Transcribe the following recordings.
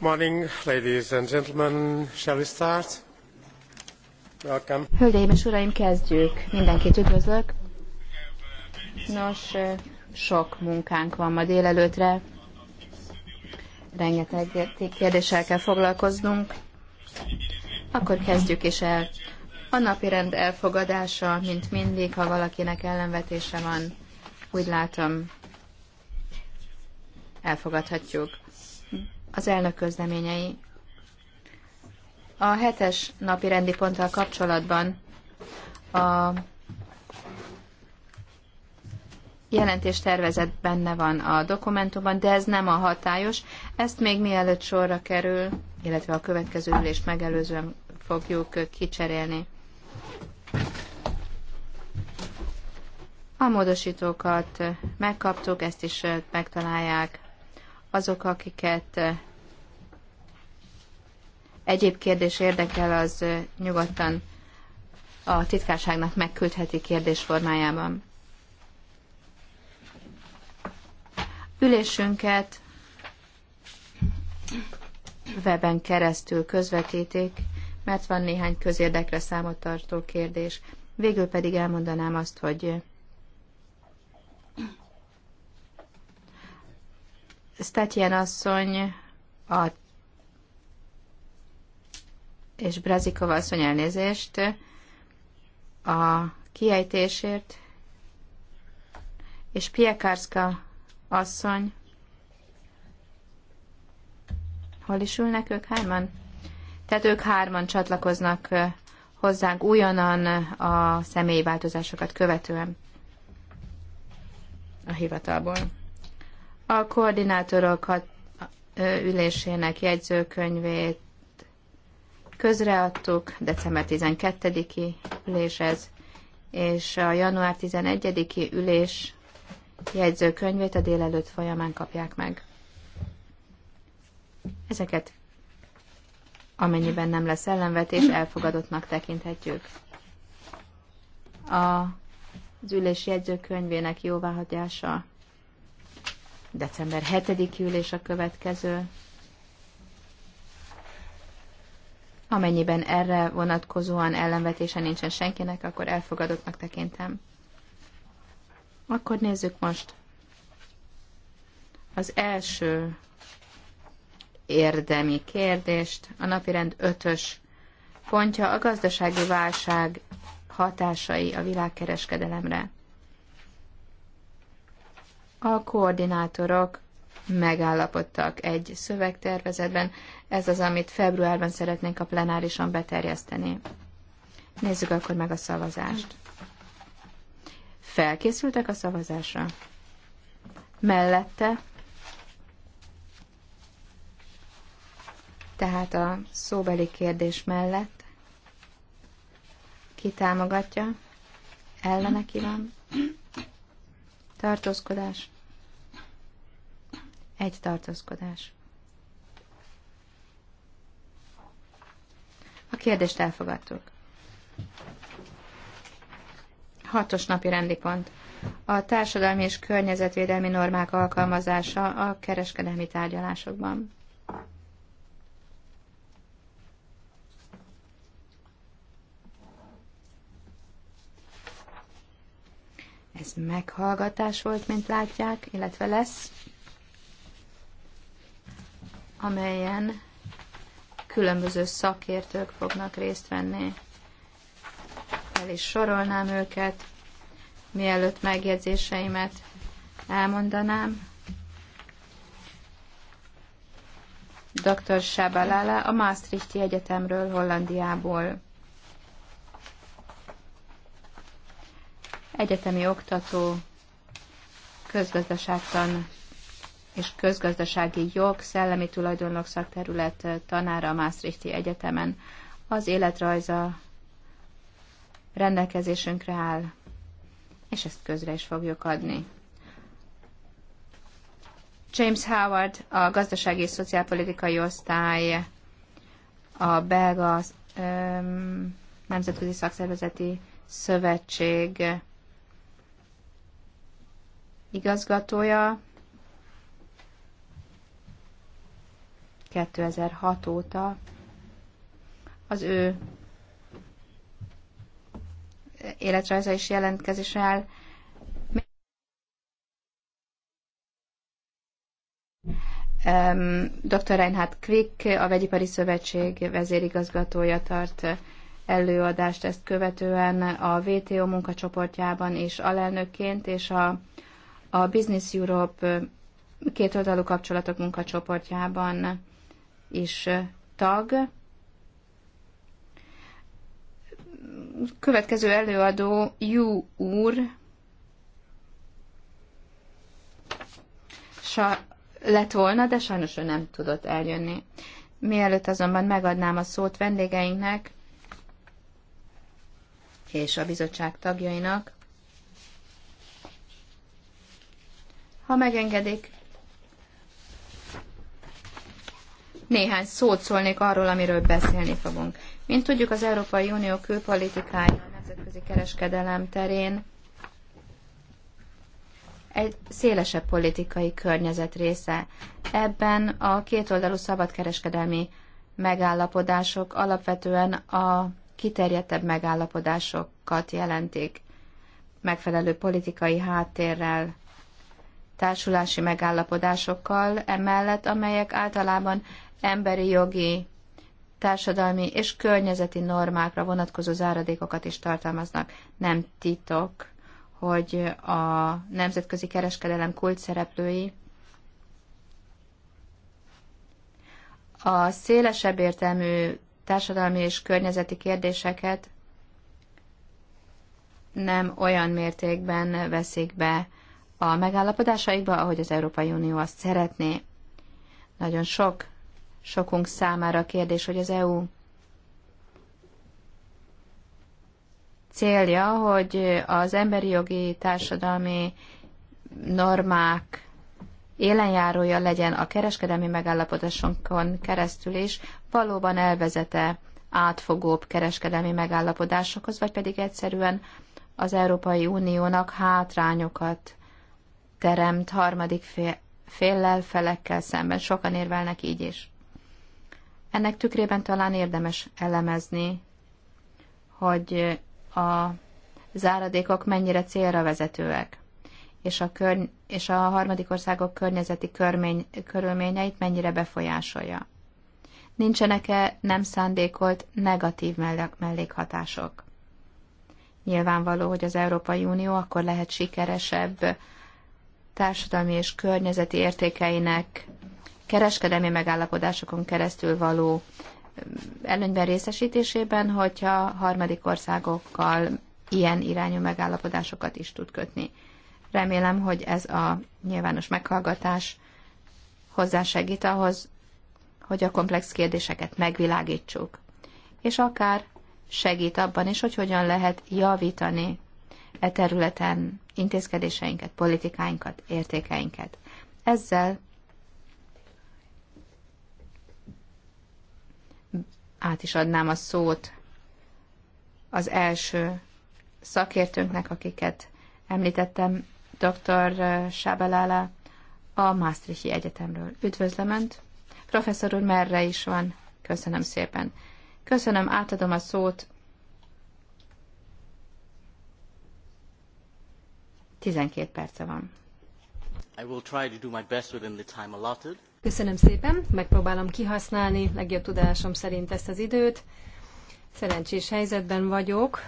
Morning, ladies and gentlemen. Shall we start? Welcome. Hölgyeim és uraim, kezdjük. Mindenkit üdvözlök. Nos, sok munkánk van ma délelőtre. Rengeteg kérdéssel kell foglalkoznunk. Akkor kezdjük is el. A napi rend elfogadása, mint mindig, ha valakinek ellenvetése van, úgy látom, elfogadhatjuk az elnök közleményei. A hetes napi rendi ponttal kapcsolatban a jelentés tervezet benne van a dokumentumban, de ez nem a hatályos. Ezt még mielőtt sorra kerül, illetve a következő ülést megelőzően fogjuk kicserélni. A módosítókat megkaptuk, ezt is megtalálják azok, akiket egyéb kérdés érdekel, az nyugodtan a titkárságnak megküldheti kérdés formájában. Ülésünket weben keresztül közvetítik, mert van néhány közérdekre számot tartó kérdés. Végül pedig elmondanám azt, hogy Stetjen asszony a és Brazikova asszony elnézést a kiejtésért, és Piekárszka asszony, hol is ülnek ők hárman? Tehát ők hárman csatlakoznak hozzánk újonnan a személyi változásokat követően a hivatalból. A koordinátorok ülésének jegyzőkönyvét közreadtuk december 12-i üléshez, és a január 11-i ülés jegyzőkönyvét a délelőtt folyamán kapják meg. Ezeket, amennyiben nem lesz ellenvetés, elfogadottnak tekinthetjük. A az ülés jegyzőkönyvének jóváhagyása. December 7. ülés a következő. Amennyiben erre vonatkozóan ellenvetése nincsen senkinek, akkor elfogadottnak tekintem. Akkor nézzük most az első érdemi kérdést, a napirend ötös pontja a gazdasági válság hatásai a világkereskedelemre. A koordinátorok megállapodtak egy szövegtervezetben. Ez az, amit februárban szeretnénk a plenárison beterjeszteni. Nézzük akkor meg a szavazást. Felkészültek a szavazásra? Mellette tehát a szóbeli kérdés mellett ki támogatja, ellene ki van, tartózkodás, egy tartózkodás. A kérdést elfogadtuk. Hatos napi rendi pont. A társadalmi és környezetvédelmi normák alkalmazása a kereskedelmi tárgyalásokban. Ez meghallgatás volt, mint látják, illetve lesz amelyen különböző szakértők fognak részt venni. El is sorolnám őket, mielőtt megjegyzéseimet elmondanám. Dr. Sábalála a Maastrichti Egyetemről, Hollandiából. Egyetemi oktató, közgazdaságtan és közgazdasági jog, szellemi tulajdonok szakterület eh, tanára a Maastrichti Egyetemen. Az életrajza rendelkezésünkre áll, és ezt közre is fogjuk adni. James Howard, a gazdasági és szociálpolitikai osztály, a belga öm, Nemzetközi Szakszervezeti Szövetség igazgatója, 2006 óta az ő életrajza is jelentkezésre áll. Dr. Reinhard Quick, a Vegyipari Szövetség vezérigazgatója tart előadást ezt követően a VTO munkacsoportjában és alelnökként, és a, a Business Europe kétoldalú kapcsolatok munkacsoportjában és tag. Következő előadó Jú úr, sa lett volna, de sajnos ő nem tudott eljönni. Mielőtt azonban megadnám a szót vendégeinknek és a bizottság tagjainak, ha megengedik, néhány szót szólnék arról, amiről beszélni fogunk. Mint tudjuk, az Európai Unió külpolitikája a nemzetközi kereskedelem terén egy szélesebb politikai környezet része. Ebben a kétoldalú szabadkereskedelmi megállapodások alapvetően a kiterjedtebb megállapodásokat jelentik, megfelelő politikai háttérrel, társulási megállapodásokkal, emellett, amelyek általában emberi jogi, társadalmi és környezeti normákra vonatkozó záradékokat is tartalmaznak. Nem titok, hogy a nemzetközi kereskedelem kult szereplői a szélesebb értelmű társadalmi és környezeti kérdéseket nem olyan mértékben veszik be a megállapodásaikba, ahogy az Európai Unió azt szeretné. Nagyon sok sokunk számára a kérdés, hogy az EU célja, hogy az emberi jogi társadalmi normák élenjárója legyen a kereskedelmi megállapodásunkon keresztül is, valóban elvezete átfogóbb kereskedelmi megállapodásokhoz, vagy pedig egyszerűen az Európai Uniónak hátrányokat teremt harmadik fél, féllel, felekkel szemben. Sokan érvelnek így is. Ennek tükrében talán érdemes elemezni, hogy a záradékok mennyire célra vezetőek, és a, körny- és a harmadik országok környezeti körmény- körülményeit mennyire befolyásolja. Nincsenek-e nem szándékolt negatív mell- mellékhatások? Nyilvánvaló, hogy az Európai Unió akkor lehet sikeresebb társadalmi és környezeti értékeinek kereskedelmi megállapodásokon keresztül való előnyben részesítésében, hogyha harmadik országokkal ilyen irányú megállapodásokat is tud kötni. Remélem, hogy ez a nyilvános meghallgatás hozzásegít ahhoz, hogy a komplex kérdéseket megvilágítsuk, és akár segít abban is, hogy hogyan lehet javítani e területen intézkedéseinket, politikáinkat, értékeinket. Ezzel át is adnám a szót az első szakértőnknek, akiket említettem, dr. Eh, Sábelála a Maastrichti Egyetemről. Üdvözlöm Önt! Professzor úr merre is van? Köszönöm szépen! Köszönöm, átadom a szót 12 perce van. I will try to do my best within the time allotted. Köszönöm szépen, megpróbálom kihasználni legjobb tudásom szerint ezt az időt. Szerencsés helyzetben vagyok,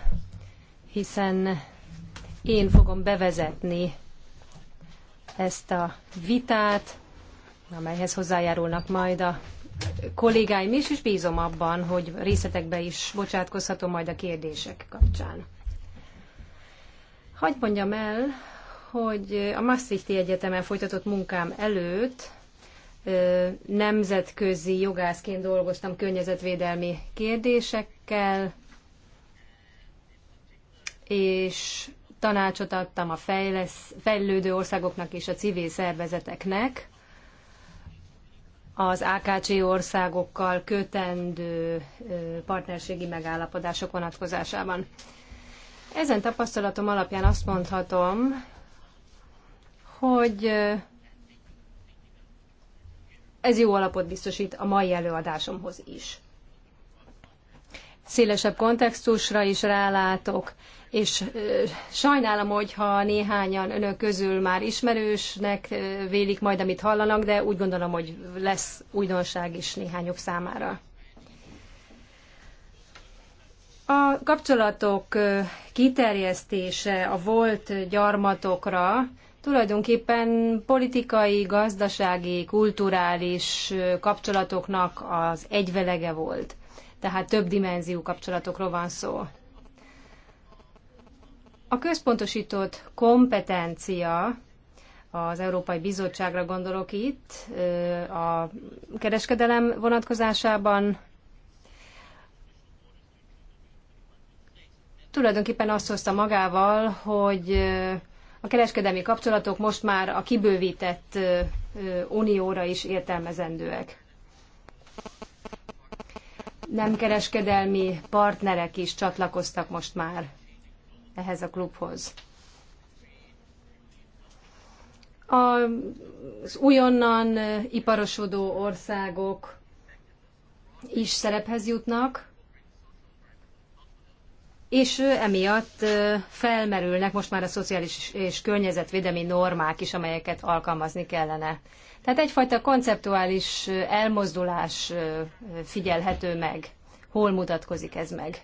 hiszen én fogom bevezetni ezt a vitát, amelyhez hozzájárulnak majd a kollégáim is, és bízom abban, hogy részletekbe is bocsátkozhatom majd a kérdések kapcsán. Hagy mondjam el, hogy a Maastrichti Egyetemen folytatott munkám előtt nemzetközi jogászként dolgoztam környezetvédelmi kérdésekkel, és tanácsot adtam a fejlesz, fejlődő országoknak és a civil szervezeteknek az AKC országokkal kötendő partnerségi megállapodások vonatkozásában. Ezen tapasztalatom alapján azt mondhatom, hogy ez jó alapot biztosít a mai előadásomhoz is. Szélesebb kontextusra is rálátok, és sajnálom, hogyha néhányan önök közül már ismerősnek vélik majd, amit hallanak, de úgy gondolom, hogy lesz újdonság is néhányok számára. A kapcsolatok kiterjesztése a volt gyarmatokra tulajdonképpen politikai, gazdasági, kulturális kapcsolatoknak az egyvelege volt. Tehát több dimenzió kapcsolatokról van szó. A központosított kompetencia, az Európai Bizottságra gondolok itt, a kereskedelem vonatkozásában tulajdonképpen azt hozta magával, hogy a kereskedelmi kapcsolatok most már a kibővített unióra is értelmezendőek. Nem kereskedelmi partnerek is csatlakoztak most már ehhez a klubhoz. Az újonnan iparosodó országok is szerephez jutnak, és emiatt felmerülnek most már a szociális és környezetvédelmi normák is, amelyeket alkalmazni kellene. Tehát egyfajta konceptuális elmozdulás figyelhető meg. Hol mutatkozik ez meg?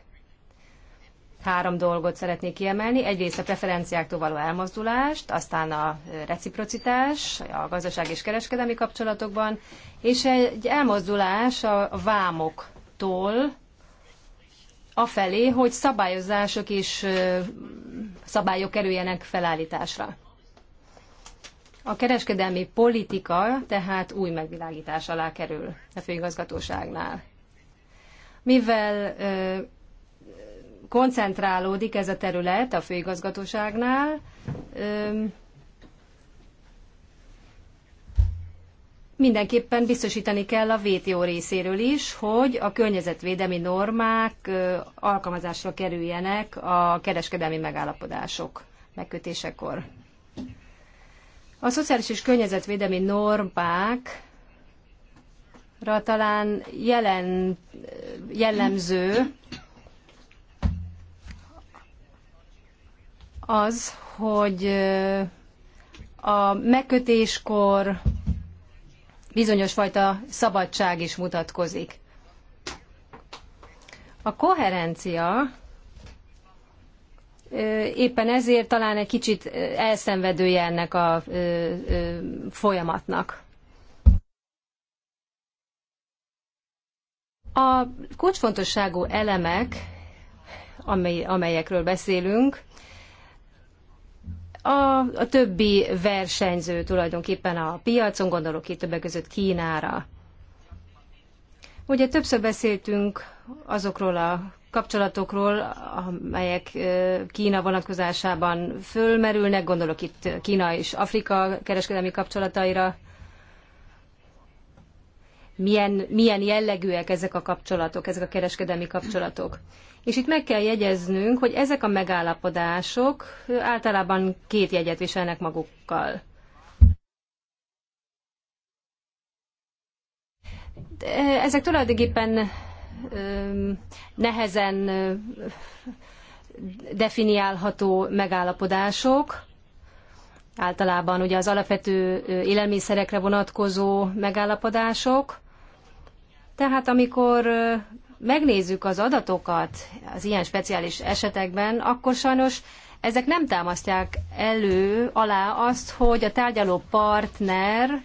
Három dolgot szeretnék kiemelni. Egyrészt a preferenciáktól való elmozdulást, aztán a reciprocitás a gazdaság és kereskedelmi kapcsolatokban, és egy elmozdulás a vámoktól, afelé, hogy szabályozások és szabályok kerüljenek felállításra. A kereskedelmi politika tehát új megvilágítás alá kerül a főigazgatóságnál. Mivel ö, koncentrálódik ez a terület a főigazgatóságnál, ö, mindenképpen biztosítani kell a VTO részéről is, hogy a környezetvédelmi normák alkalmazásra kerüljenek a kereskedelmi megállapodások megkötésekor. A szociális és környezetvédelmi normák talán jelen, jellemző az, hogy a megkötéskor bizonyos fajta szabadság is mutatkozik. A koherencia éppen ezért talán egy kicsit elszenvedője ennek a folyamatnak. A kulcsfontosságú elemek, amely, amelyekről beszélünk, a, a többi versenyző tulajdonképpen a piacon, gondolok itt többek között Kínára. Ugye többször beszéltünk azokról a kapcsolatokról, amelyek Kína vonatkozásában fölmerülnek, gondolok itt Kína és Afrika kereskedelmi kapcsolataira. Milyen, milyen jellegűek ezek a kapcsolatok, ezek a kereskedelmi kapcsolatok? És itt meg kell jegyeznünk, hogy ezek a megállapodások általában két jegyet viselnek magukkal. De ezek tulajdonképpen nehezen definiálható megállapodások, általában ugye az alapvető élelmiszerekre vonatkozó megállapodások. Tehát amikor megnézzük az adatokat az ilyen speciális esetekben, akkor sajnos ezek nem támasztják elő alá azt, hogy a tárgyaló partner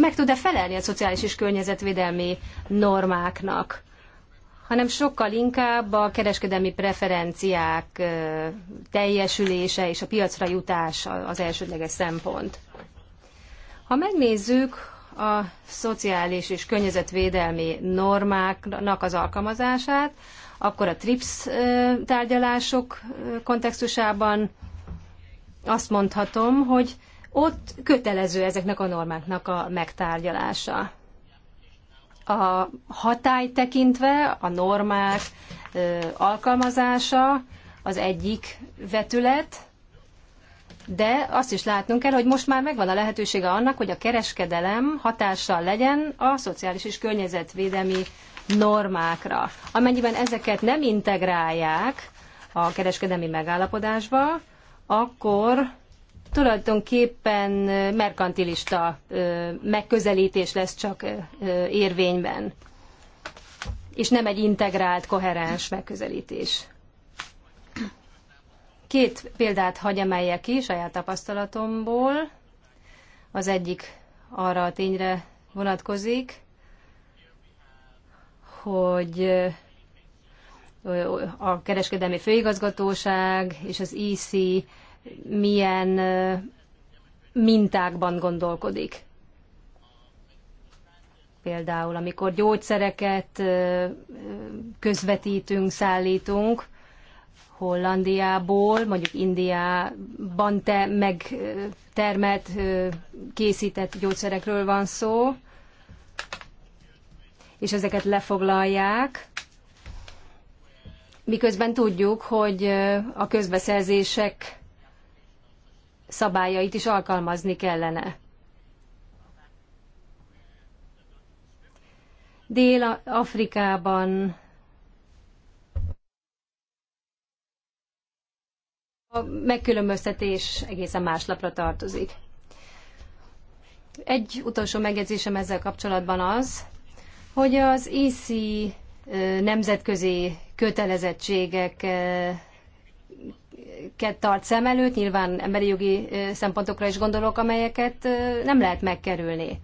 meg tud-e felelni a szociális és környezetvédelmi normáknak, hanem sokkal inkább a kereskedelmi preferenciák teljesülése és a piacra jutás az elsődleges szempont. Ha megnézzük, a szociális és környezetvédelmi normáknak az alkalmazását, akkor a TRIPS tárgyalások kontextusában azt mondhatom, hogy ott kötelező ezeknek a normáknak a megtárgyalása. A hatály tekintve a normák alkalmazása az egyik vetület, de azt is látnunk kell, hogy most már megvan a lehetősége annak, hogy a kereskedelem hatással legyen a szociális és környezetvédelmi normákra. Amennyiben ezeket nem integrálják a kereskedelmi megállapodásba, akkor tulajdonképpen merkantilista megközelítés lesz csak érvényben, és nem egy integrált, koherens megközelítés. Két példát hagy emeljek ki saját tapasztalatomból. Az egyik arra a tényre vonatkozik, hogy a kereskedelmi főigazgatóság és az EC milyen mintákban gondolkodik. Például, amikor gyógyszereket közvetítünk, szállítunk, Hollandiából, mondjuk Indiában te megtermelt, készített gyógyszerekről van szó, és ezeket lefoglalják, miközben tudjuk, hogy a közbeszerzések szabályait is alkalmazni kellene. Dél-Afrikában a megkülönböztetés egészen más lapra tartozik. Egy utolsó megjegyzésem ezzel kapcsolatban az, hogy az EC nemzetközi kötelezettségeket tart szem előtt, nyilván emberi jogi szempontokra is gondolok, amelyeket nem lehet megkerülni.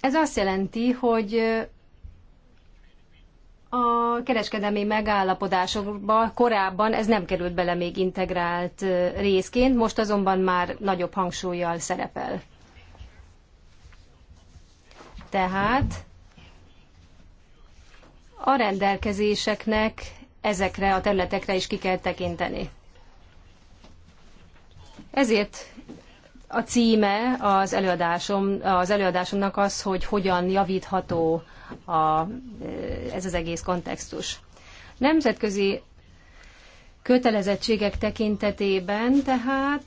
Ez azt jelenti, hogy a kereskedelmi megállapodásokba korábban ez nem került bele még integrált részként, most azonban már nagyobb hangsúlyjal szerepel. Tehát a rendelkezéseknek ezekre a területekre is ki kell tekinteni. Ezért a címe az, előadásom, az előadásomnak az, hogy hogyan javítható a, ez az egész kontextus. Nemzetközi kötelezettségek tekintetében tehát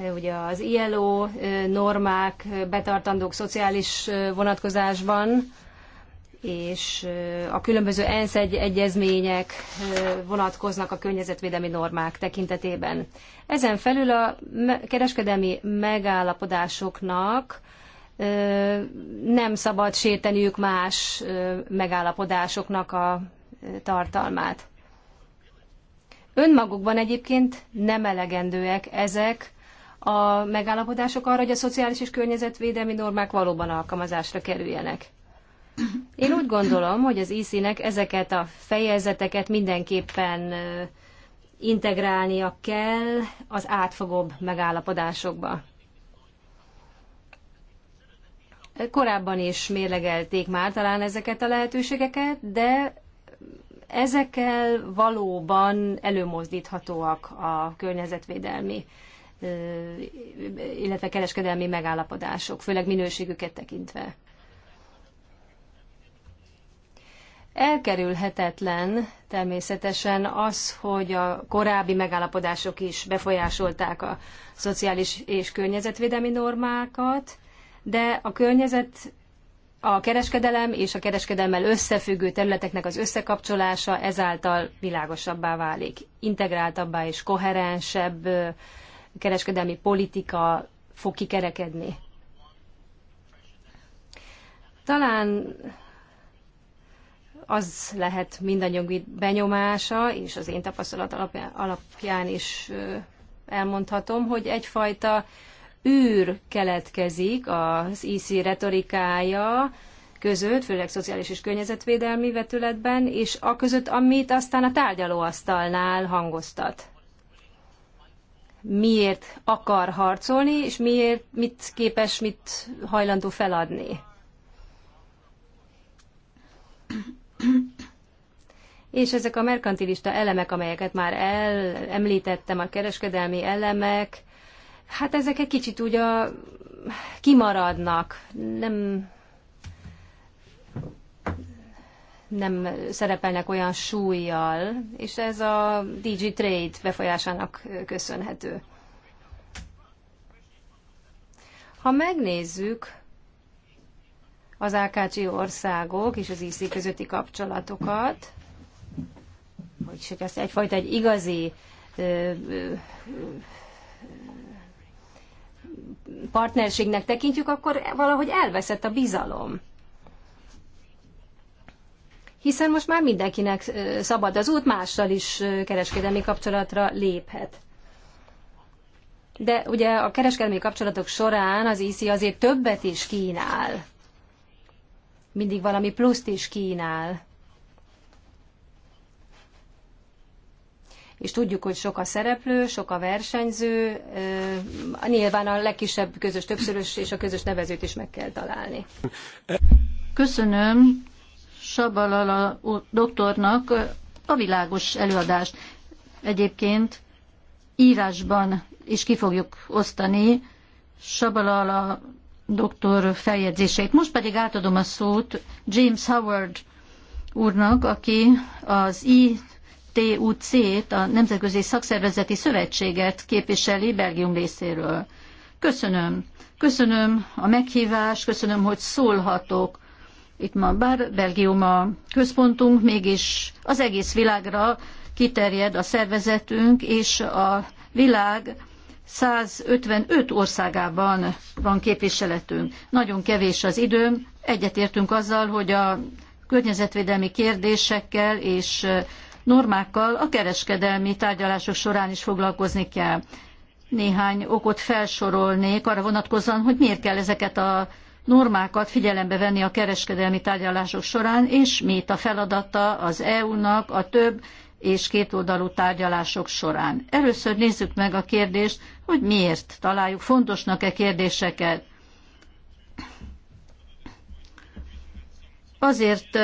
eh, ugye az ILO eh, normák eh, betartandók szociális vonatkozásban, és a különböző ENSZ egyezmények vonatkoznak a környezetvédelmi normák tekintetében. Ezen felül a kereskedelmi megállapodásoknak nem szabad séteniük más megállapodásoknak a tartalmát. Önmagukban egyébként nem elegendőek ezek a megállapodások arra, hogy a szociális és környezetvédelmi normák valóban alkalmazásra kerüljenek. Én úgy gondolom, hogy az ISZ-nek ezeket a fejezeteket mindenképpen integrálnia kell az átfogóbb megállapodásokba korábban is mérlegelték már talán ezeket a lehetőségeket, de ezekkel valóban előmozdíthatóak a környezetvédelmi, illetve kereskedelmi megállapodások, főleg minőségüket tekintve. Elkerülhetetlen természetesen az, hogy a korábbi megállapodások is befolyásolták a szociális és környezetvédelmi normákat, de a környezet a kereskedelem és a kereskedelmmel összefüggő területeknek az összekapcsolása ezáltal világosabbá válik. Integráltabbá és koherensebb kereskedelmi politika fog kikerekedni. Talán az lehet mindannyiunk benyomása, és az én tapasztalat alapján is elmondhatom, hogy egyfajta űr keletkezik az IC retorikája között, főleg szociális és környezetvédelmi vetületben, és a között, amit aztán a tárgyalóasztalnál hangoztat. Miért akar harcolni, és miért, mit képes, mit hajlandó feladni. És ezek a merkantilista elemek, amelyeket már el, említettem, a kereskedelmi elemek, hát ezek egy kicsit úgy a, kimaradnak, nem, nem szerepelnek olyan súlyjal, és ez a DG Trade befolyásának köszönhető. Ha megnézzük az AKC országok és az IC közötti kapcsolatokat, hogy ezt egyfajta egy igazi partnerségnek tekintjük, akkor valahogy elveszett a bizalom. Hiszen most már mindenkinek szabad az út, mással is kereskedelmi kapcsolatra léphet. De ugye a kereskedelmi kapcsolatok során az ISZI azért többet is kínál. Mindig valami pluszt is kínál. és tudjuk, hogy sok a szereplő, sok a versenyző, nyilván a legkisebb közös többszörös és a közös nevezőt is meg kell találni. Köszönöm Sabalala doktornak a világos előadást. Egyébként írásban is ki fogjuk osztani Sabalala doktor feljegyzéseit. Most pedig átadom a szót James Howard úrnak, aki az I TUC-t, a Nemzetközi Szakszervezeti Szövetséget képviseli Belgium részéről. Köszönöm. Köszönöm a meghívást, köszönöm, hogy szólhatok. Itt ma bár Belgium a központunk, mégis az egész világra kiterjed a szervezetünk, és a világ 155 országában van képviseletünk. Nagyon kevés az időm, egyetértünk azzal, hogy a környezetvédelmi kérdésekkel és normákkal a kereskedelmi tárgyalások során is foglalkozni kell. Néhány okot felsorolnék arra vonatkozóan, hogy miért kell ezeket a normákat figyelembe venni a kereskedelmi tárgyalások során, és mit a feladata az EU-nak a több és kétoldalú tárgyalások során. Először nézzük meg a kérdést, hogy miért találjuk fontosnak-e kérdéseket. Azért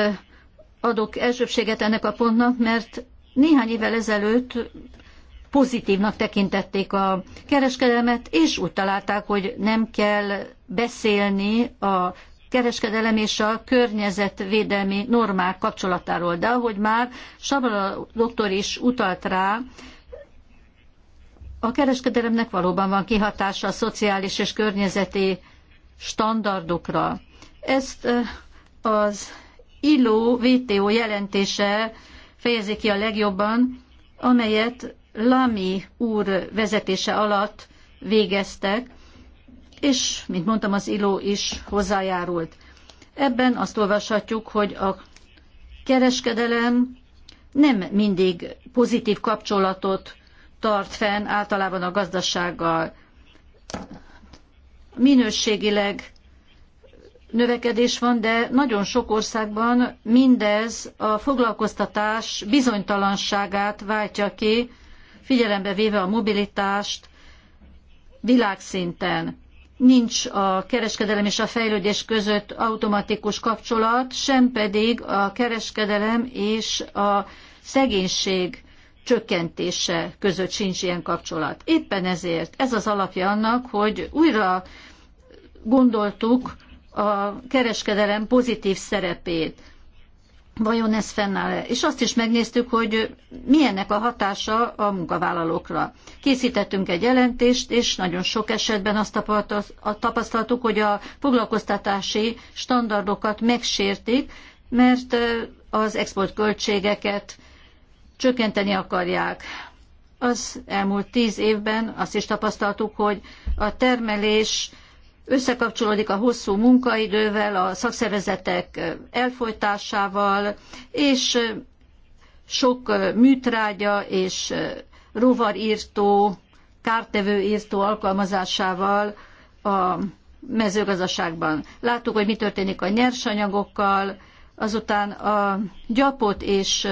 adok elsőbséget ennek a pontnak, mert néhány évvel ezelőtt pozitívnak tekintették a kereskedelmet, és úgy találták, hogy nem kell beszélni a kereskedelem és a környezetvédelmi normák kapcsolatáról. De ahogy már Sabala doktor is utalt rá, a kereskedelemnek valóban van kihatása a szociális és környezeti standardokra. Ezt eh, az ILO VTO jelentése fejezi ki a legjobban, amelyet Lami úr vezetése alatt végeztek, és, mint mondtam, az ILO is hozzájárult. Ebben azt olvashatjuk, hogy a kereskedelem nem mindig pozitív kapcsolatot tart fenn általában a gazdasággal. Minőségileg növekedés van, de nagyon sok országban mindez a foglalkoztatás bizonytalanságát váltja ki, figyelembe véve a mobilitást világszinten. Nincs a kereskedelem és a fejlődés között automatikus kapcsolat, sem pedig a kereskedelem és a szegénység csökkentése között sincs ilyen kapcsolat. Éppen ezért ez az alapja annak, hogy újra gondoltuk a kereskedelem pozitív szerepét. Vajon ez fennáll -e? És azt is megnéztük, hogy milyennek a hatása a munkavállalókra. Készítettünk egy jelentést, és nagyon sok esetben azt tapasztaltuk, hogy a foglalkoztatási standardokat megsértik, mert az exportköltségeket csökkenteni akarják. Az elmúlt tíz évben azt is tapasztaltuk, hogy a termelés összekapcsolódik a hosszú munkaidővel, a szakszervezetek elfolytásával, és sok műtrágya és rovarírtó, kártevőírtó alkalmazásával a mezőgazdaságban. Láttuk, hogy mi történik a nyersanyagokkal, azután a gyapot és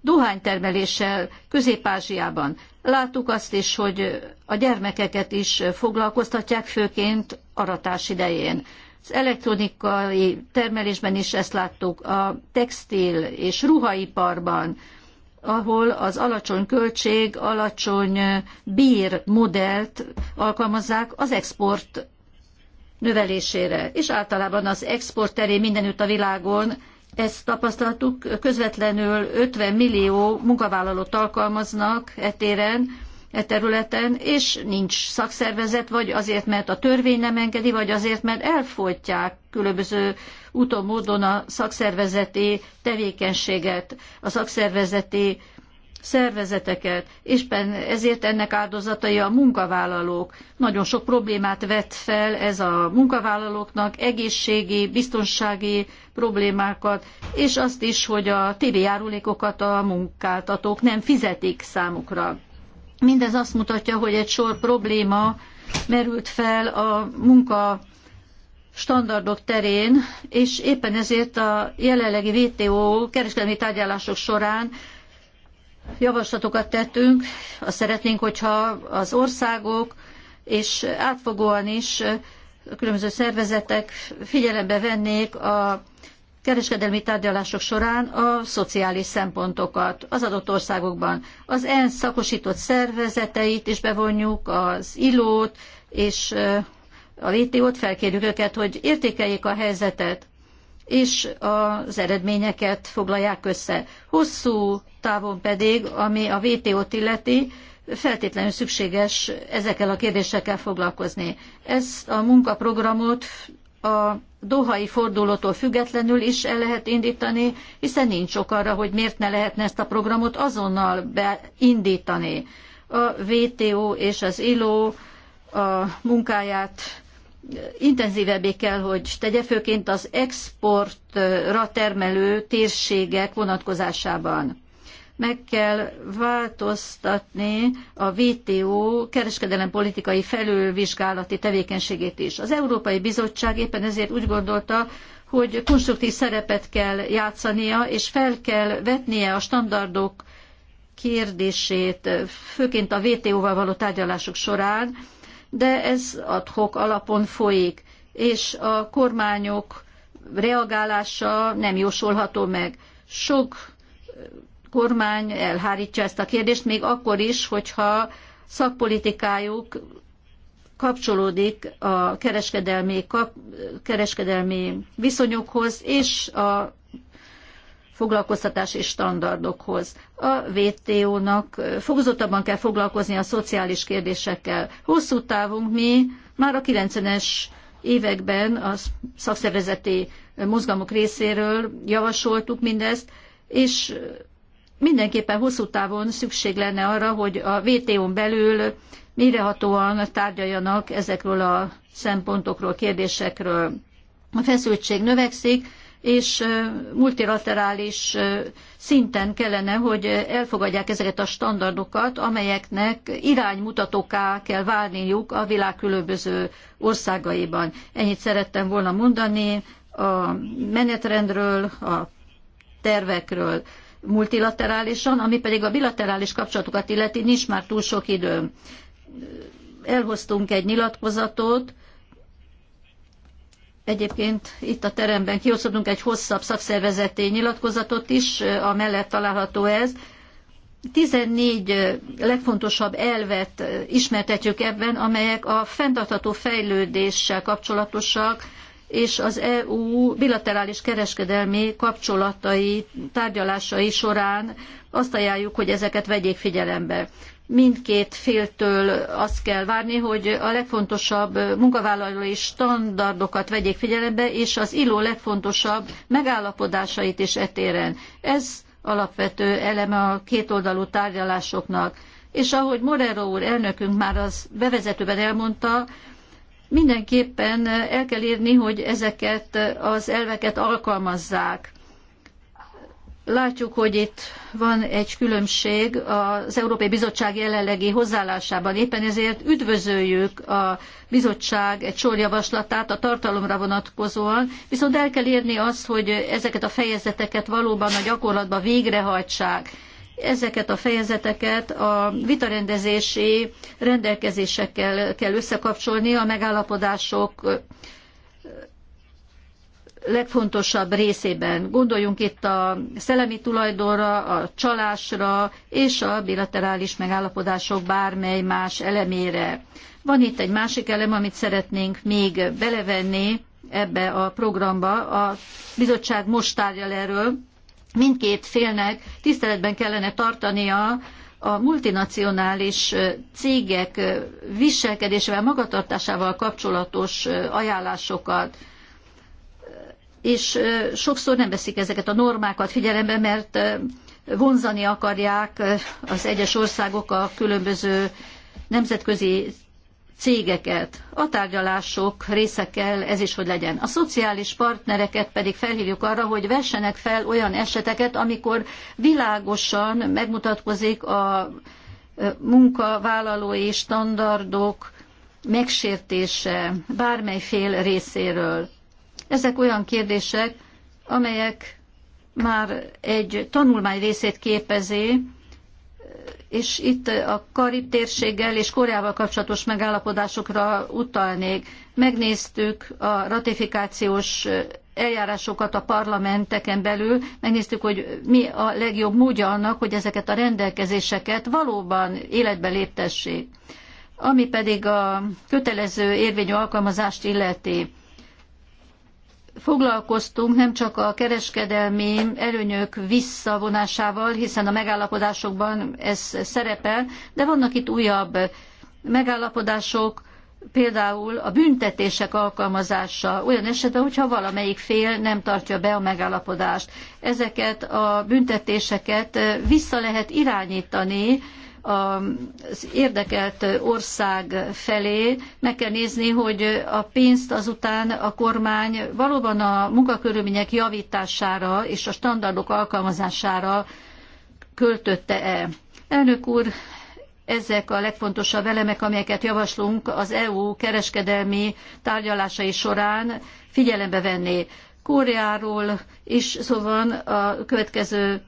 dohánytermeléssel Közép-Ázsiában. Láttuk azt is, hogy a gyermekeket is foglalkoztatják, főként aratás idején. Az elektronikai termelésben is ezt láttuk, a textil és ruhaiparban, ahol az alacsony költség, alacsony bír modellt alkalmazzák az export növelésére, és általában az export terén mindenütt a világon ezt tapasztaltuk, közvetlenül 50 millió munkavállalót alkalmaznak e téren, e területen, és nincs szakszervezet, vagy azért, mert a törvény nem engedi, vagy azért, mert elfolytják különböző úton, módon a szakszervezeti tevékenységet, a szakszervezeti szervezeteket, és ezért ennek áldozatai a munkavállalók. Nagyon sok problémát vet fel ez a munkavállalóknak, egészségi, biztonsági problémákat, és azt is, hogy a TV járulékokat a munkáltatók nem fizetik számukra. Mindez azt mutatja, hogy egy sor probléma merült fel a munka standardok terén, és éppen ezért a jelenlegi WTO kereskedelmi tárgyalások során javaslatokat tettünk, azt szeretnénk, hogyha az országok és átfogóan is a különböző szervezetek figyelembe vennék a kereskedelmi tárgyalások során a szociális szempontokat az adott országokban. Az ENSZ szakosított szervezeteit is bevonjuk, az ILO-t és a WTO-t, felkérjük őket, hogy értékeljék a helyzetet és az eredményeket foglalják össze. Hosszú távon pedig, ami a VTO-t illeti, feltétlenül szükséges ezekkel a kérdésekkel foglalkozni. Ezt a munkaprogramot a dohai fordulótól függetlenül is el lehet indítani, hiszen nincs ok arra, hogy miért ne lehetne ezt a programot azonnal beindítani. A VTO és az ILO a munkáját intenzívebbé kell, hogy tegye, főként az exportra termelő térségek vonatkozásában. Meg kell változtatni a WTO kereskedelempolitikai felülvizsgálati tevékenységét is. Az Európai Bizottság éppen ezért úgy gondolta, hogy konstruktív szerepet kell játszania, és fel kell vetnie a standardok kérdését, főként a WTO-val való tárgyalások során, de ez adhok alapon folyik, és a kormányok reagálása nem jósolható meg. Sok kormány elhárítja ezt a kérdést, még akkor is, hogyha szakpolitikájuk kapcsolódik a kereskedelmi, kap, kereskedelmi viszonyokhoz és a foglalkoztatási standardokhoz. A WTO-nak fokozottabban kell foglalkozni a szociális kérdésekkel. Hosszú távunk mi már a 90-es években a szakszervezeti mozgalmok részéről javasoltuk mindezt, és mindenképpen hosszú távon szükség lenne arra, hogy a WTO-n belül mirehatóan tárgyaljanak ezekről a szempontokról, kérdésekről. A feszültség növekszik, és multilaterális szinten kellene, hogy elfogadják ezeket a standardokat, amelyeknek iránymutatóká kell válniuk a világ különböző országaiban. Ennyit szerettem volna mondani a menetrendről, a tervekről multilaterálisan, ami pedig a bilaterális kapcsolatokat illeti, nincs már túl sok időm. Elhoztunk egy nyilatkozatot, Egyébként itt a teremben kiosztottunk egy hosszabb szakszervezeti nyilatkozatot is, mellett található ez. 14 legfontosabb elvet ismertetjük ebben, amelyek a fenntartható fejlődéssel kapcsolatosak, és az EU bilaterális kereskedelmi kapcsolatai tárgyalásai során azt ajánljuk, hogy ezeket vegyék figyelembe mindkét féltől azt kell várni, hogy a legfontosabb munkavállalói standardokat vegyék figyelembe, és az ILO legfontosabb megállapodásait is etéren. Ez alapvető eleme a kétoldalú tárgyalásoknak. És ahogy Morero úr elnökünk már az bevezetőben elmondta, mindenképpen el kell érni, hogy ezeket az elveket alkalmazzák Látjuk, hogy itt van egy különbség az Európai Bizottság jelenlegi hozzáállásában. Éppen ezért üdvözöljük a bizottság egy sor javaslatát a tartalomra vonatkozóan, viszont el kell érni azt, hogy ezeket a fejezeteket valóban a gyakorlatban végrehajtsák. Ezeket a fejezeteket a vitarendezési rendelkezésekkel kell összekapcsolni a megállapodások legfontosabb részében. Gondoljunk itt a szellemi tulajdonra, a csalásra és a bilaterális megállapodások bármely más elemére. Van itt egy másik elem, amit szeretnénk még belevenni ebbe a programba. A bizottság most tárgyal erről. Mindkét félnek tiszteletben kellene tartania a multinacionális cégek viselkedésével, magatartásával kapcsolatos ajánlásokat és sokszor nem veszik ezeket a normákat figyelembe, mert vonzani akarják az egyes országok a különböző nemzetközi cégeket. A tárgyalások része kell ez is, hogy legyen. A szociális partnereket pedig felhívjuk arra, hogy vessenek fel olyan eseteket, amikor világosan megmutatkozik a munkavállalói standardok megsértése bármely fél részéről ezek olyan kérdések, amelyek már egy tanulmány részét képezi, és itt a Karib térséggel és Koreával kapcsolatos megállapodásokra utalnék. Megnéztük a ratifikációs eljárásokat a parlamenteken belül, megnéztük, hogy mi a legjobb módja annak, hogy ezeket a rendelkezéseket valóban életbe léptessék. Ami pedig a kötelező érvényű alkalmazást illeti foglalkoztunk nem csak a kereskedelmi előnyök visszavonásával, hiszen a megállapodásokban ez szerepel, de vannak itt újabb megállapodások, például a büntetések alkalmazása olyan esetben, hogyha valamelyik fél nem tartja be a megállapodást. Ezeket a büntetéseket vissza lehet irányítani az érdekelt ország felé, meg kell nézni, hogy a pénzt azután a kormány valóban a munkakörülmények javítására és a standardok alkalmazására költötte-e. Elnök úr, ezek a legfontosabb elemek, amelyeket javaslunk az EU kereskedelmi tárgyalásai során figyelembe venni. Koreáról is szó van a következő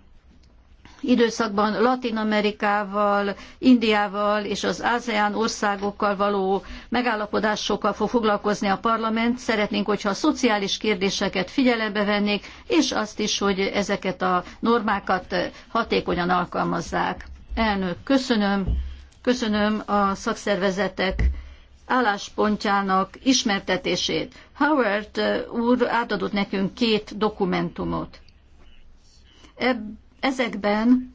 időszakban Latin Amerikával, Indiával és az ASEAN országokkal való megállapodásokkal fog foglalkozni a parlament. Szeretnénk, hogyha a szociális kérdéseket figyelembe vennék, és azt is, hogy ezeket a normákat hatékonyan alkalmazzák. Elnök, köszönöm. Köszönöm a szakszervezetek álláspontjának ismertetését. Howard uh, úr átadott nekünk két dokumentumot. Ebb Ezekben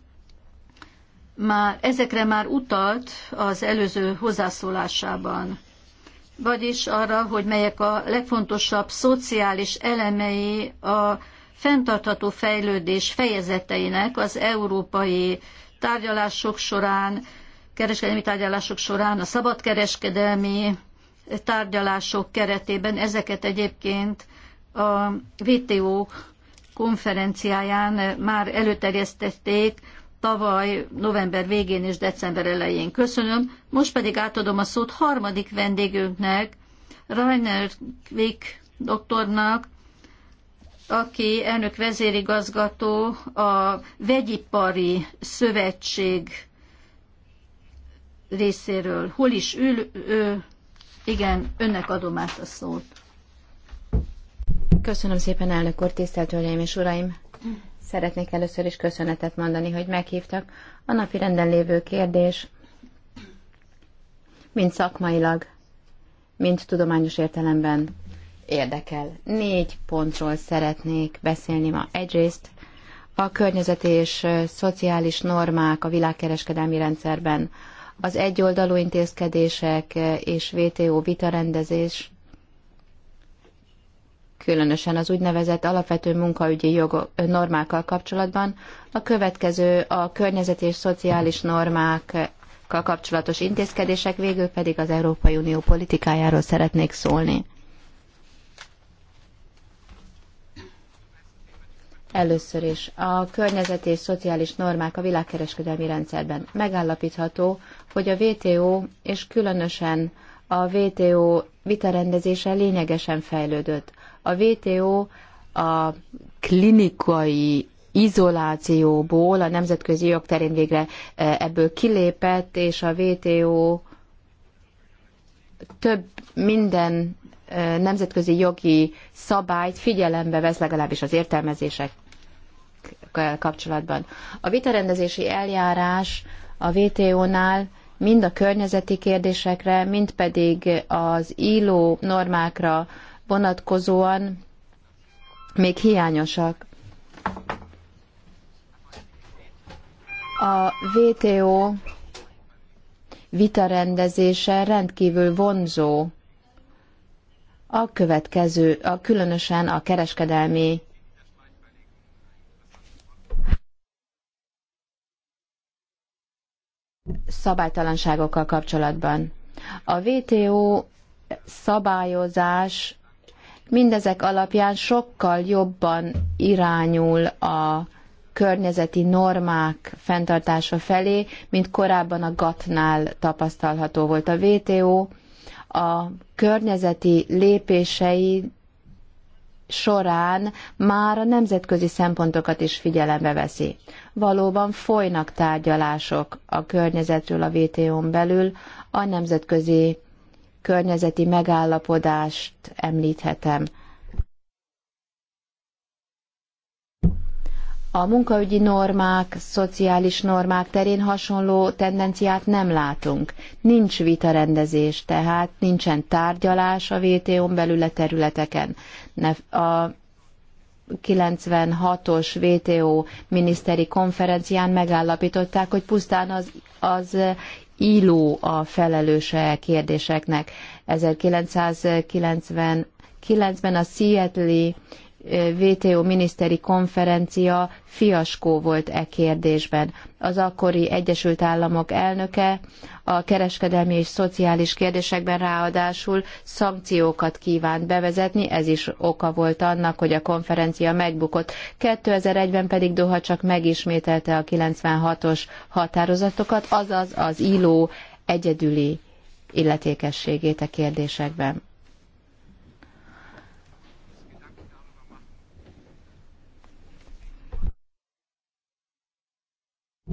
már, ezekre már utalt az előző hozzászólásában, vagyis arra, hogy melyek a legfontosabb szociális elemei a fenntartható fejlődés fejezeteinek az európai tárgyalások során, kereskedelmi tárgyalások során, a szabadkereskedelmi tárgyalások keretében ezeket egyébként a VTO konferenciáján már előterjesztették tavaly november végén és december elején. Köszönöm. Most pedig átadom a szót harmadik vendégünknek, Rainer Quick doktornak, aki elnök vezérigazgató a Vegyipari Szövetség részéről. Hol is ül ő? Igen, önnek adom át a szót. Köszönöm szépen, elnök úr, tisztelt hölgyeim és uraim! Szeretnék először is köszönetet mondani, hogy meghívtak. A napi renden lévő kérdés, mind szakmailag, mind tudományos értelemben érdekel. Négy pontról szeretnék beszélni ma. Egyrészt a környezet és szociális normák a világkereskedelmi rendszerben, az egyoldalú intézkedések és WTO vitarendezés, különösen az úgynevezett alapvető munkaügyi jog normákkal kapcsolatban. A következő a környezeti és szociális normákkal kapcsolatos intézkedések, végül pedig az Európai Unió politikájáról szeretnék szólni. Először is a környezeti és szociális normák a világkereskedelmi rendszerben. Megállapítható, hogy a WTO és különösen a WTO vitarendezése lényegesen fejlődött. A WTO a klinikai izolációból a nemzetközi jog terén végre e, ebből kilépett, és a WTO több minden e, nemzetközi jogi szabályt figyelembe vesz, legalábbis az értelmezések kapcsolatban. A vitarendezési eljárás a WTO-nál mind a környezeti kérdésekre, mind pedig az ILO normákra vonatkozóan még hiányosak. A VTO vitarendezése rendkívül vonzó a következő, a különösen a kereskedelmi szabálytalanságokkal kapcsolatban. A VTO szabályozás mindezek alapján sokkal jobban irányul a környezeti normák fenntartása felé, mint korábban a GATT-nál tapasztalható volt a WTO. A környezeti lépései során már a nemzetközi szempontokat is figyelembe veszi. Valóban folynak tárgyalások a környezetről a WTO-n belül a nemzetközi környezeti megállapodást említhetem. A munkaügyi normák, szociális normák terén hasonló tendenciát nem látunk. Nincs vitarendezés, tehát nincsen tárgyalás a WTO-n belül a területeken. a 96-os WTO miniszteri konferencián megállapították, hogy pusztán az, az ILO a felelőse e kérdéseknek. 1999 ben a Seattle VTO miniszteri konferencia fiaskó volt e kérdésben. Az akkori Egyesült Államok elnöke a kereskedelmi és szociális kérdésekben ráadásul szankciókat kívánt bevezetni, ez is oka volt annak, hogy a konferencia megbukott. 2001-ben pedig Doha csak megismételte a 96-os határozatokat, azaz az ILO egyedüli illetékességét a kérdésekben.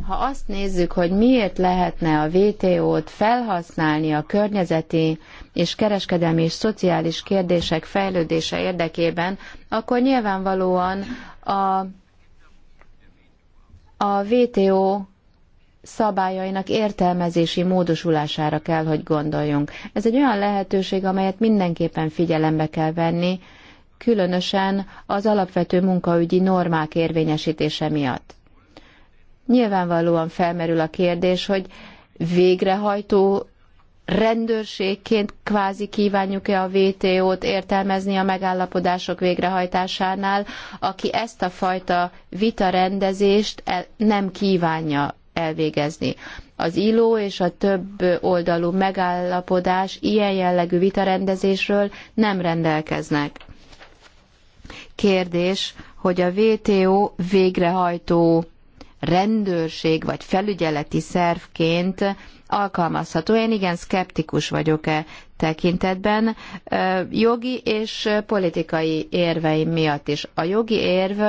Ha azt nézzük, hogy miért lehetne a WTO-t felhasználni a környezeti és kereskedelmi és szociális kérdések fejlődése érdekében, akkor nyilvánvalóan a, a WTO szabályainak értelmezési módosulására kell, hogy gondoljunk. Ez egy olyan lehetőség, amelyet mindenképpen figyelembe kell venni, különösen az alapvető munkaügyi normák érvényesítése miatt nyilvánvalóan felmerül a kérdés, hogy végrehajtó rendőrségként kvázi kívánjuk-e a VTO-t értelmezni a megállapodások végrehajtásánál, aki ezt a fajta vitarendezést nem kívánja elvégezni. Az ILO és a több oldalú megállapodás ilyen jellegű vitarendezésről nem rendelkeznek. Kérdés, hogy a VTO végrehajtó rendőrség vagy felügyeleti szervként alkalmazható. Én igen szkeptikus vagyok e tekintetben, jogi és politikai érveim miatt is. A jogi érv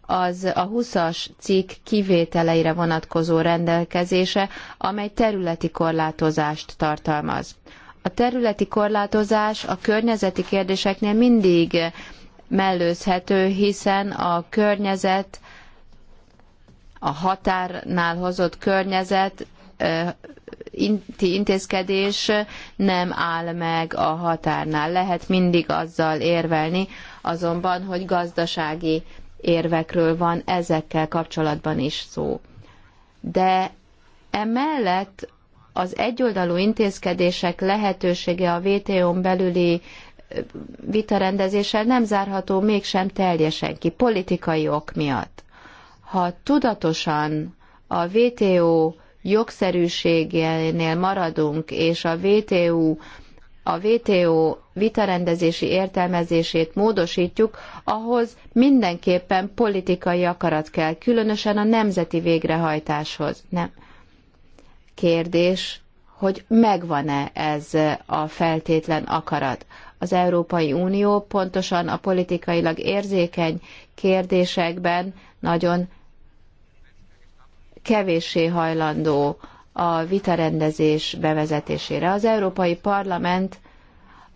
az a 20-as cikk kivételeire vonatkozó rendelkezése, amely területi korlátozást tartalmaz. A területi korlátozás a környezeti kérdéseknél mindig mellőzhető, hiszen a környezet a határnál hozott környezet intézkedés nem áll meg a határnál. Lehet mindig azzal érvelni, azonban, hogy gazdasági érvekről van ezekkel kapcsolatban is szó. De emellett az egyoldalú intézkedések lehetősége a WTO-n belüli vitarendezéssel nem zárható mégsem teljesen ki politikai ok miatt ha tudatosan a VTO jogszerűségénél maradunk, és a VTO a VTO vitarendezési értelmezését módosítjuk, ahhoz mindenképpen politikai akarat kell, különösen a nemzeti végrehajtáshoz. Nem. Kérdés, hogy megvan-e ez a feltétlen akarat. Az Európai Unió pontosan a politikailag érzékeny kérdésekben nagyon kevéssé hajlandó a vitarendezés bevezetésére. Az Európai Parlament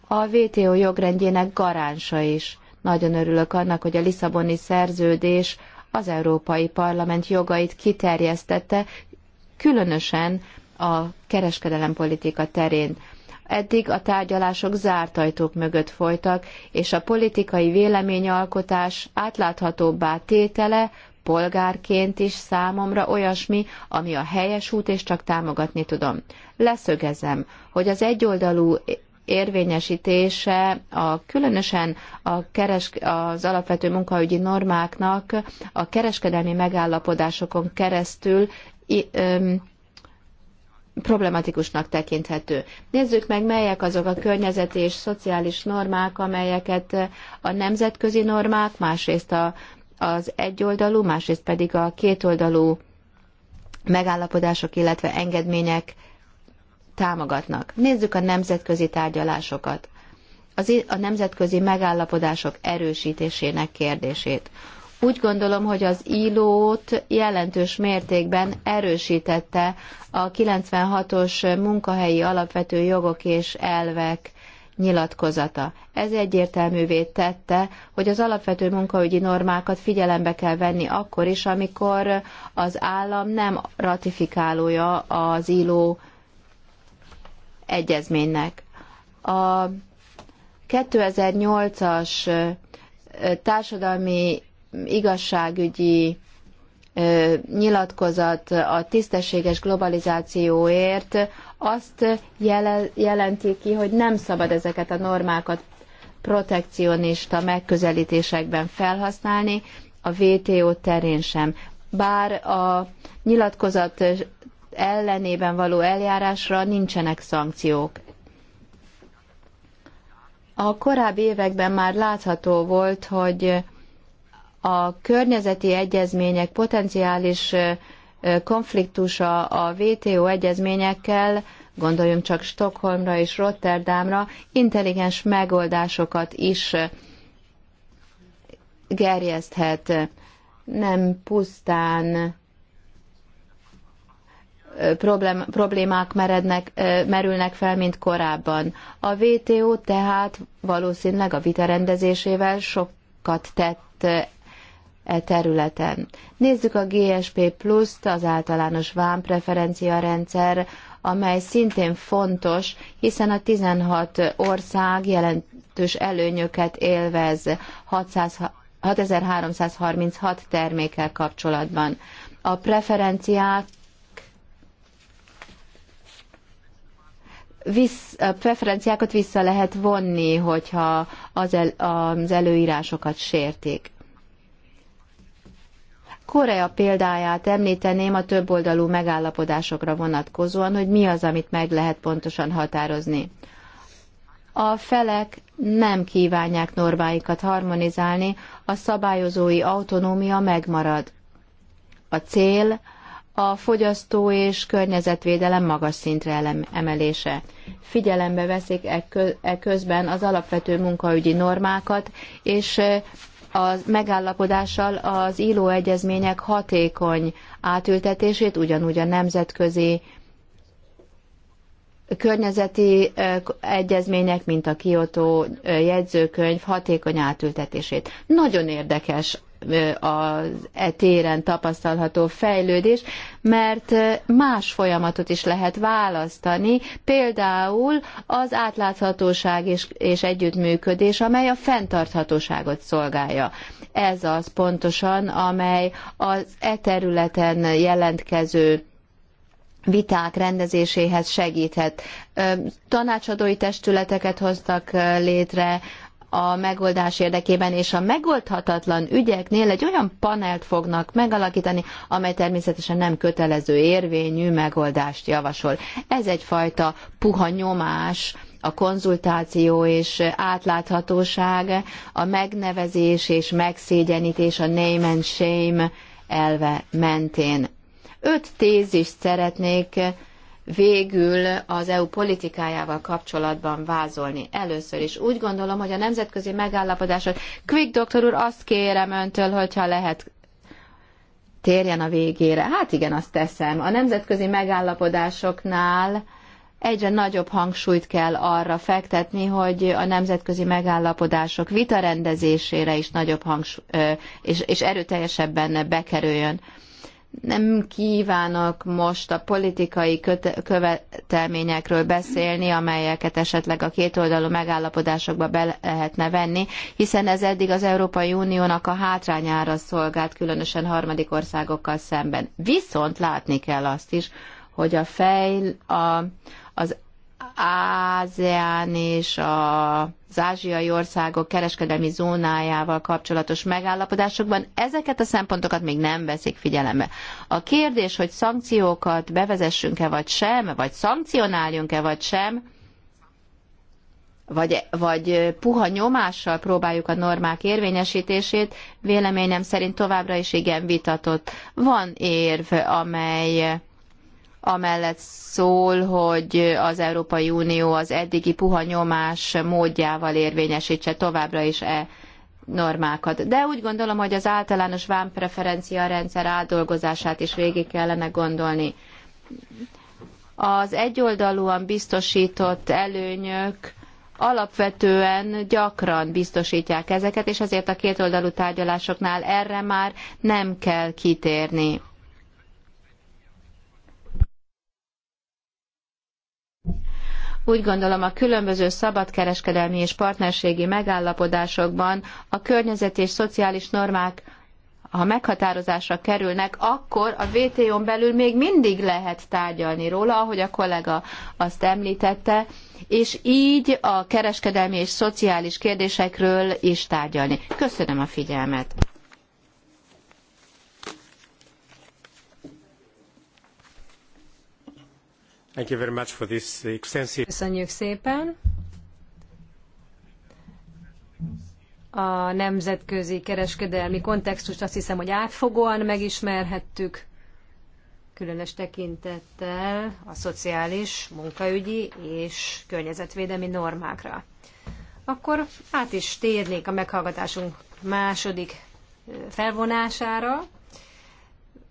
a WTO jogrendjének garánsa is. Nagyon örülök annak, hogy a Lisszaboni szerződés az Európai Parlament jogait kiterjesztette, különösen a kereskedelempolitika terén. Eddig a tárgyalások zárt ajtók mögött folytak, és a politikai véleményalkotás átláthatóbbá tétele polgárként is számomra olyasmi, ami a helyes út, és csak támogatni tudom. Leszögezem, hogy az egyoldalú érvényesítése a különösen a keres, az alapvető munkaügyi normáknak a kereskedelmi megállapodásokon keresztül i, öm, problematikusnak tekinthető. Nézzük meg, melyek azok a környezeti és szociális normák, amelyeket a nemzetközi normák, másrészt a az egyoldalú, másrészt pedig a kétoldalú megállapodások, illetve engedmények támogatnak. Nézzük a nemzetközi tárgyalásokat. Az, a nemzetközi megállapodások erősítésének kérdését. Úgy gondolom, hogy az ILO-t jelentős mértékben erősítette a 96-os munkahelyi alapvető jogok és elvek nyilatkozata. Ez egyértelművé tette, hogy az alapvető munkaügyi normákat figyelembe kell venni akkor is, amikor az állam nem ratifikálója az ILO egyezménynek. A 2008-as társadalmi igazságügyi nyilatkozat a tisztességes globalizációért azt jelenti ki, hogy nem szabad ezeket a normákat protekcionista megközelítésekben felhasználni, a WTO terén sem. Bár a nyilatkozat ellenében való eljárásra nincsenek szankciók. A korábbi években már látható volt, hogy a környezeti egyezmények potenciális konfliktusa a WTO egyezményekkel, gondoljunk csak Stockholmra és Rotterdamra, intelligens megoldásokat is gerjeszthet. Nem pusztán problémák merednek, merülnek fel, mint korábban. A WTO tehát valószínűleg a vita rendezésével sokat tett E területen. Nézzük a GSP Plus-t, az általános vámpreferencia rendszer, amely szintén fontos, hiszen a 16 ország jelentős előnyöket élvez 600, 6336 termékkel kapcsolatban. A preferenciák Visz, preferenciákat vissza lehet vonni, hogyha az, el, az előírásokat sértik. Korea példáját említeném a többoldalú megállapodásokra vonatkozóan, hogy mi az, amit meg lehet pontosan határozni. A felek nem kívánják normáikat harmonizálni, a szabályozói autonómia megmarad. A cél a fogyasztó és környezetvédelem magas szintre emelése. Figyelembe veszik e, e közben az alapvető munkaügyi normákat, és a megállapodással az író egyezmények hatékony átültetését, ugyanúgy a nemzetközi környezeti egyezmények, mint a Kyoto jegyzőkönyv hatékony átültetését. Nagyon érdekes az e téren tapasztalható fejlődés, mert más folyamatot is lehet választani, például az átláthatóság és, és együttműködés, amely a fenntarthatóságot szolgálja. Ez az pontosan, amely az e területen jelentkező viták rendezéséhez segíthet. Tanácsadói testületeket hoztak létre, a megoldás érdekében, és a megoldhatatlan ügyeknél egy olyan panelt fognak megalakítani, amely természetesen nem kötelező érvényű megoldást javasol. Ez egyfajta puha nyomás, a konzultáció és átláthatóság, a megnevezés és megszégyenítés a name and shame elve mentén. Öt tézist szeretnék végül az EU politikájával kapcsolatban vázolni először is. Úgy gondolom, hogy a nemzetközi megállapodásot, Quick doktor úr, azt kérem öntől, hogyha lehet térjen a végére. Hát igen, azt teszem. A nemzetközi megállapodásoknál egyre nagyobb hangsúlyt kell arra fektetni, hogy a nemzetközi megállapodások vitarendezésére is nagyobb hangsúly, és, és erőteljesebben bekerüljön nem kívánok most a politikai követelményekről beszélni, amelyeket esetleg a kétoldalú megállapodásokba be lehetne venni, hiszen ez eddig az Európai Uniónak a hátrányára szolgált, különösen harmadik országokkal szemben. Viszont látni kell azt is, hogy a fejl, a, az ASEAN és a, az ázsiai országok kereskedelmi zónájával kapcsolatos megállapodásokban ezeket a szempontokat még nem veszik figyelembe. A kérdés, hogy szankciókat bevezessünk-e vagy sem, vagy szankcionáljunk-e vagy sem, vagy, vagy puha nyomással próbáljuk a normák érvényesítését, véleményem szerint továbbra is igen vitatott. Van érv, amely amellett szól, hogy az Európai Unió az eddigi puha nyomás módjával érvényesítse továbbra is e normákat. De úgy gondolom, hogy az általános vámpreferencia rendszer átdolgozását is végig kellene gondolni. Az egyoldalúan biztosított előnyök alapvetően gyakran biztosítják ezeket, és ezért a kétoldalú tárgyalásoknál erre már nem kell kitérni. Úgy gondolom a különböző szabadkereskedelmi és partnerségi megállapodásokban a környezeti és szociális normák ha meghatározásra kerülnek, akkor a WTO-n belül még mindig lehet tárgyalni róla, ahogy a kollega azt említette, és így a kereskedelmi és szociális kérdésekről is tárgyalni. Köszönöm a figyelmet! Thank you very much for this extensive... Köszönjük szépen. A nemzetközi kereskedelmi kontextust azt hiszem, hogy átfogóan megismerhettük, különös tekintettel a szociális, munkaügyi és környezetvédelmi normákra. Akkor át is térnék a meghallgatásunk második felvonására,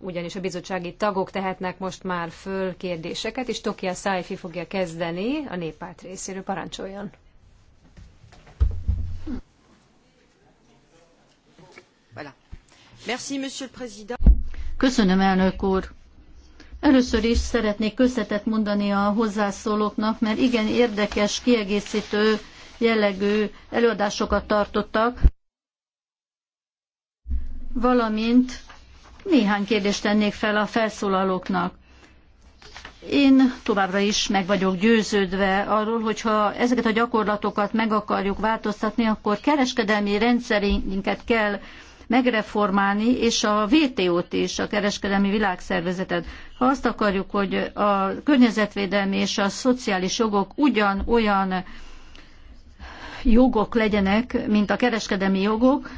ugyanis a bizottsági tagok tehetnek most már föl kérdéseket, és Tokia Szájfi fogja kezdeni a néppárt részéről. Parancsoljon! Köszönöm, elnök úr! Először is szeretnék köszönetet mondani a hozzászólóknak, mert igen érdekes, kiegészítő jellegű előadásokat tartottak, valamint néhány kérdést tennék fel a felszólalóknak. Én továbbra is meg vagyok győződve arról, hogyha ezeket a gyakorlatokat meg akarjuk változtatni, akkor kereskedelmi rendszerinket kell megreformálni, és a WTO-t is, a Kereskedelmi Világszervezetet. Ha azt akarjuk, hogy a környezetvédelmi és a szociális jogok ugyanolyan jogok legyenek, mint a kereskedelmi jogok,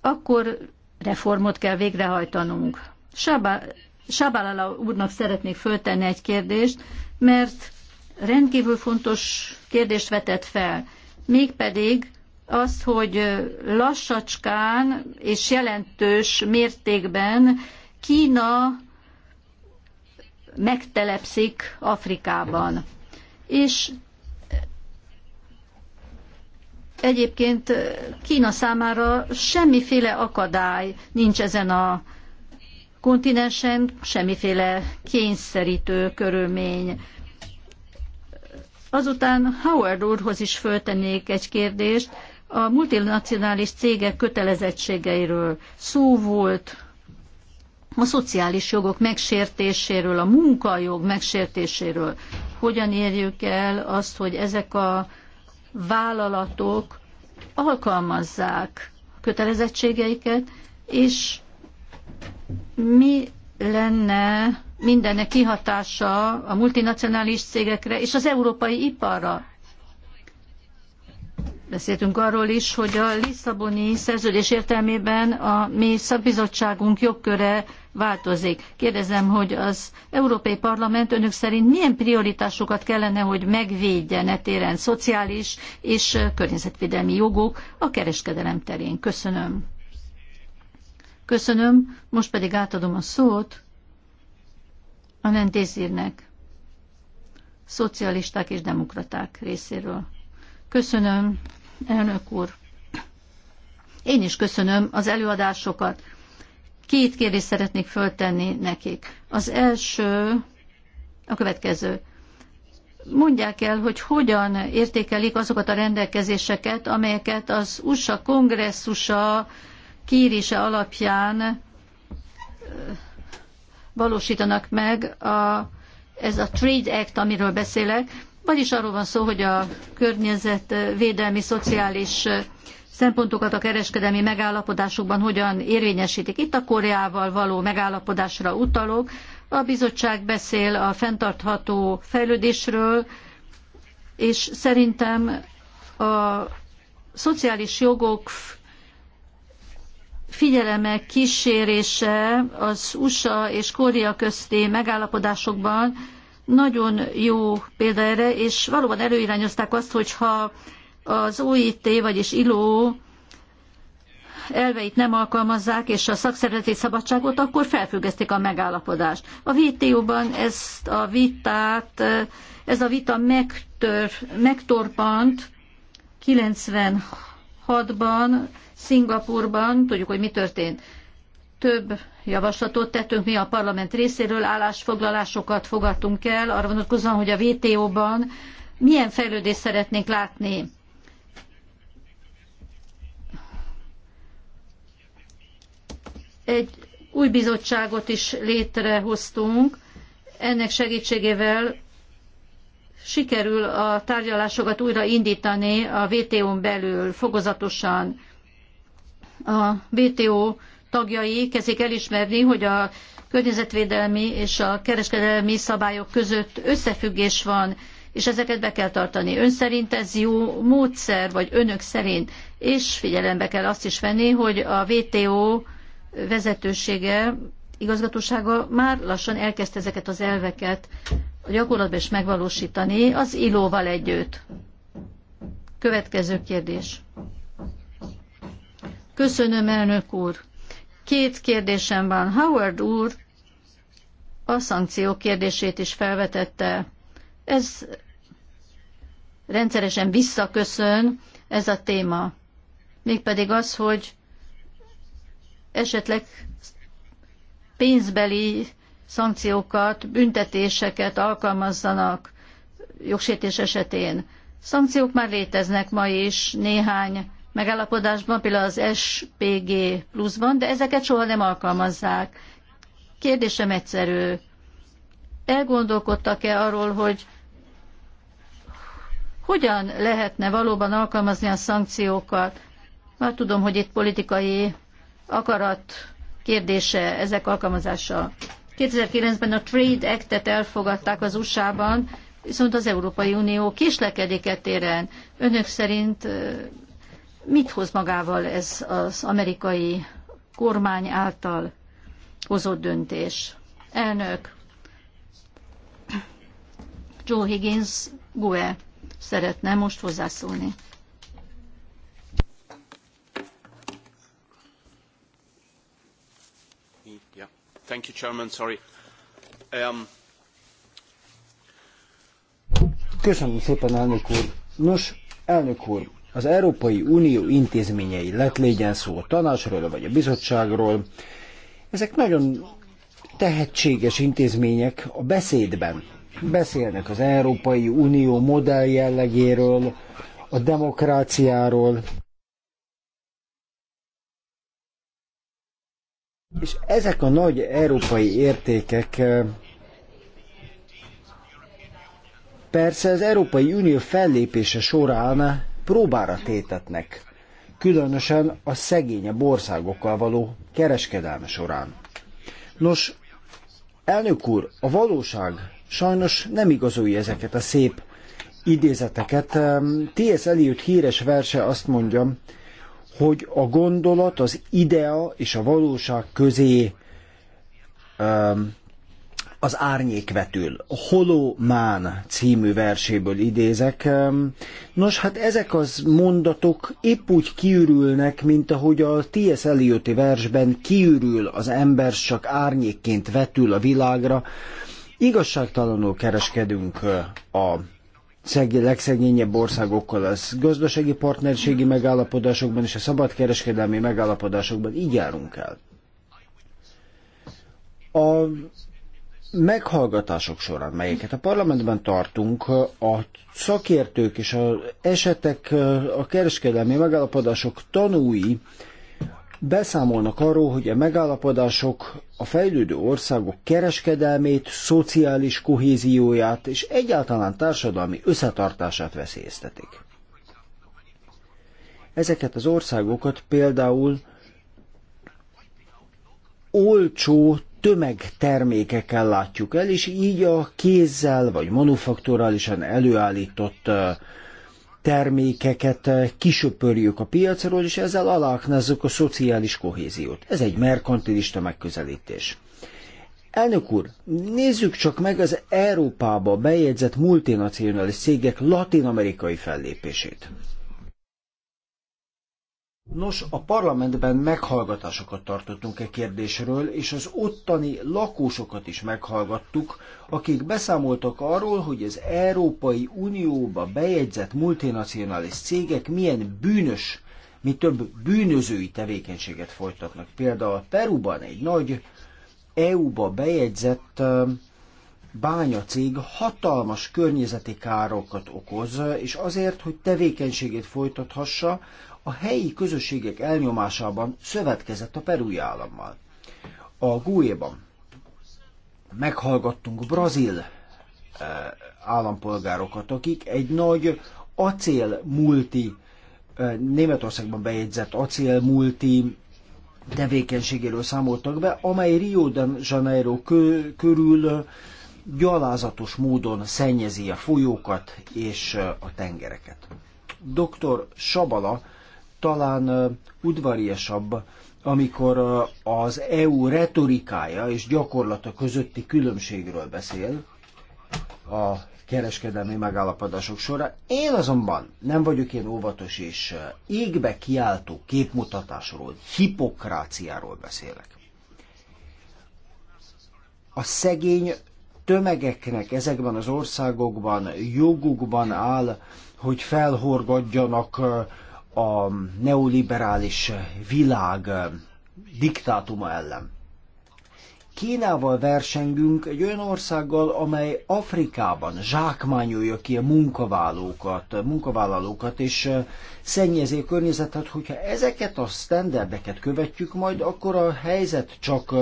akkor reformot kell végrehajtanunk. Sábálala úrnak szeretnék föltenni egy kérdést, mert rendkívül fontos kérdést vetett fel, mégpedig az, hogy lassacskán és jelentős mértékben Kína megtelepszik Afrikában. És Egyébként Kína számára semmiféle akadály nincs ezen a kontinensen, semmiféle kényszerítő körülmény. Azután Howard úrhoz is föltennék egy kérdést a multinacionális cégek kötelezettségeiről. Szó volt a szociális jogok megsértéséről, a munkajog megsértéséről. Hogyan érjük el azt, hogy ezek a vállalatok alkalmazzák kötelezettségeiket, és mi lenne mindennek kihatása a multinacionális cégekre és az európai iparra. Beszéltünk arról is, hogy a Lisszaboni szerződés értelmében a mi szakbizottságunk jogköre változik. Kérdezem, hogy az Európai Parlament önök szerint milyen prioritásokat kellene, hogy megvédjen e téren szociális és környezetvédelmi jogok a kereskedelem terén? Köszönöm. Köszönöm, most pedig átadom a szót a Nentészírnek, szocialisták és demokraták részéről. Köszönöm, elnök úr. Én is köszönöm az előadásokat. Két kérdést szeretnék föltenni nekik. Az első a következő. Mondják el, hogy hogyan értékelik azokat a rendelkezéseket, amelyeket az USA kongresszusa kérése alapján valósítanak meg a, ez a Trade Act, amiről beszélek, vagyis arról van szó, hogy a környezetvédelmi, szociális szempontokat a kereskedelmi megállapodásokban hogyan érvényesítik. Itt a Koreával való megállapodásra utalok. A bizottság beszél a fenntartható fejlődésről, és szerintem a szociális jogok figyeleme kísérése az USA és Korea közti megállapodásokban nagyon jó példa erre, és valóban előirányozták azt, hogyha az OIT, vagyis ILO elveit nem alkalmazzák, és a szakszervezeti szabadságot, akkor felfüggesztik a megállapodást. A WTO-ban ezt a vitát, ez a vita megtör, megtorpant 96-ban, Szingapurban, tudjuk, hogy mi történt. Több javaslatot tettünk mi a parlament részéről, állásfoglalásokat fogadtunk el, arra vonatkozóan, hogy a WTO-ban milyen fejlődést szeretnénk látni. Egy új bizottságot is létrehoztunk, ennek segítségével sikerül a tárgyalásokat újra indítani a WTO-n belül fokozatosan. A WTO tagjai kezdik elismerni, hogy a környezetvédelmi és a kereskedelmi szabályok között összefüggés van, és ezeket be kell tartani. Ön szerint ez jó módszer, vagy önök szerint? És figyelembe kell azt is venni, hogy a WTO vezetősége, igazgatósága már lassan elkezdte ezeket az elveket a gyakorlatban is megvalósítani az ilóval együtt. Következő kérdés. Köszönöm, elnök úr. Két kérdésem van. Howard úr a szankciók kérdését is felvetette. Ez rendszeresen visszaköszön ez a téma. Mégpedig az, hogy esetleg pénzbeli szankciókat, büntetéseket alkalmazzanak jogsértés esetén. Szankciók már léteznek ma is, néhány megállapodásban, például az SPG pluszban, de ezeket soha nem alkalmazzák. Kérdésem egyszerű. Elgondolkodtak-e arról, hogy hogyan lehetne valóban alkalmazni a szankciókat? Már tudom, hogy itt politikai akarat kérdése ezek alkalmazása. 2009-ben a Trade Act-et elfogadták az USA-ban, viszont az Európai Unió késlekedik e téren. Önök szerint Mit hoz magával ez az amerikai kormány által hozott döntés? Elnök Joe Higgins Gue szeretne most hozzászólni. Thank you, Chairman. Sorry. Um... Köszönöm szépen, elnök úr. Nos, elnök úr, az Európai Unió intézményei lett, legyen szó a tanácsról vagy a bizottságról. Ezek nagyon tehetséges intézmények a beszédben. Beszélnek az Európai Unió modell jellegéről, a demokráciáról. És ezek a nagy európai értékek eh, persze az Európai Unió fellépése során próbára tétetnek, különösen a szegényebb országokkal való kereskedelme során. Nos, elnök úr, a valóság sajnos nem igazolja ezeket a szép idézeteket. T.S. Eliot híres verse azt mondja, hogy a gondolat, az idea és a valóság közé um, az Árnyékvetül, Holomán című verséből idézek. Nos, hát ezek az mondatok épp úgy kiürülnek, mint ahogy a T.S. Elioti versben kiürül az ember, csak árnyékként vetül a világra. Igazságtalanul kereskedünk a legszegényebb országokkal, az gazdasági partnerségi megállapodásokban és a szabadkereskedelmi megállapodásokban így járunk el. A meghallgatások során, melyeket a parlamentben tartunk, a szakértők és az esetek, a kereskedelmi megállapodások tanúi beszámolnak arról, hogy a megállapodások a fejlődő országok kereskedelmét, szociális kohézióját és egyáltalán társadalmi összetartását veszélyeztetik. Ezeket az országokat például olcsó tömegtermékekkel látjuk el, és így a kézzel vagy manufakturálisan előállított termékeket kisöpörjük a piacról, és ezzel aláknázzuk a szociális kohéziót. Ez egy merkantilista megközelítés. Elnök úr, nézzük csak meg az Európába bejegyzett multinacionális cégek latin-amerikai fellépését. Nos, a parlamentben meghallgatásokat tartottunk e kérdésről, és az ottani lakósokat is meghallgattuk, akik beszámoltak arról, hogy az Európai Unióba bejegyzett multinacionális cégek milyen bűnös, mi több bűnözői tevékenységet folytatnak. Például Peruban egy nagy EU-ba bejegyzett bányacég hatalmas környezeti károkat okoz, és azért, hogy tevékenységét folytathassa, a helyi közösségek elnyomásában szövetkezett a perui állammal. A Gújéban meghallgattunk brazil eh, állampolgárokat, akik egy nagy acél multi, eh, Németországban bejegyzett acél multi tevékenységéről számoltak be, amely Rio de Janeiro körül gyalázatos módon szennyezi a folyókat és a tengereket. Dr. Sabala talán udvariasabb, amikor az EU retorikája és gyakorlata közötti különbségről beszél a kereskedelmi megállapodások során. Én azonban nem vagyok ilyen óvatos és égbe kiáltó képmutatásról, hipokráciáról beszélek. A szegény tömegeknek ezekben az országokban jogukban áll, hogy felhorgadjanak eh, a neoliberális világ eh, diktátuma ellen. Kínával versengünk egy olyan országgal, amely Afrikában zsákmányolja ki a munkavállalókat, munkavállalókat és eh, szennyezi a környezetet. Hogyha ezeket a sztenderdeket követjük majd, akkor a helyzet csak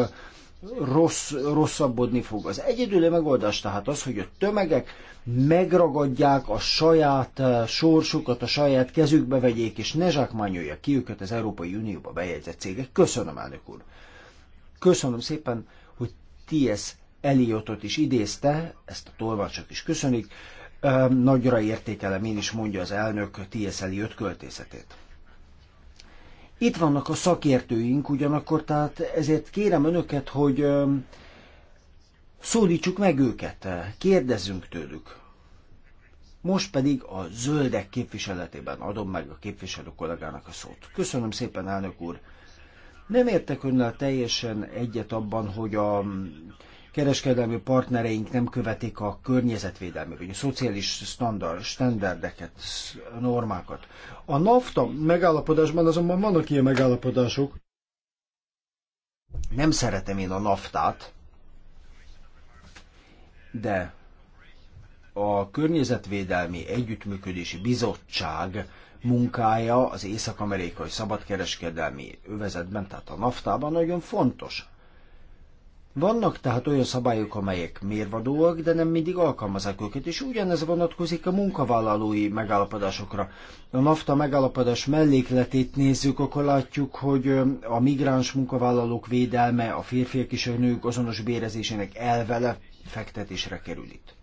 rossz, rosszabbodni fog. Az egyedüli megoldás tehát az, hogy a tömegek megragadják a saját eh, sorsukat, a saját kezükbe vegyék, és ne zsákmányolja ki őket az Európai Unióba bejegyzett cégek. Köszönöm, elnök úr! Köszönöm szépen, hogy T.S. Eliotot is idézte, ezt a tolvácsot is köszönik. Nagyra értékelem én is, mondja az elnök T.S. Eliot költészetét. Itt vannak a szakértőink ugyanakkor, tehát ezért kérem önöket, hogy szólítsuk meg őket, kérdezzünk tőlük. Most pedig a zöldek képviseletében adom meg a képviselő kollégának a szót. Köszönöm szépen, elnök úr! Nem értek önnel teljesen egyet abban, hogy a kereskedelmi partnereink nem követik a környezetvédelmi, vagy a szociális standard, standardeket, normákat. A NAFTA megállapodásban azonban vannak ilyen megállapodások. Nem szeretem én a NAFTA-t, de a Környezetvédelmi Együttműködési Bizottság munkája az észak-amerikai szabadkereskedelmi övezetben, tehát a NAFTA-ban nagyon fontos. Vannak tehát olyan szabályok, amelyek mérvadóak, de nem mindig alkalmazák őket, és ugyanez vonatkozik a munkavállalói megállapodásokra. A NAFTA megállapodás mellékletét nézzük, akkor látjuk, hogy a migráns munkavállalók védelme, a férfiak és a nők azonos bérezésének elvele fektetésre kerül itt.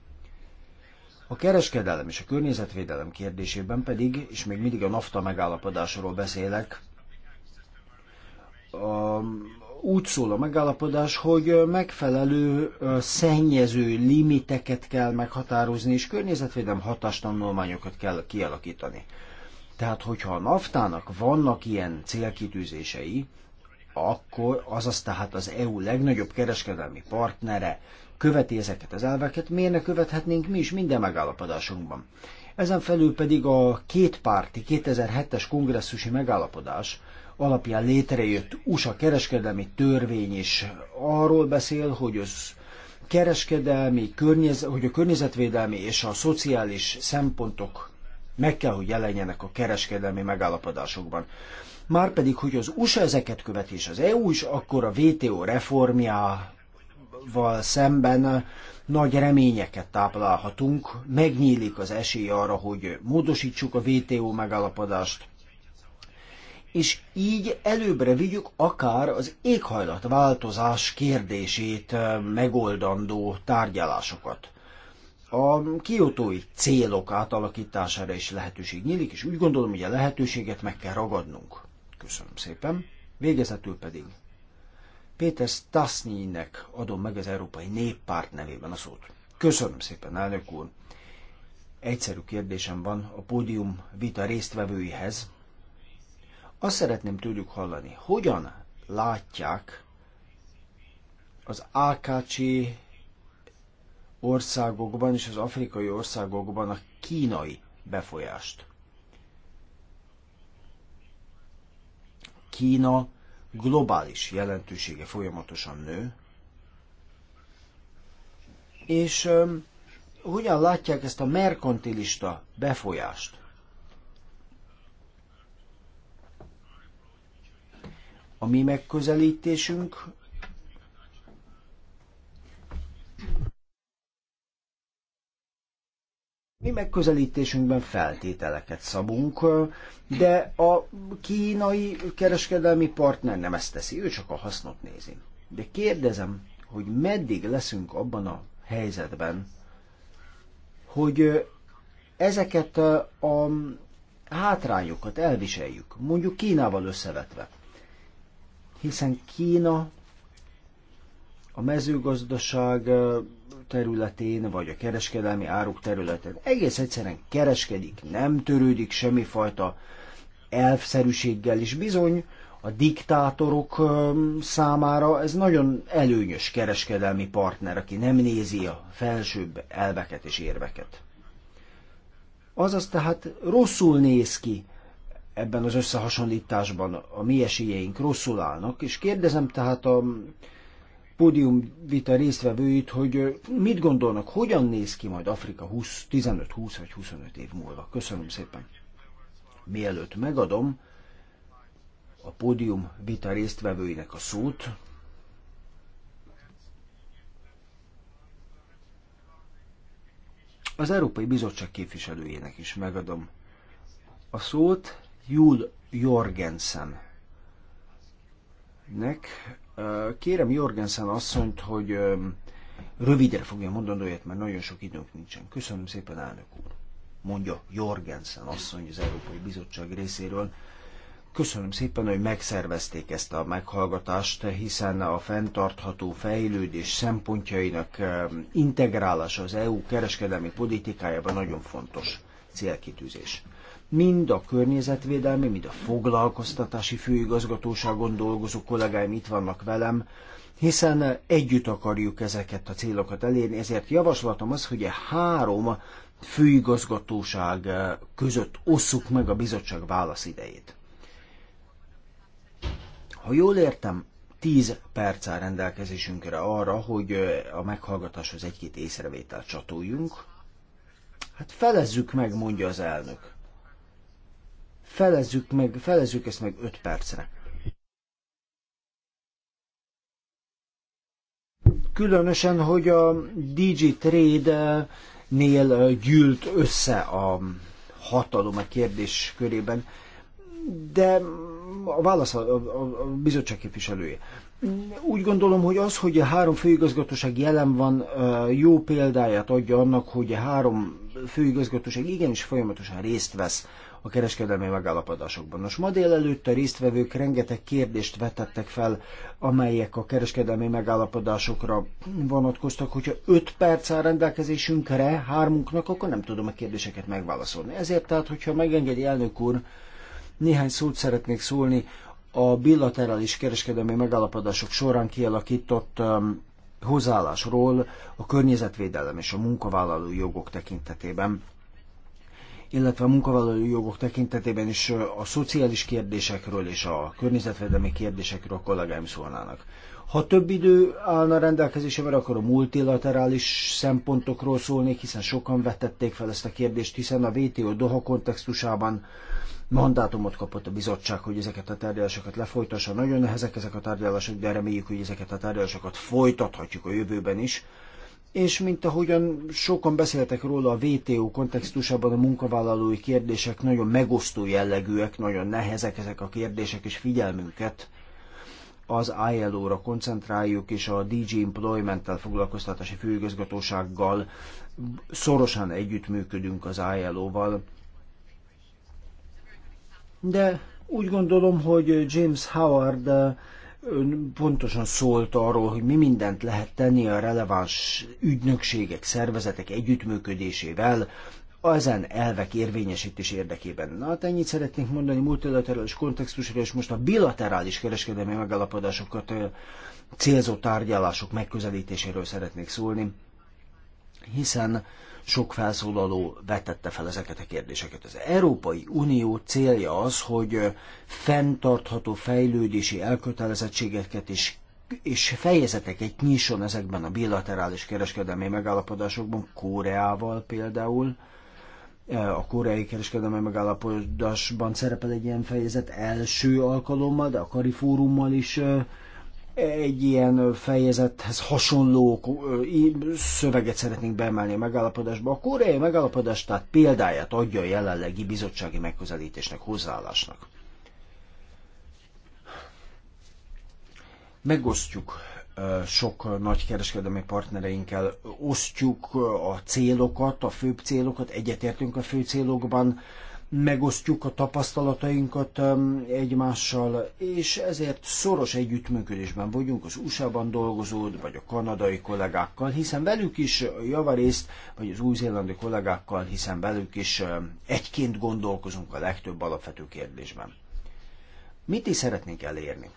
A kereskedelem és a környezetvédelem kérdésében pedig, és még mindig a NAFTA megállapodásról beszélek, a úgy szól a megállapodás, hogy megfelelő szennyező limiteket kell meghatározni, és környezetvédelmi hatástanulmányokat kell kialakítani. Tehát, hogyha a naftának vannak ilyen célkitűzései, akkor, azaz tehát az EU legnagyobb kereskedelmi partnere követi ezeket az elveket, miért ne követhetnénk mi is minden megállapodásunkban? Ezen felül pedig a kétpárti 2007-es kongresszusi megállapodás, alapján létrejött USA kereskedelmi törvény is arról beszél, hogy az kereskedelmi, környez, hogy a környezetvédelmi és a szociális szempontok meg kell, hogy jelenjenek a kereskedelmi megállapodásokban. Márpedig, hogy az USA ezeket követi, és az EU is, akkor a WTO reformjával szemben nagy reményeket táplálhatunk, megnyílik az esély arra, hogy módosítsuk a WTO megállapodást, és így előbbre vigyük akár az éghajlatváltozás kérdését megoldandó tárgyalásokat. A kiotói célok átalakítására is lehetőség nyílik, és úgy gondolom, hogy a lehetőséget meg kell ragadnunk. Köszönöm szépen. Végezetül pedig Péter Stasnyinek adom meg az Európai Néppárt nevében a szót. Köszönöm szépen, elnök úr. Egyszerű kérdésem van a pódium vita résztvevőihez, azt szeretném tőlük hallani, hogyan látják az AKC országokban és az afrikai országokban a kínai befolyást. Kína globális jelentősége folyamatosan nő, és um, hogyan látják ezt a merkantilista befolyást? A mi megközelítésünk Mi megközelítésünkben feltételeket szabunk, de a kínai kereskedelmi partner nem ezt teszi, ő csak a hasznot nézi. De kérdezem, hogy meddig leszünk abban a helyzetben, hogy ezeket a hátrányokat elviseljük, mondjuk Kínával összevetve hiszen Kína a mezőgazdaság területén, vagy a kereskedelmi áruk területén egész egyszerűen kereskedik, nem törődik semmifajta elfszerűséggel és bizony a diktátorok számára ez nagyon előnyös kereskedelmi partner, aki nem nézi a felsőbb elveket és érveket. Azaz tehát rosszul néz ki ebben az összehasonlításban a mi esélyeink rosszul állnak, és kérdezem tehát a pódium vita résztvevőit, hogy mit gondolnak, hogyan néz ki majd Afrika 15, 20 vagy 25 év múlva. Köszönöm szépen. Mielőtt megadom a pódium vita résztvevőinek a szót, az Európai Bizottság képviselőjének is megadom a szót, Júl Jorgensen. Nek. Kérem Jorgensen asszonyt, hogy rövidre fogja mondandóját, mert nagyon sok időnk nincsen. Köszönöm szépen, elnök úr. Mondja Jorgensen asszony az Európai Bizottság részéről. Köszönöm szépen, hogy megszervezték ezt a meghallgatást, hiszen a fenntartható fejlődés szempontjainak integrálása az EU kereskedelmi politikájában nagyon fontos célkitűzés mind a környezetvédelmi, mind a foglalkoztatási főigazgatóságon dolgozó kollégáim itt vannak velem, hiszen együtt akarjuk ezeket a célokat elérni, ezért javaslatom az, hogy a három főigazgatóság eh, között osszuk meg a bizottság válaszidejét. Ha jól értem, 10 perc áll rendelkezésünkre arra, hogy eh, a meghallgatáshoz egy-két észrevételt csatoljunk. Hát felezzük meg, mondja az elnök felezzük, meg, felezzük ezt meg 5 percre. Különösen, hogy a digitrade nél gyűlt össze a hatalom a kérdés körében, de a válasz a, a, a bizottság képviselője. Úgy gondolom, hogy az, hogy a három főigazgatóság jelen van, jó példáját adja annak, hogy a három főigazgatóság igenis folyamatosan részt vesz a kereskedelmi megállapodásokban. Nos, ma délelőtt a résztvevők rengeteg kérdést vetettek fel, amelyek a kereskedelmi megállapodásokra vonatkoztak. Hogyha 5 perc áll rendelkezésünkre, hármunknak, akkor nem tudom a kérdéseket megválaszolni. Ezért tehát, hogyha megengedi elnök úr, néhány szót szeretnék szólni a bilaterális kereskedelmi megállapodások során kialakított um, hozzáállásról a környezetvédelem és a munkavállaló jogok tekintetében illetve a munkavállalói jogok tekintetében is a szociális kérdésekről és a környezetvédelmi kérdésekről a kollégáim szólnának. Ha több idő állna rendelkezésemre, akkor a multilaterális szempontokról szólnék, hiszen sokan vetették fel ezt a kérdést, hiszen a WTO Doha kontextusában mandátumot kapott a bizottság, hogy ezeket a tárgyalásokat lefolytassa. Nagyon nehezek ezek a tárgyalások, de reméljük, hogy ezeket a tárgyalásokat folytathatjuk a jövőben is és mint ahogyan sokan beszéltek róla a WTO kontextusában, a munkavállalói kérdések nagyon megosztó jellegűek, nagyon nehezek ezek a kérdések, és figyelmünket az ILO-ra koncentráljuk, és a DG Employment-tel foglalkoztatási főigazgatósággal szorosan együttműködünk az ILO-val. De úgy gondolom, hogy James Howard ön pontosan szólt arról, hogy mi mindent lehet tenni a releváns ügynökségek, szervezetek együttműködésével, ezen elvek érvényesítés érdekében. Na hát ennyit szeretnénk mondani multilaterális kontextusra, és most a bilaterális kereskedelmi megalapodásokat célzó tárgyalások megközelítéséről szeretnék szólni, hiszen sok felszólaló vetette fel ezeket a kérdéseket. Az Európai Unió célja az, hogy fenntartható fejlődési elkötelezettségeket és és fejezeteket nyisson ezekben a bilaterális kereskedelmi megállapodásokban, Koreával például, a koreai kereskedelmi megállapodásban szerepel egy ilyen fejezet első alkalommal, de a Karifórummal is egy ilyen fejezethez hasonló szöveget szeretnénk beemelni a megállapodásba. A koreai megállapodás tehát példáját adja a jelenlegi bizottsági megközelítésnek, hozzáállásnak. Megosztjuk sok nagykereskedelmi partnereinkkel, osztjuk a célokat, a főbb célokat, egyetértünk a fő célokban, megosztjuk a tapasztalatainkat um, egymással, és ezért szoros együttműködésben vagyunk az USA-ban dolgozó, vagy a kanadai kollégákkal, hiszen velük is javarészt, vagy az új-zélandi kollégákkal, hiszen velük is um, egyként gondolkozunk a legtöbb alapvető kérdésben. Mit is szeretnénk elérni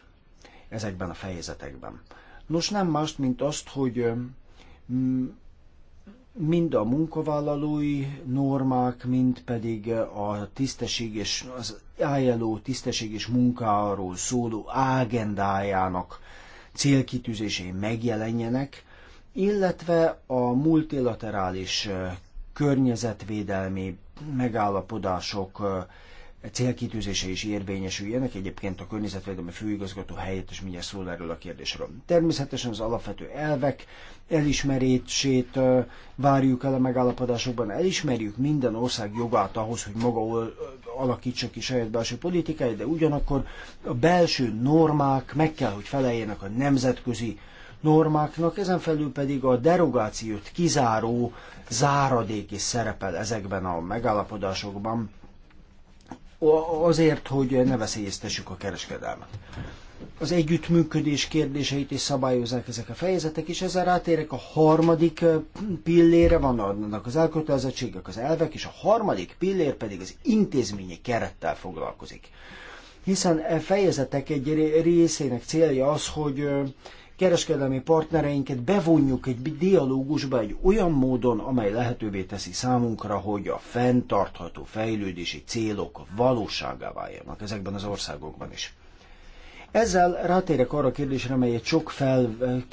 ezekben a fejezetekben? Nos, nem mást, mint azt, hogy um, mind a munkavállalói normák, mind pedig a tisztesség és az ILO tisztesség és munkáról szóló ágendájának célkitűzései megjelenjenek, illetve a multilaterális eh, környezetvédelmi megállapodások eh, célkitűzése is érvényesüljenek. Egyébként a környezetvédelmi főigazgató helyett is mindjárt szól erről a kérdésről. Természetesen az alapvető elvek elismerését várjuk el a megállapodásokban. Elismerjük minden ország jogát ahhoz, hogy maga alakítsa ki saját belső politikáját, de ugyanakkor a belső normák meg kell, hogy feleljenek a nemzetközi normáknak, ezen felül pedig a derogációt kizáró záradék is szerepel ezekben a megállapodásokban azért, hogy ne veszélyeztessük a kereskedelmet. Az együttműködés kérdéseit is szabályozzák ezek a fejezetek, és ezzel rátérek a harmadik eh, pillére, vannak az elkötelezettségek, az elvek, és a harmadik pillér pedig az intézményi kerettel foglalkozik. Hiszen e fejezetek egy részének célja az, hogy eh, kereskedelmi partnereinket bevonjuk egy dialógusba egy olyan módon, amely lehetővé teszi számunkra, hogy a fenntartható fejlődési célok valóságá váljanak ezekben az országokban is. Ezzel rátérek arra a kérdésre, amelyet sok felkérdező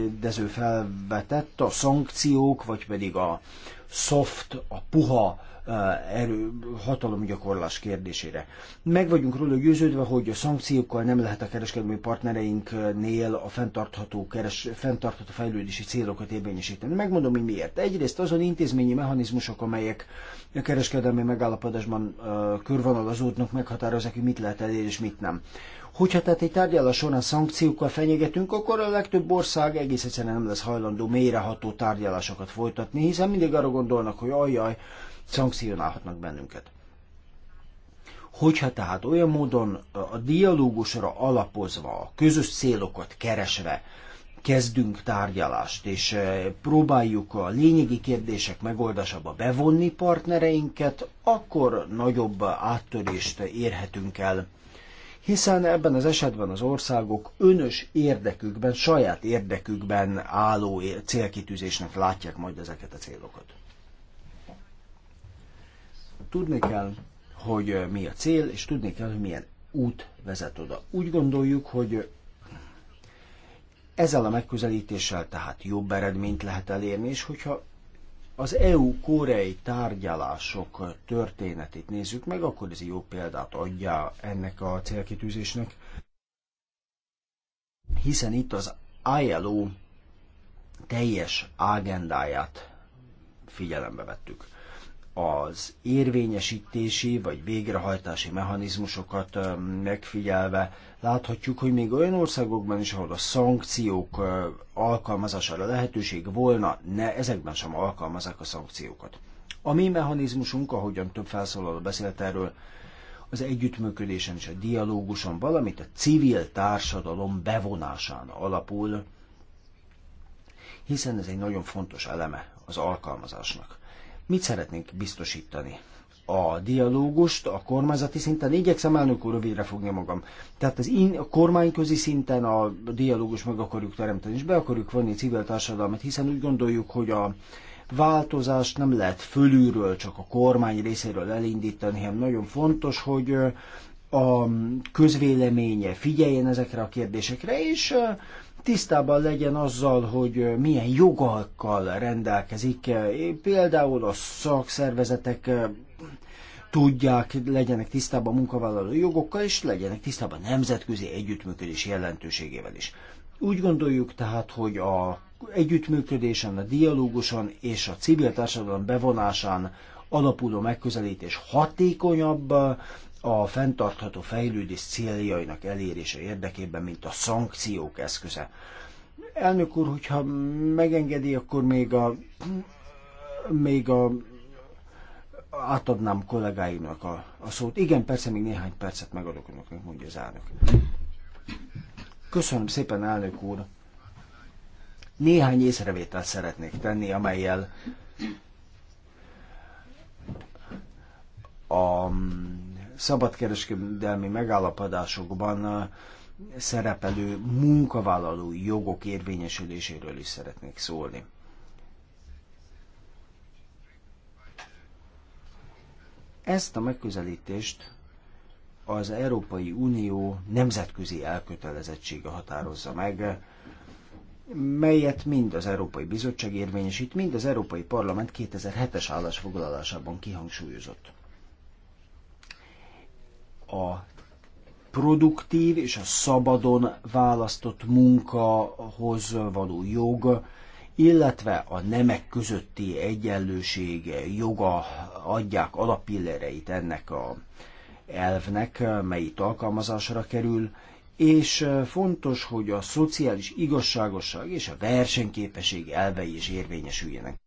kérdező felvetett, a szankciók, vagy pedig a soft, a puha erő, hatalomgyakorlás kérdésére. Meg vagyunk róla győződve, hogy a szankciókkal nem lehet a kereskedelmi partnereinknél a fenntartható, keres, fenntartható fejlődési célokat érvényesíteni. Megmondom, hogy miért. Egyrészt azon intézményi mechanizmusok, amelyek a kereskedelmi megállapodásban körvonalazódnak, meghatározzák, hogy mit lehet elérni és mit nem. Hogyha tehát egy tárgyalás során szankciókkal fenyegetünk, akkor a legtöbb ország egész egyszerűen nem lesz hajlandó mélyreható tárgyalásokat folytatni, hiszen mindig arra gondolnak, hogy ajjaj, szankcionálhatnak bennünket. Hogyha tehát olyan módon a dialógusra alapozva, a közös célokat keresve kezdünk tárgyalást, és próbáljuk a lényegi kérdések megoldásába bevonni partnereinket, akkor nagyobb áttörést érhetünk el hiszen ebben az esetben az országok önös érdekükben, saját érdekükben álló célkitűzésnek látják majd ezeket a célokat. Tudni kell, hogy eh, mi a cél, és tudni kell, hogy milyen út vezet oda. Úgy gondoljuk, hogy ezzel a megközelítéssel tehát jobb eredményt lehet elérni, és hogyha az EU-koreai tárgyalások történetét nézzük meg, akkor ez jó példát adja ennek a célkitűzésnek, hiszen itt az ILO teljes agendáját figyelembe vettük az érvényesítési vagy végrehajtási mechanizmusokat megfigyelve láthatjuk, hogy még olyan országokban is, ahol a szankciók alkalmazására lehetőség volna, ne, ezekben sem alkalmazzák a szankciókat. A mi mechanizmusunk, ahogyan több felszólaló beszélt erről, az együttműködésen és a dialóguson, valamint a civil társadalom bevonásán alapul, hiszen ez egy nagyon fontos eleme az alkalmazásnak. Mit szeretnénk biztosítani? a dialógust a kormányzati szinten, igyekszem elnök úr rövidre fogni magam. Tehát az in, a kormányközi szinten a dialógus meg akarjuk teremteni, és be akarjuk vonni a civil társadalmat, hiszen úgy gondoljuk, hogy a változást nem lehet fölülről, csak a kormány részéről elindítani, hanem nagyon fontos, hogy a közvéleménye figyeljen ezekre a kérdésekre, és tisztában legyen azzal, hogy milyen jogalkkal rendelkezik. Például a szakszervezetek tudják, legyenek tisztában a munkavállaló jogokkal, és legyenek tisztában nemzetközi együttműködés jelentőségével is. Úgy gondoljuk tehát, hogy a együttműködésen, a dialóguson és a civil társadalom bevonásán alapuló megközelítés hatékonyabb a fenntartható fejlődés céljainak elérése érdekében, mint a szankciók eszköze. Elnök úr, hogyha megengedi, akkor még a, még a átadnám kollégáimnak a, a szót. Igen, persze még néhány percet megadok önöknek, mondja az elnök. Köszönöm szépen, elnök úr. Néhány észrevételt szeretnék tenni, amelyel a szabadkereskedelmi megállapodásokban uh, szerepelő munkavállaló jogok érvényesüléséről is szeretnék szólni. Ezt a megközelítést az Európai Unió nemzetközi elkötelezettsége határozza meg, melyet mind az Európai Bizottság érvényesít, mind az Európai Parlament 2007-es állásfoglalásában kihangsúlyozott a produktív és a szabadon választott munkahoz való jog, illetve a nemek közötti egyenlőség joga adják alapillereit ennek a elvnek, mely itt alkalmazásra kerül, és fontos, hogy a szociális igazságosság és a versenyképesség elvei is érvényesüljenek.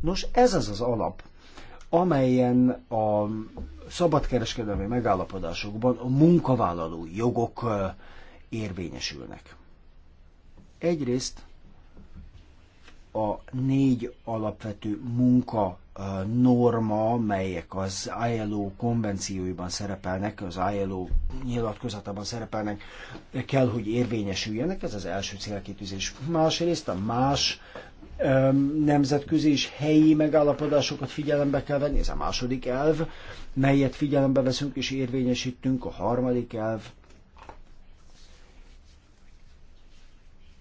Nos, ez az az alap, amelyen a szabadkereskedelmi megállapodásokban a munkavállaló jogok érvényesülnek. Egyrészt a négy alapvető munka norma, melyek az ILO konvencióiban szerepelnek, az ILO nyilatkozatában szerepelnek, kell, hogy érvényesüljenek, ez az első célkitűzés. Másrészt a más nemzetközi és helyi megállapodásokat figyelembe kell venni, ez a második elv, melyet figyelembe veszünk és érvényesítünk, a harmadik elv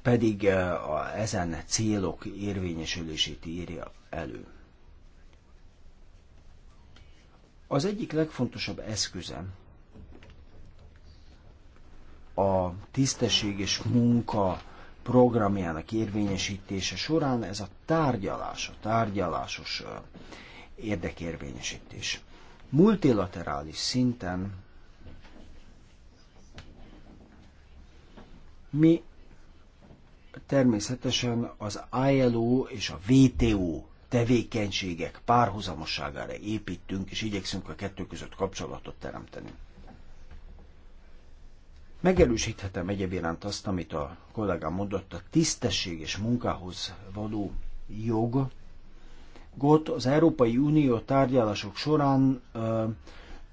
pedig a, ezen célok érvényesülését írja elő. Az egyik legfontosabb eszköze a tisztességes munka programjának érvényesítése során ez a tárgyalás, a tárgyalásos érdekérvényesítés. Multilaterális szinten mi természetesen az ILO és a WTO tevékenységek párhuzamosságára építünk, és igyekszünk a kettő között kapcsolatot teremteni. Megerősíthetem egyébként azt, amit a kollégám mondott, a tisztességes munkához való jog, Gott az Európai Unió tárgyalások során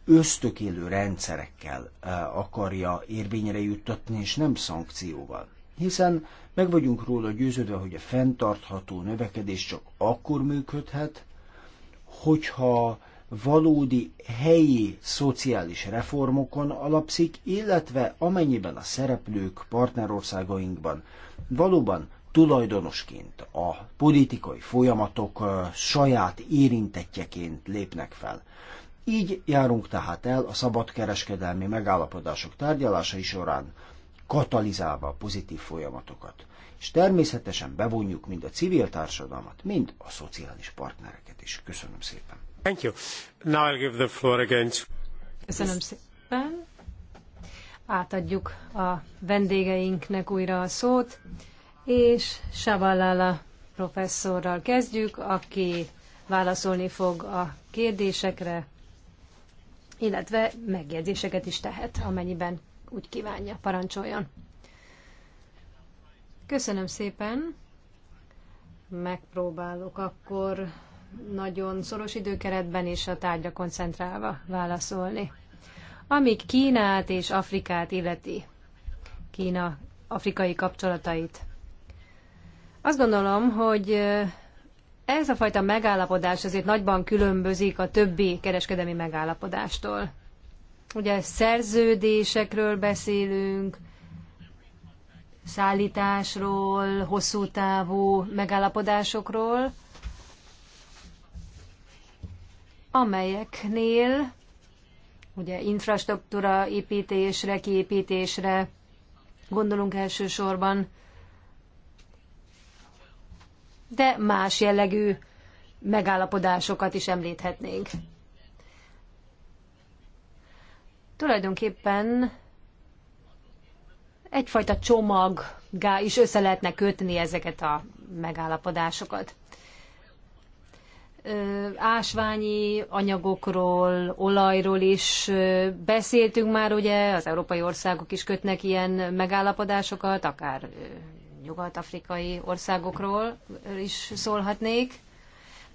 ösztökélő rendszerekkel akarja érvényre juttatni, és nem szankcióval. Hiszen meg vagyunk róla győződve, hogy a fenntartható növekedés csak akkor működhet, hogyha valódi helyi szociális reformokon alapszik, illetve amennyiben a szereplők partnerországainkban valóban tulajdonosként a politikai folyamatok saját érintettjeként lépnek fel. Így járunk tehát el a szabadkereskedelmi megállapodások tárgyalásai során, katalizálva a pozitív folyamatokat. És természetesen bevonjuk mind a civil társadalmat, mind a szociális partnereket is. Köszönöm szépen! Köszönöm szépen. Átadjuk a vendégeinknek újra a szót, és Savallala professzorral kezdjük, aki válaszolni fog a kérdésekre, illetve megjegyzéseket is tehet, amennyiben úgy kívánja. Parancsoljon! Köszönöm szépen! Megpróbálok akkor nagyon szoros időkeretben és a tárgyra koncentrálva válaszolni. Amíg Kínát és Afrikát illeti, Kína afrikai kapcsolatait. Azt gondolom, hogy ez a fajta megállapodás azért nagyban különbözik a többi kereskedelmi megállapodástól. Ugye szerződésekről beszélünk, szállításról, hosszú távú megállapodásokról, amelyeknél ugye infrastruktúra építésre, kiépítésre gondolunk elsősorban, de más jellegű megállapodásokat is említhetnénk. Tulajdonképpen egyfajta csomaggá is össze lehetne kötni ezeket a megállapodásokat ásványi anyagokról, olajról is beszéltünk már, ugye, az európai országok is kötnek ilyen megállapodásokat, akár nyugat-afrikai országokról is szólhatnék,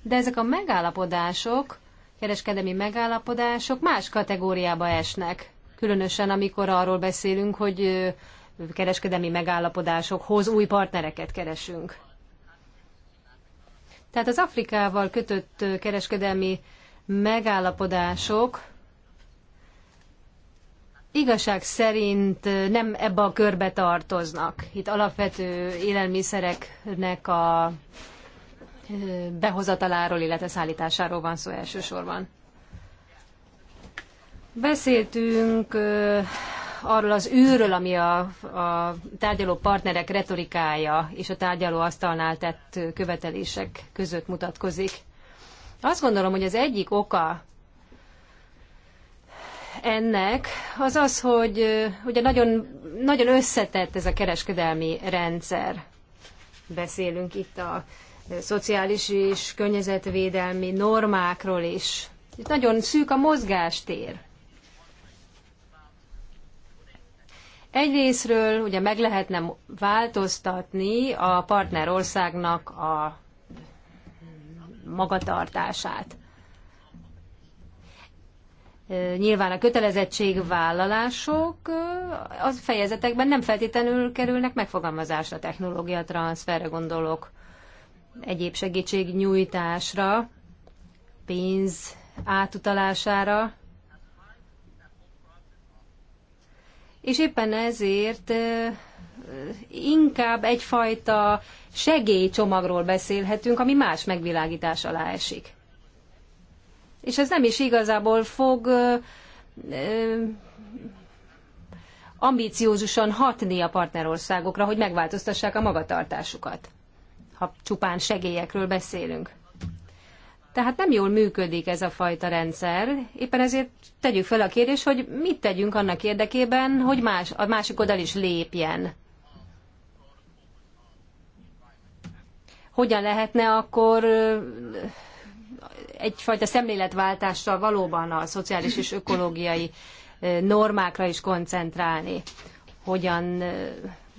de ezek a megállapodások, kereskedemi megállapodások más kategóriába esnek, különösen amikor arról beszélünk, hogy kereskedemi megállapodásokhoz új partnereket keresünk. Tehát az Afrikával kötött kereskedelmi megállapodások igazság szerint nem ebbe a körbe tartoznak. Itt alapvető élelmiszereknek a behozataláról, illetve szállításáról van szó elsősorban. Beszéltünk arról az űről, ami a, a tárgyaló partnerek retorikája és a tárgyalóasztalnál tett követelések között mutatkozik. Azt gondolom, hogy az egyik oka ennek az az, hogy ugye nagyon, nagyon összetett ez a kereskedelmi rendszer. Beszélünk itt a szociális és környezetvédelmi normákról is. Itt nagyon szűk a mozgástér Egyrésztről ugye meg lehetne változtatni a partnerországnak a magatartását. Nyilván a kötelezettségvállalások az fejezetekben nem feltétlenül kerülnek megfogalmazásra, technológia transferre gondolok, egyéb segítségnyújtásra, pénz átutalására, és éppen ezért inkább egyfajta segélycsomagról beszélhetünk, ami más megvilágítás alá esik. És ez nem is igazából fog ambíciózusan hatni a partnerországokra, hogy megváltoztassák a magatartásukat, ha csupán segélyekről beszélünk. Tehát nem jól működik ez a fajta rendszer. Éppen ezért tegyük fel a kérdést, hogy mit tegyünk annak érdekében, hogy más, a másik oldal is lépjen. Hogyan lehetne akkor egyfajta szemléletváltással valóban a szociális és ökológiai normákra is koncentrálni? Hogyan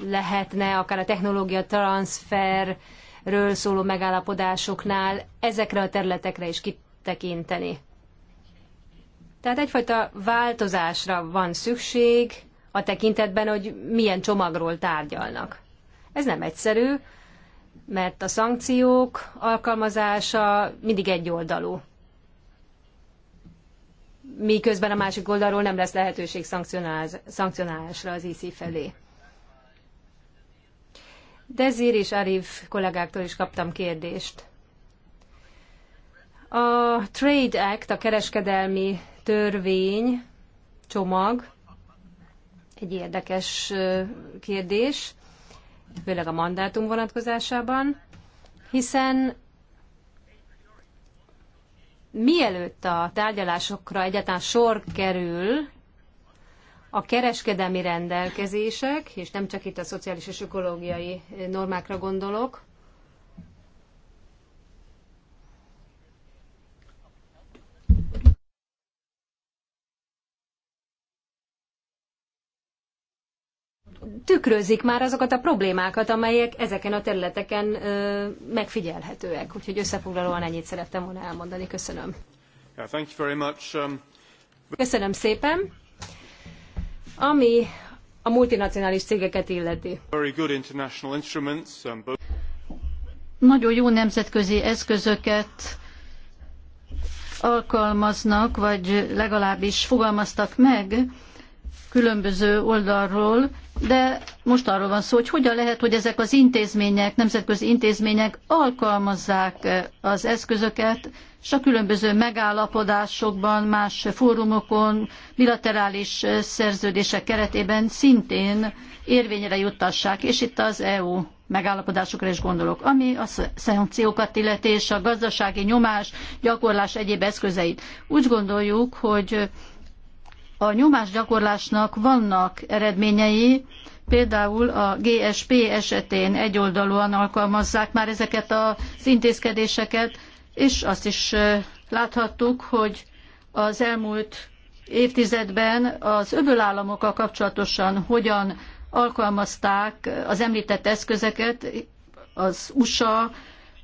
lehetne akár a technológia transfer, ről szóló megállapodásoknál ezekre a területekre is kitekinteni. Tehát egyfajta változásra van szükség a tekintetben, hogy milyen csomagról tárgyalnak. Ez nem egyszerű, mert a szankciók alkalmazása mindig egyoldalú. Miközben a másik oldalról nem lesz lehetőség szankcionálásra az IC felé. Dezir és Arif kollégáktól is kaptam kérdést. A Trade Act, a kereskedelmi törvény, csomag, egy érdekes kérdés, főleg a mandátum vonatkozásában, hiszen mielőtt a tárgyalásokra egyáltalán sor kerül, a kereskedelmi rendelkezések, és nem csak itt a szociális és ökológiai normákra gondolok, tükrözik már azokat a problémákat, amelyek ezeken a területeken ö, megfigyelhetőek. Úgyhogy összefoglalóan ennyit szerettem volna elmondani. Köszönöm. Yeah, um, Köszönöm szépen. Ami a multinacionális cégeket illeti. Um, Nagyon jó nemzetközi eszközöket alkalmaznak, vagy legalábbis fogalmaztak meg különböző oldalról, de most arról van szó, hogy hogyan lehet, hogy ezek az intézmények, nemzetközi intézmények alkalmazzák eh, az eszközöket, és a különböző megállapodásokban, más fórumokon, bilaterális eh, szerződések keretében szintén érvényre juttassák, és itt az EU megállapodásokra is gondolok, ami a szankciókat illeti és a gazdasági nyomás, gyakorlás egyéb eszközeit. Úgy gondoljuk, hogy a nyomásgyakorlásnak vannak eredményei, például a GSP esetén egyoldalúan alkalmazzák már ezeket az intézkedéseket, és azt is láthattuk, hogy az elmúlt évtizedben az államokkal kapcsolatosan hogyan alkalmazták az említett eszközeket, az USA,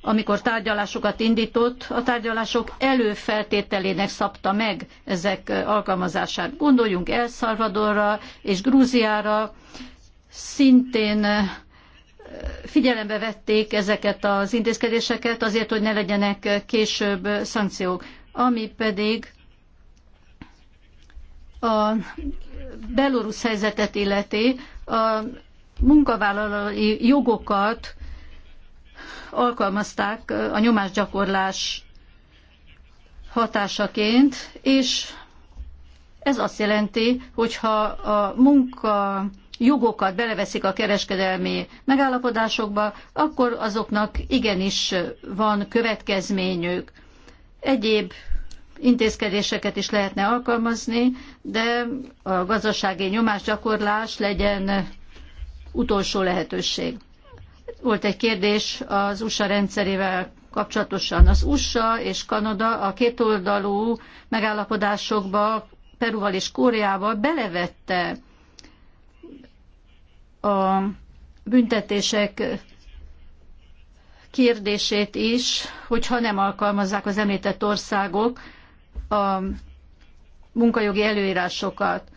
amikor tárgyalásokat indított, a tárgyalások előfeltételének szabta meg ezek alkalmazását. Gondoljunk El Salvadorra és Grúziára, szintén eh, figyelembe vették ezeket az intézkedéseket azért, hogy ne legyenek később szankciók. Ami pedig a belorusz helyzetet illeti, a munkavállalói jogokat alkalmazták a nyomásgyakorlás hatásaként, és ez azt jelenti, hogyha a munka jogokat beleveszik a kereskedelmi megállapodásokba, akkor azoknak igenis van következményük. Egyéb intézkedéseket is lehetne alkalmazni, de a gazdasági nyomásgyakorlás legyen utolsó lehetőség. Volt egy kérdés az USA rendszerével kapcsolatosan. Az USA és Kanada a kétoldalú megállapodásokba Peruval és Koreával belevette a büntetések kérdését is, hogyha nem alkalmazzák az említett országok a munkajogi előírásokat.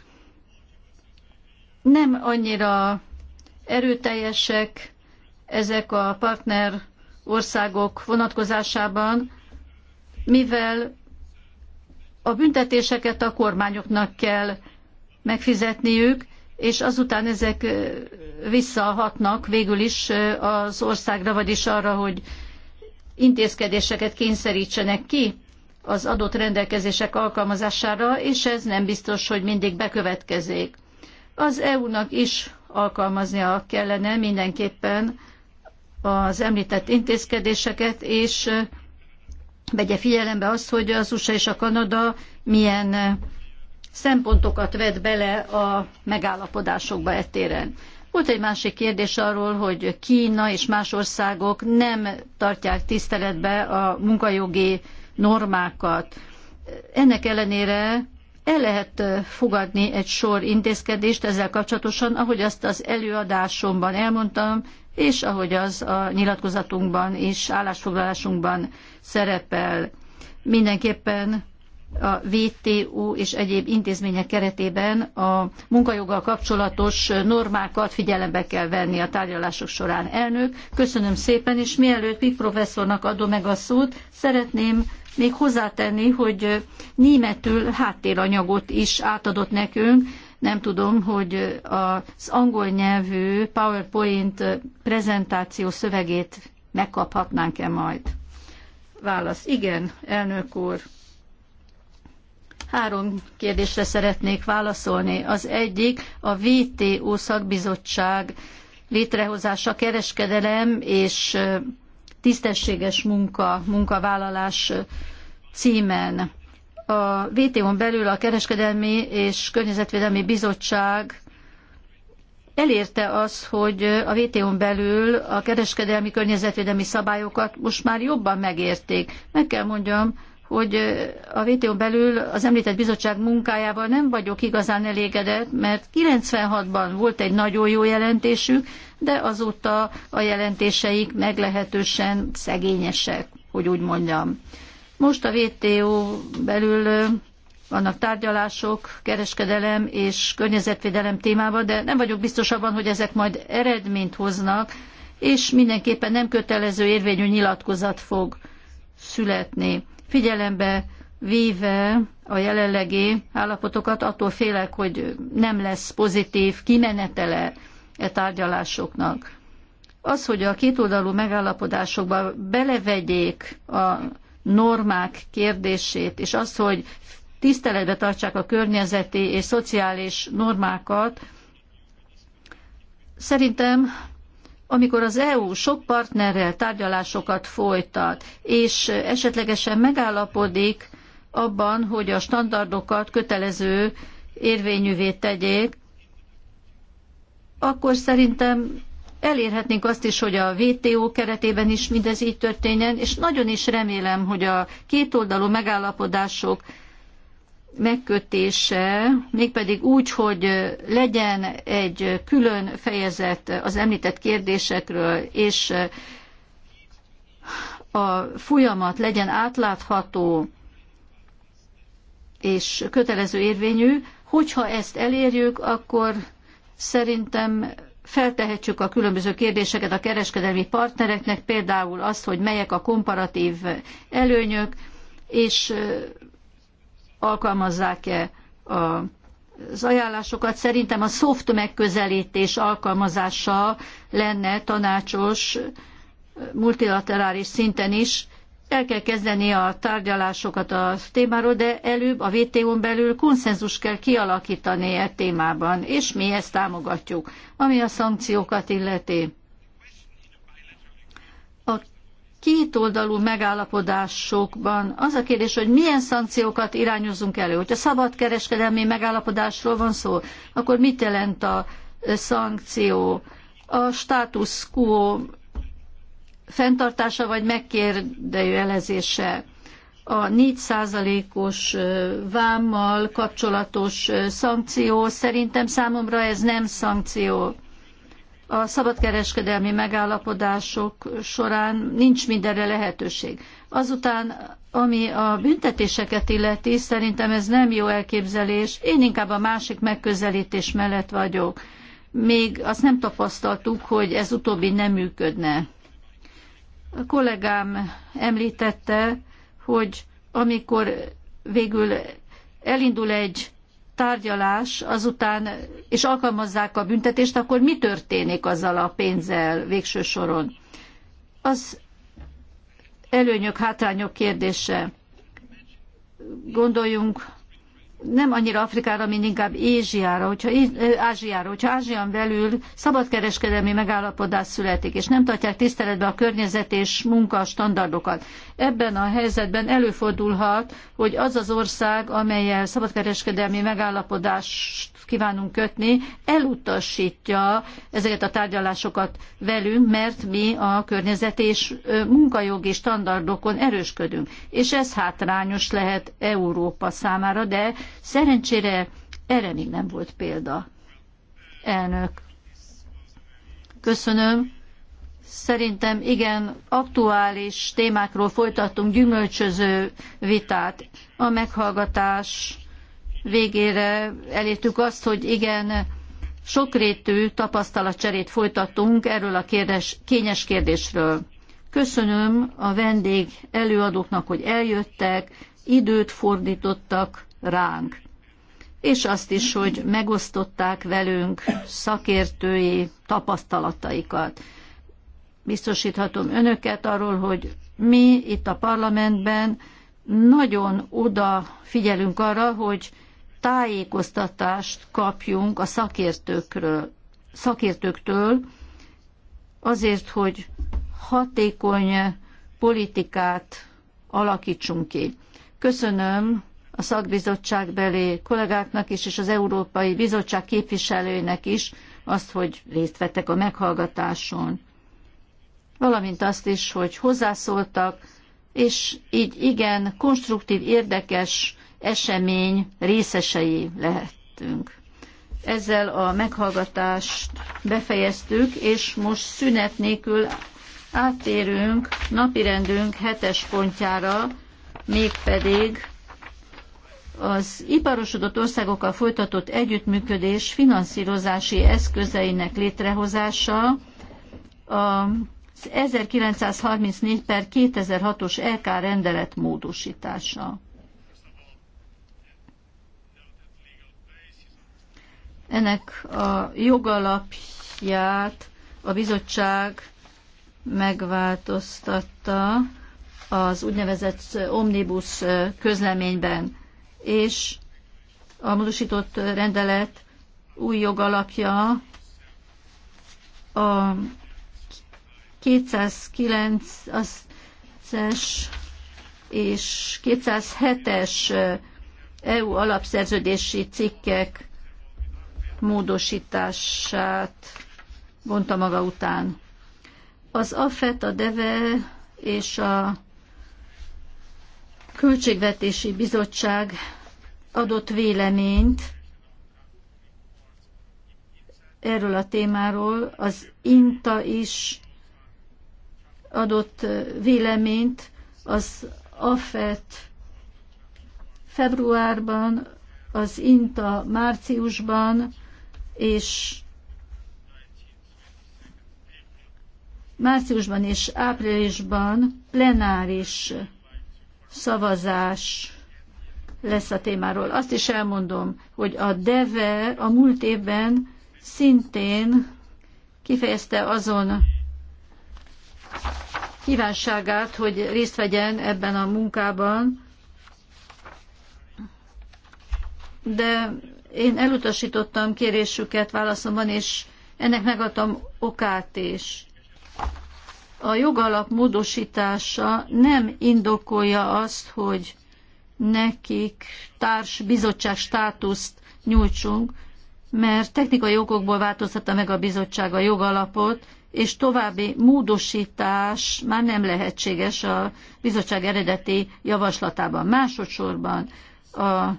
Nem annyira erőteljesek ezek a partner országok vonatkozásában, mivel a büntetéseket a kormányoknak kell megfizetniük, és azután ezek visszahatnak végül is az országra, vagyis arra, hogy intézkedéseket kényszerítsenek ki az adott rendelkezések alkalmazására, és ez nem biztos, hogy mindig bekövetkezik. Az EU-nak is alkalmaznia kellene mindenképpen az említett intézkedéseket, és vegye figyelembe azt, hogy az USA és a Kanada milyen szempontokat vet bele a megállapodásokba ettéren. Volt egy másik kérdés arról, hogy Kína és más országok nem tartják tiszteletbe a munkajogi normákat. Ennek ellenére el lehet fogadni egy sor intézkedést ezzel kapcsolatosan, ahogy azt az előadásomban elmondtam, és ahogy az a nyilatkozatunkban és állásfoglalásunkban szerepel, mindenképpen a VTO és egyéb intézmények keretében a munkajoggal kapcsolatos normákat figyelembe kell venni a tárgyalások során. Elnök, köszönöm szépen, és mielőtt Pik professzornak adom meg a szót, szeretném még hozzátenni, hogy németül háttéranyagot is átadott nekünk, nem tudom, hogy az angol nyelvű PowerPoint prezentáció szövegét megkaphatnánk-e majd. Válasz. Igen, elnök úr. Három kérdésre szeretnék válaszolni. Az egyik a VTO szakbizottság létrehozása kereskedelem és tisztességes munka, munkavállalás címen a WTO-n belül a Kereskedelmi és Környezetvédelmi Bizottság elérte az, hogy a WTO-n belül a kereskedelmi környezetvédelmi szabályokat most már jobban megérték. Meg kell mondjam, hogy a WTO-n belül az említett bizottság munkájával nem vagyok igazán elégedett, mert 96-ban volt egy nagyon jó jelentésük, de azóta a jelentéseik meglehetősen szegényesek, hogy úgy mondjam. Most a WTO belül vannak tárgyalások, kereskedelem és környezetvédelem témában, de nem vagyok biztos abban, hogy ezek majd eredményt hoznak, és mindenképpen nem kötelező érvényű nyilatkozat fog születni. Figyelembe véve a jelenlegi állapotokat, attól félek, hogy nem lesz pozitív kimenetele e tárgyalásoknak. Az, hogy a kétoldalú megállapodásokba belevegyék a normák kérdését, és az, hogy tiszteletbe tartsák a környezeti és szociális normákat, szerintem amikor az EU sok partnerrel tárgyalásokat folytat, és esetlegesen megállapodik abban, hogy a standardokat kötelező érvényűvé tegyék, akkor szerintem elérhetnénk azt is, hogy a WTO keretében is mindez így történjen, és nagyon is remélem, hogy a kétoldalú megállapodások megkötése, mégpedig úgy, hogy legyen egy külön fejezet az említett kérdésekről, és a folyamat legyen átlátható és kötelező érvényű, hogyha ezt elérjük, akkor szerintem feltehetjük a különböző kérdéseket a kereskedelmi partnereknek, például azt, hogy melyek a komparatív előnyök, és alkalmazzák-e a az ajánlásokat szerintem a soft megközelítés alkalmazása lenne tanácsos multilaterális szinten is, el kell kezdeni a tárgyalásokat a témáról, de előbb a WTO-n belül konszenzus kell kialakítani e témában, és mi ezt támogatjuk, ami a szankciókat illeti. A kétoldalú megállapodásokban az a kérdés, hogy milyen szankciókat irányozunk elő. Hogyha szabad kereskedelmi megállapodásról van szó, akkor mit jelent a szankció? A status quo fenntartása vagy megkérdőjelezése. A 4%-os vámmal kapcsolatos szankció szerintem számomra ez nem szankció. A szabadkereskedelmi megállapodások során nincs mindenre lehetőség. Azután, ami a büntetéseket illeti, szerintem ez nem jó elképzelés. Én inkább a másik megközelítés mellett vagyok. Még azt nem tapasztaltuk, hogy ez utóbbi nem működne. A kollégám említette, hogy amikor végül elindul egy tárgyalás, azután, és alkalmazzák a büntetést, akkor mi történik azzal a pénzzel végső soron? Az előnyök, hátrányok kérdése. Gondoljunk nem annyira Afrikára, mint inkább Ázsiára, hogyha, Ázsiára, hogyha Ázsian belül szabadkereskedelmi megállapodás születik, és nem tartják tiszteletbe a környezet és munka standardokat. Ebben a helyzetben előfordulhat, hogy az az ország, amelyel szabadkereskedelmi megállapodást kívánunk kötni, elutasítja ezeket a tárgyalásokat velünk, mert mi a környezet és munkajogi standardokon erősködünk. És ez hátrányos lehet Európa számára, de szerencsére erre még nem volt példa. Elnök. Köszönöm. Szerintem igen, aktuális témákról folytattunk gyümölcsöző vitát. A meghallgatás végére elértük azt, hogy igen, sokrétű tapasztalatcserét folytattunk erről a kérdés, kényes kérdésről. Köszönöm a vendég előadóknak, hogy eljöttek, időt fordítottak ránk, és azt is, hogy megosztották velünk szakértői tapasztalataikat. Biztosíthatom önöket arról, hogy mi itt a parlamentben nagyon oda figyelünk arra, hogy tájékoztatást kapjunk a szakértőkről, szakértőktől, azért, hogy hatékony politikát alakítsunk ki. Köszönöm a szakbizottság belé kollégáknak is, és az Európai Bizottság képviselőinek is azt, hogy részt vettek a meghallgatáson. Valamint azt is, hogy hozzászóltak, és így igen konstruktív, érdekes esemény részesei lehetünk. Ezzel a meghallgatást befejeztük, és most szünet nélkül áttérünk napirendünk hetes pontjára, mégpedig az iparosodott országokkal folytatott együttműködés finanszírozási eszközeinek létrehozása, az 1934 per 2006-os LK rendelet módosítása. Ennek a jogalapját a bizottság megváltoztatta az úgynevezett omnibus közleményben, és a módosított rendelet új jogalapja a 209-es és 207-es EU alapszerződési cikkek módosítását vonta maga után. Az AFET, a DEVE és a Költségvetési Bizottság adott véleményt erről a témáról, az INTA is adott véleményt, az AFET februárban, az INTA márciusban, és márciusban és áprilisban plenáris szavazás lesz a témáról. Azt is elmondom, hogy a DEVE a múlt évben szintén kifejezte azon kívánságát, hogy részt vegyen ebben a munkában, de én elutasítottam kérésüket válaszomban, és ennek megadtam okát is. A jogalap módosítása nem indokolja azt, hogy nekik társ bizottság státuszt nyújtsunk, mert technikai okokból változtatta meg a bizottság a jogalapot, és további módosítás már nem lehetséges a bizottság eredeti javaslatában. Másodszorban a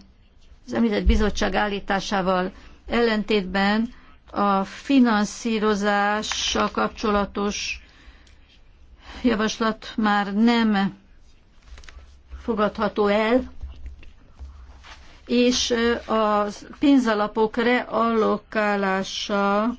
az említett bizottság állításával ellentétben a finanszírozással kapcsolatos javaslat már nem fogadható el, és a pénzalapok reallokálása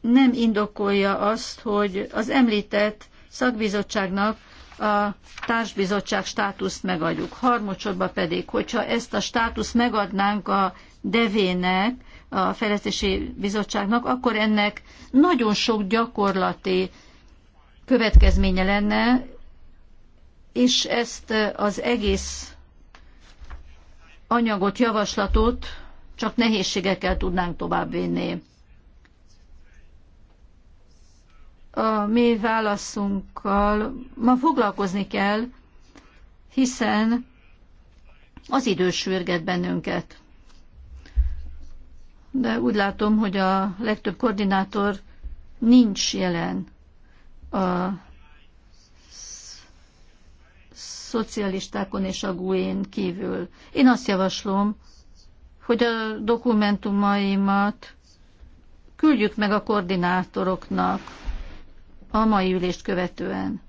nem indokolja azt, hogy az említett szakbizottságnak a társbizottság státuszt megadjuk. Harmadsorban pedig, hogyha ezt a státuszt megadnánk a devének, a fejlesztési bizottságnak, akkor ennek nagyon sok gyakorlati következménye lenne, és ezt az egész anyagot, javaslatot csak nehézségekkel tudnánk továbbvinni. a mi válaszunkkal ma foglalkozni kell, hiszen az idő sürget bennünket. De úgy látom, hogy a legtöbb koordinátor nincs jelen a szocialistákon és a GUE-n kívül. Én azt javaslom, hogy a dokumentumaimat küldjük meg a koordinátoroknak, a mai ülést követően.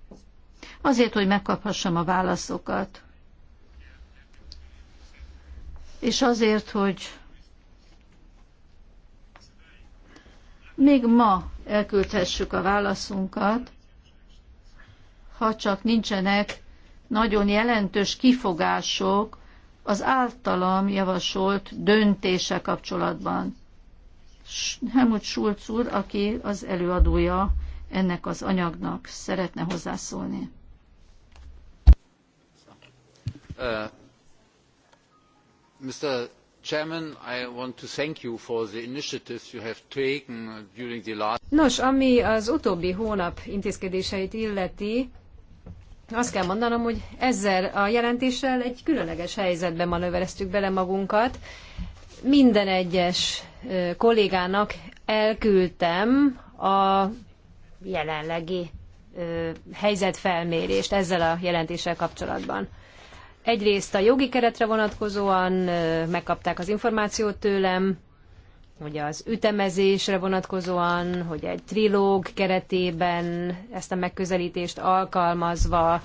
Azért, hogy megkaphassam a válaszokat. És azért, hogy még ma elküldhessük a válaszunkat, ha csak nincsenek nagyon jelentős kifogások az általam javasolt döntése kapcsolatban. Helmut Schulz úr, aki az előadója ennek az anyagnak szeretne hozzászólni. Uh, Mr. Chairman, I want to thank you for the initiatives you have taken during the last... Nos, ami az utóbbi hónap intézkedéseit illeti, azt kell mondanom, hogy ezzel a jelentéssel egy különleges helyzetben manövereztük bele magunkat. Minden egyes kollégának elküldtem a jelenlegi helyzetfelmérést ezzel a jelentéssel kapcsolatban. Egyrészt a jogi keretre vonatkozóan megkapták az információt tőlem, hogy az ütemezésre vonatkozóan, hogy egy trilóg keretében ezt a megközelítést alkalmazva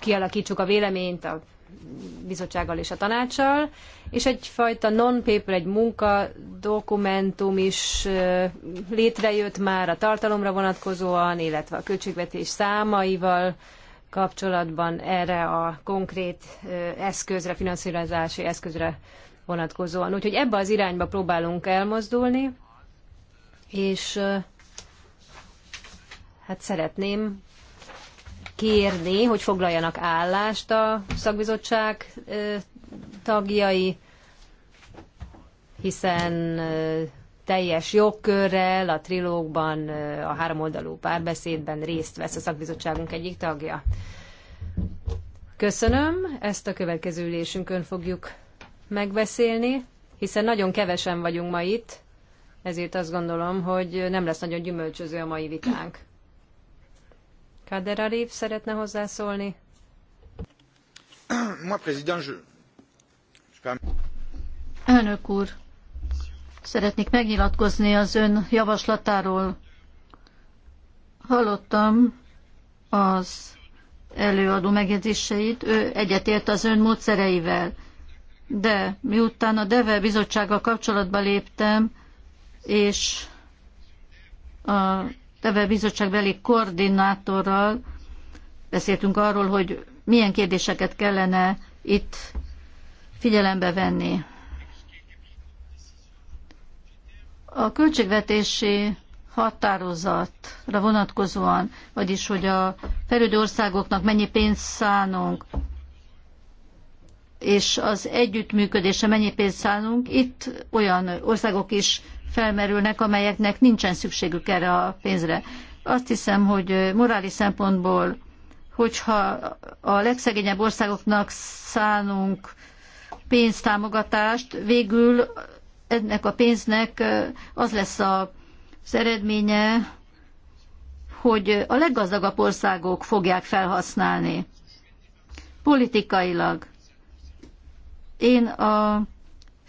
kialakítsuk a véleményt a bizottsággal és a tanácssal, és egyfajta non-paper, egy munkadokumentum is létrejött már a tartalomra vonatkozóan, illetve a költségvetés számaival kapcsolatban erre a konkrét eszközre, finanszírozási eszközre vonatkozóan. Úgyhogy ebbe az irányba próbálunk elmozdulni, és hát szeretném kérni, hogy foglaljanak állást a szakbizottság tagjai, hiszen teljes jogkörrel a trilógban, a háromoldalú párbeszédben részt vesz a szakbizottságunk egyik tagja. Köszönöm, ezt a következő ülésünkön fogjuk megbeszélni, hiszen nagyon kevesen vagyunk ma itt, ezért azt gondolom, hogy nem lesz nagyon gyümölcsöző a mai vitánk. Kader Arif szeretne hozzászólni. Moi, président, Elnök úr, szeretnék megnyilatkozni az ön javaslatáról. Hallottam az előadó megjegyzéseit, ő egyetért az ön módszereivel. De miután a DEVE bizottsággal kapcsolatba léptem, és a Teve bizottságbeli koordinátorral beszéltünk arról, hogy milyen kérdéseket kellene itt figyelembe venni. A költségvetési határozatra vonatkozóan, vagyis hogy a felüldő országoknak mennyi pénzt szánunk, és az együttműködése mennyi pénzt szánunk, itt olyan országok is felmerülnek, amelyeknek nincsen szükségük erre a pénzre. Azt hiszem, hogy morális szempontból, hogyha a legszegényebb országoknak szánunk pénztámogatást, végül ennek a pénznek az lesz az eredménye, hogy a leggazdagabb országok fogják felhasználni politikailag. Én a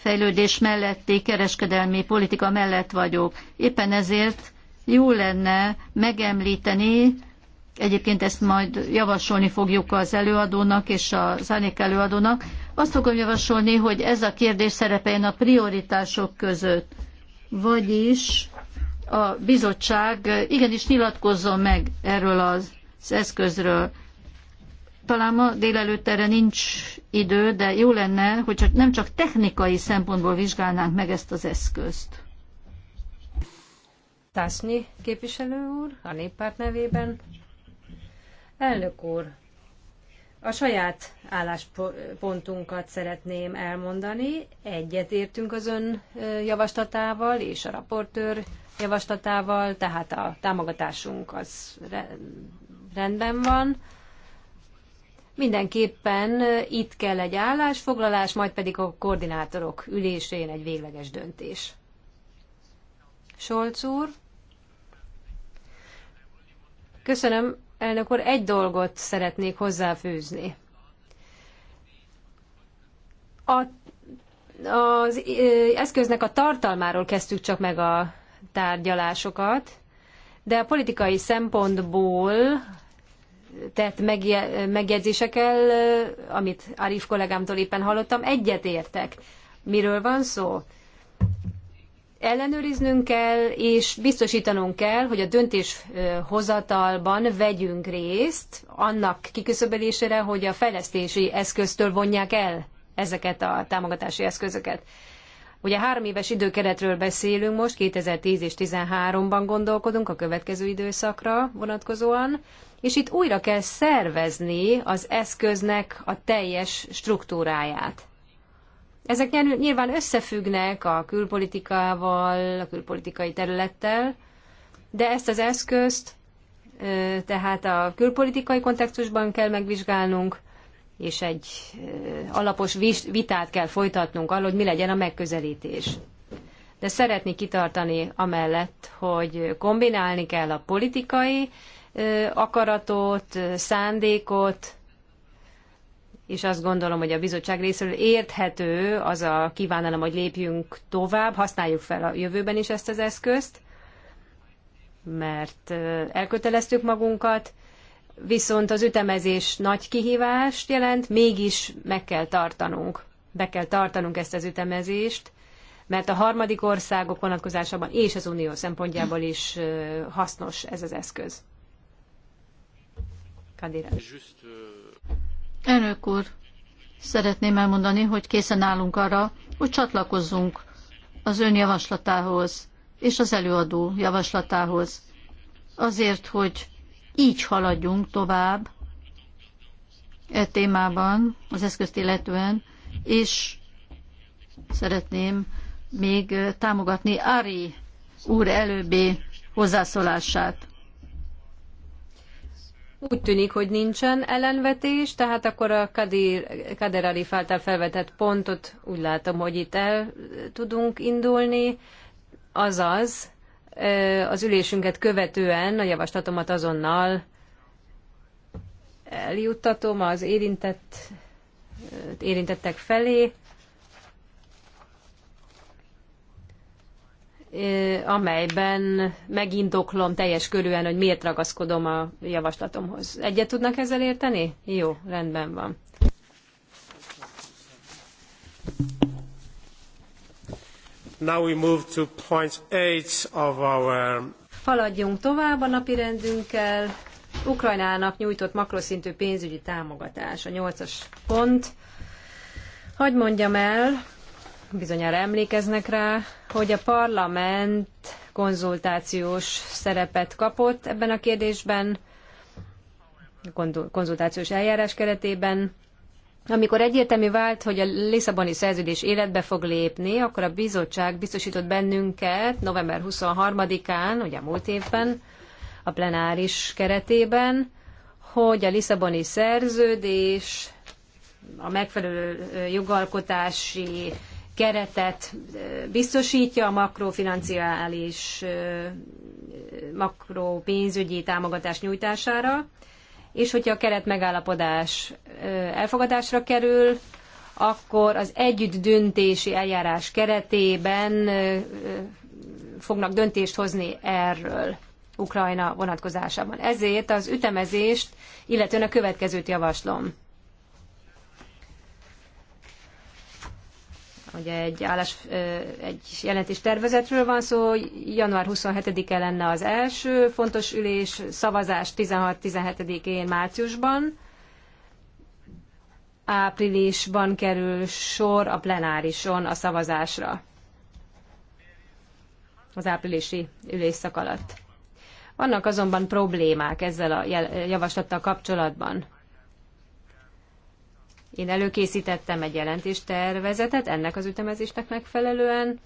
fejlődés melletti kereskedelmi politika mellett vagyok. Éppen ezért jó lenne megemlíteni, egyébként ezt majd javasolni fogjuk az előadónak és az árnyék előadónak, azt fogom javasolni, hogy ez a kérdés szerepeljen a prioritások között. Vagyis a bizottság igenis nyilatkozzon meg erről az eszközről talán ma délelőtt erre nincs idő, de jó lenne, hogy csak, nem csak technikai szempontból vizsgálnánk meg ezt az eszközt. Tásnyi képviselő úr, a néppárt nevében. Elnök úr, a saját álláspontunkat szeretném elmondani. Egyetértünk az ön javaslatával és a raportőr javaslatával, tehát a támogatásunk az rendben van. Mindenképpen itt kell egy állásfoglalás, majd pedig a koordinátorok ülésén egy végleges döntés. Solc úr. Köszönöm, elnök úr. Egy dolgot szeretnék hozzáfűzni. A, az eszköznek a tartalmáról kezdtük csak meg a tárgyalásokat, de a politikai szempontból tett megjegyzésekkel, amit Arif kollégámtól éppen hallottam, egyetértek. Miről van szó? Ellenőriznünk kell, és biztosítanunk kell, hogy a döntéshozatalban vegyünk részt annak kiküszöbölésére, hogy a fejlesztési eszköztől vonják el ezeket a támogatási eszközöket. Ugye három éves időkeretről beszélünk most, 2010 és 2013-ban gondolkodunk a következő időszakra vonatkozóan, és itt újra kell szervezni az eszköznek a teljes struktúráját. Ezek nyilván összefüggnek a külpolitikával, a külpolitikai területtel, de ezt az eszközt tehát a külpolitikai kontextusban kell megvizsgálnunk, és egy alapos vitát kell folytatnunk arról, hogy mi legyen a megközelítés. De szeretnék kitartani amellett, hogy kombinálni kell a politikai akaratot, szándékot, és azt gondolom, hogy a bizottság részéről érthető az a kívánalom, hogy lépjünk tovább, használjuk fel a jövőben is ezt az eszközt, mert elköteleztük magunkat, viszont az ütemezés nagy kihívást jelent, mégis meg kell tartanunk, be kell tartanunk ezt az ütemezést, mert a harmadik országok vonatkozásában és az unió szempontjából is hasznos ez az eszköz. Kadira. Elnök úr, szeretném elmondani, hogy készen állunk arra, hogy csatlakozzunk az ön javaslatához és az előadó javaslatához. Azért, hogy így haladjunk tovább e témában, az eszközt illetően, és szeretném még támogatni Ari úr előbbi hozzászólását. Úgy tűnik, hogy nincsen ellenvetés, tehát akkor a Kadir, Kader Ali által felvetett pontot úgy látom, hogy itt el tudunk indulni, azaz az ülésünket követően a javaslatomat azonnal eljuttatom az érintett, érintettek felé, amelyben megindoklom teljes körűen, hogy miért ragaszkodom a javaslatomhoz. Egyet tudnak ezzel érteni? Jó, rendben van. Now we move to point eight of our... Haladjunk tovább a rendünkkel. Ukrajnának nyújtott makroszintű pénzügyi támogatás, a nyolcas pont. Hagy mondjam el, bizonyára emlékeznek rá, hogy a parlament konzultációs szerepet kapott ebben a kérdésben, konzultációs eljárás keretében. Amikor egyértelmű vált, hogy a Lisszaboni szerződés életbe fog lépni, akkor a bizottság biztosított bennünket november 23-án, ugye múlt évben, a plenáris keretében, hogy a Lisszaboni szerződés a megfelelő jogalkotási keretet biztosítja a makrofinanciális, makropénzügyi támogatás nyújtására, és hogyha a keret megállapodás elfogadásra kerül, akkor az együtt döntési eljárás keretében fognak döntést hozni erről Ukrajna vonatkozásában. Ezért az ütemezést, illetően a következőt javaslom. Ugye egy, állás, egy jelentés tervezetről van szó, január 27-e lenne az első fontos ülés, szavazás 16-17-én márciusban, áprilisban kerül sor a plenárison a szavazásra az áprilisi ülésszak alatt. Vannak azonban problémák ezzel a javaslattal kapcsolatban. Én előkészítettem egy jelentéstervezetet ennek az ütemezésnek megfelelően.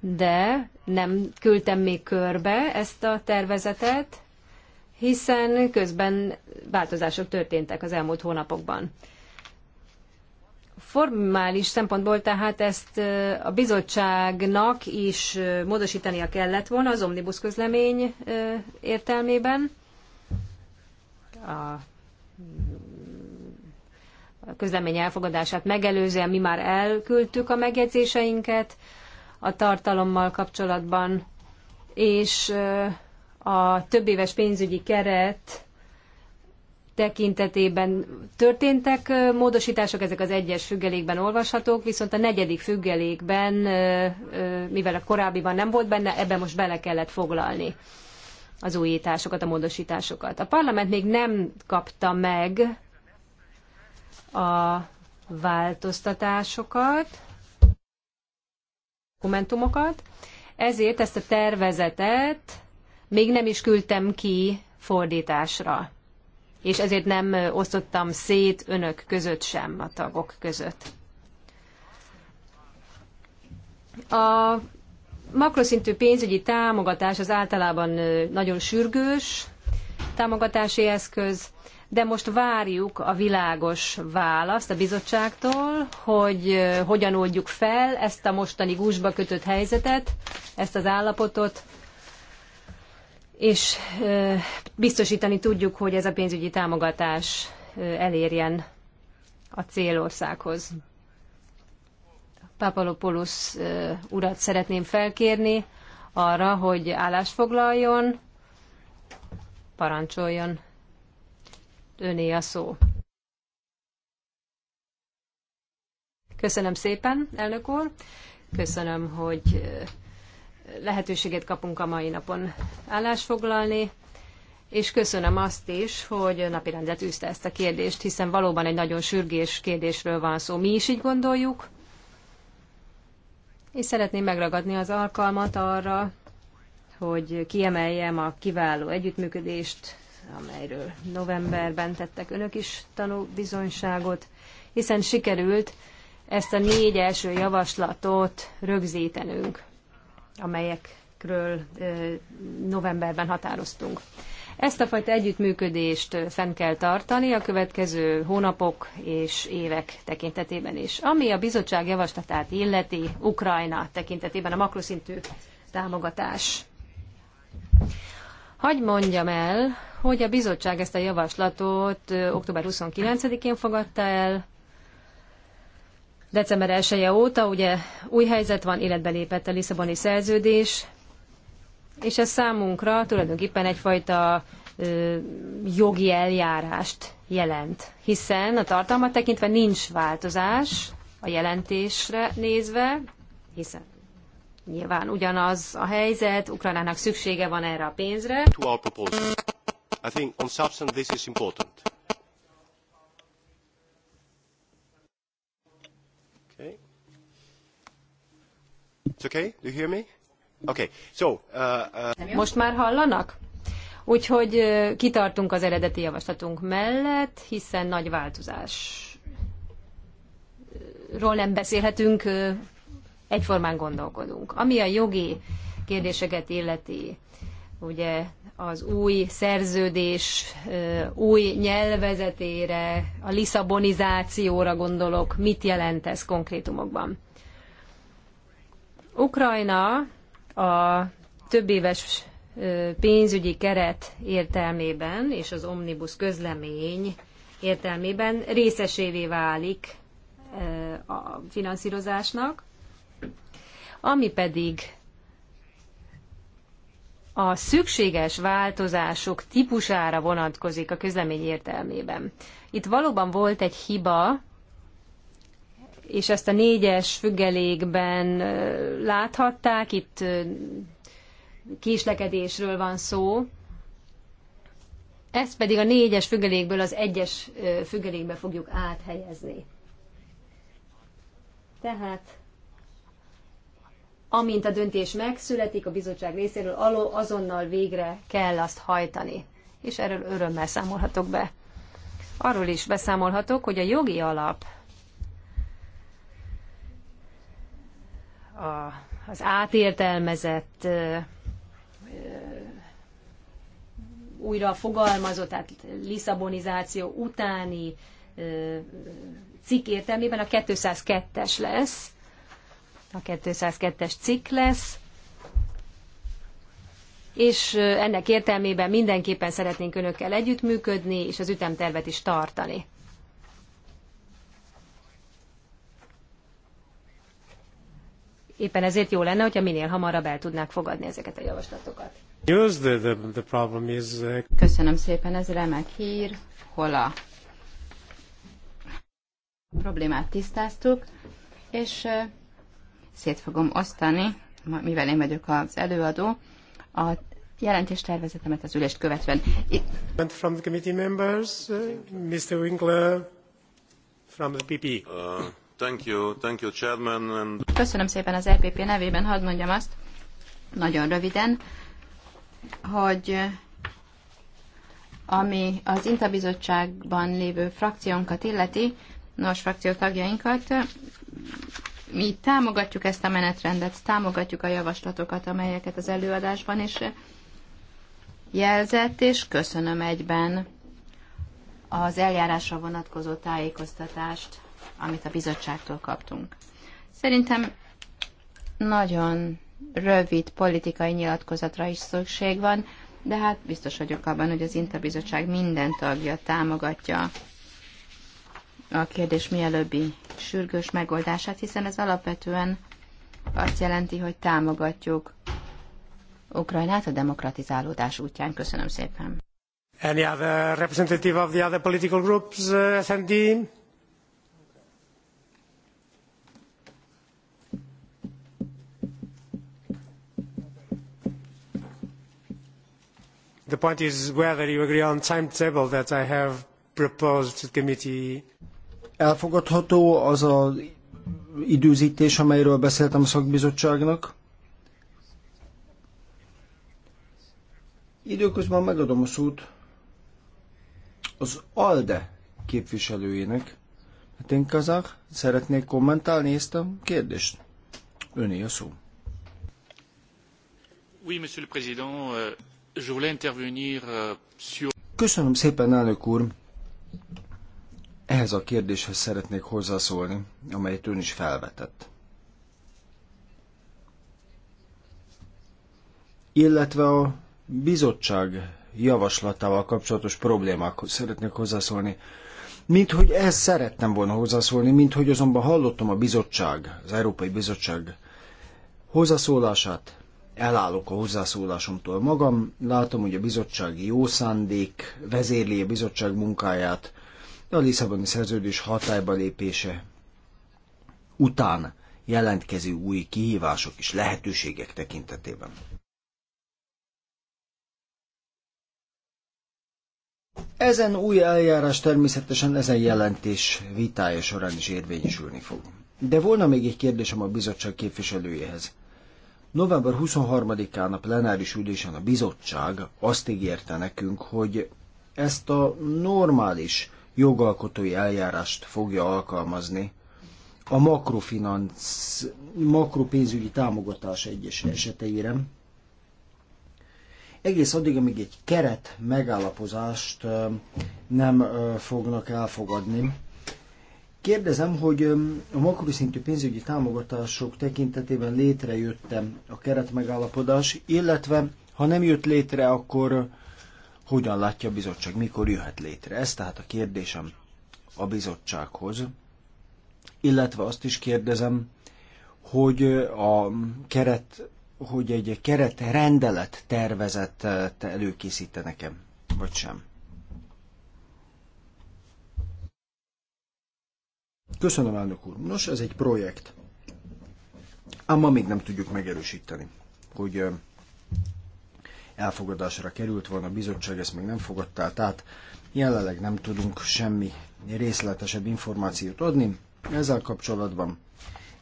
De nem küldtem még körbe ezt a tervezetet, hiszen közben változások történtek az elmúlt hónapokban. Formális szempontból tehát ezt a bizottságnak is módosítania kellett volna az omnibus közlemény értelmében. A közlemény elfogadását megelőzően mi már elküldtük a megjegyzéseinket a tartalommal kapcsolatban, és a többéves pénzügyi keret tekintetében történtek módosítások, ezek az egyes függelékben olvashatók, viszont a negyedik függelékben, mivel a korábbiban nem volt benne, ebbe most bele kellett foglalni az újításokat, a módosításokat. A parlament még nem kapta meg a változtatásokat, dokumentumokat, ezért ezt a tervezetet még nem is küldtem ki fordításra és ezért nem osztottam szét önök között sem, a tagok között. A makroszintű pénzügyi támogatás az általában nagyon sürgős támogatási eszköz, de most várjuk a világos választ a bizottságtól, hogy hogyan oldjuk fel ezt a mostani gúzsba kötött helyzetet, ezt az állapotot, és biztosítani tudjuk, hogy ez a pénzügyi támogatás elérjen a célországhoz. Papalopoulos urat szeretném felkérni arra, hogy állásfoglaljon, parancsoljon. Öné a szó. Köszönöm szépen, elnök úr. Köszönöm, hogy lehetőséget kapunk a mai napon állásfoglalni, és köszönöm azt is, hogy napirendet űzte ezt a kérdést, hiszen valóban egy nagyon sürgés kérdésről van szó. Mi is így gondoljuk, és szeretném megragadni az alkalmat arra, hogy kiemeljem a kiváló együttműködést, amelyről novemberben tettek önök is tanúbizonyságot, hiszen sikerült ezt a négy első javaslatot rögzítenünk amelyekről novemberben határoztunk. Ezt a fajta együttműködést fenn kell tartani a következő hónapok és évek tekintetében is. Ami a bizottság javaslatát illeti Ukrajna tekintetében a makroszintű támogatás. Hagy mondjam el, hogy a bizottság ezt a javaslatot október 29-én fogadta el, December 1 -e óta ugye új helyzet van, életbe lépett a Lisszaboni szerződés, és ez számunkra tulajdonképpen egyfajta ö, jogi eljárást jelent, hiszen a tartalmat tekintve nincs változás a jelentésre nézve, hiszen nyilván ugyanaz a helyzet, Ukrajnának szüksége van erre a pénzre. To our proposal. I think on substance this is important. Uh, uh, Most már hallanak? Úgyhogy kitartunk az eredeti javaslatunk mellett, hiszen nagy változás ról nem beszélhetünk, egyformán gondolkodunk. Ami a jogi kérdéseket illeti, ugye az új szerződés új nyelvezetére, a liszabonizációra gondolok, mit jelent ez konkrétumokban. Ukrajna a több éves pénzügyi keret értelmében és az omnibus közlemény értelmében részesévé válik a finanszírozásnak, ami pedig a szükséges változások típusára vonatkozik a közlemény értelmében. Itt valóban volt egy hiba, és ezt a négyes függelékben láthatták, itt késlekedésről van szó, ezt pedig a négyes függelékből az egyes függelékbe fogjuk áthelyezni. Tehát, amint a döntés megszületik a bizottság részéről, azonnal végre kell azt hajtani. És erről örömmel számolhatok be. Arról is beszámolhatok, hogy a jogi alap a, az átértelmezett, újra fogalmazott, tehát Lisszabonizáció utáni cikk értelmében a 202-es lesz. A 202-es cikk lesz. És ennek értelmében mindenképpen szeretnénk önökkel együttműködni, és az ütemtervet is tartani. éppen ezért jó lenne, hogyha minél hamarabb el tudnák fogadni ezeket a javaslatokat. Uh, Köszönöm szépen, ez remek hír. Hol a problémát tisztáztuk, és uh, szét fogom osztani, mivel én vagyok az előadó, a tervezetemet az ülést követően. Itt... From the committee members, uh, Mr. Winkler from the PP. E. Uh. Thank you, thank you, chairman, Köszönöm szépen az EPP nevében, hadd mondjam azt, nagyon röviden, hogy ami az interbizottságban lévő frakciónkat illeti, nos frakció tagjainkat, mi támogatjuk ezt a menetrendet, támogatjuk a javaslatokat, amelyeket az előadásban is jelzett, és köszönöm egyben az eljárásra vonatkozó tájékoztatást amit a bizottságtól kaptunk. Szerintem nagyon rövid politikai nyilatkozatra is szükség van, de hát biztos vagyok abban, hogy az interbizottság bizottság minden tagja támogatja a kérdés mielőbbi sürgős megoldását, hiszen ez alapvetően azt jelenti, hogy támogatjuk Ukrajnát a demokratizálódás útján. Köszönöm szépen. Any other representative of the other political groups, uh, the point is whether you agree on the timetable that I have proposed to the committee. Elfogadható az az időzítés, amelyről beszéltem a szakbizottságnak? Időközben megadom a szót az ALDE képviselőjének. Hát én kazak, szeretnék kommentálni ezt a kérdést. Öné a szó. Oui, monsieur le président, euh... Euh, Köszönöm szépen, elnök úr! Ehhez a kérdéshez szeretnék hozzászólni, amelyet ön is felvetett. Illetve a bizottság javaslatával kapcsolatos problémákhoz szeretnék hozzászólni. Mint hogy ehhez szerettem volna hozzászólni, mint hogy azonban hallottam a bizottság, az Európai Bizottság hozzászólását, elállok a hozzászólásomtól magam. Látom, hogy a bizottság jó szándék vezérli a bizottság munkáját, de a Lisszaboni szerződés hatályba lépése után jelentkező új kihívások és lehetőségek tekintetében. Ezen új eljárás természetesen ezen jelentés vitája során is érvényesülni fog. De volna még egy kérdésem a bizottság képviselőjéhez. November 23-án a plenáris ülésen a bizottság azt ígérte nekünk, hogy ezt a normális jogalkotói eljárást fogja alkalmazni a makrofinansz, makropénzügyi támogatás egyes eseteire. Egész addig, amíg egy keret megállapozást nem fognak elfogadni, Kérdezem, hogy a makroszintű pénzügyi támogatások tekintetében létrejöttem a keretmegállapodás, illetve ha nem jött létre, akkor hogyan látja a bizottság, mikor jöhet létre? Ez tehát a kérdésem a bizottsághoz. Illetve azt is kérdezem, hogy a keret, hogy egy keret rendelet tervezett előkészítenek-e, vagy sem. Köszönöm, elnök úr. Nos, ez egy projekt. Ám ma még nem tudjuk megerősíteni, hogy elfogadásra került volna, a bizottság ezt még nem fogadta el, tehát jelenleg nem tudunk semmi részletesebb információt adni ezzel kapcsolatban,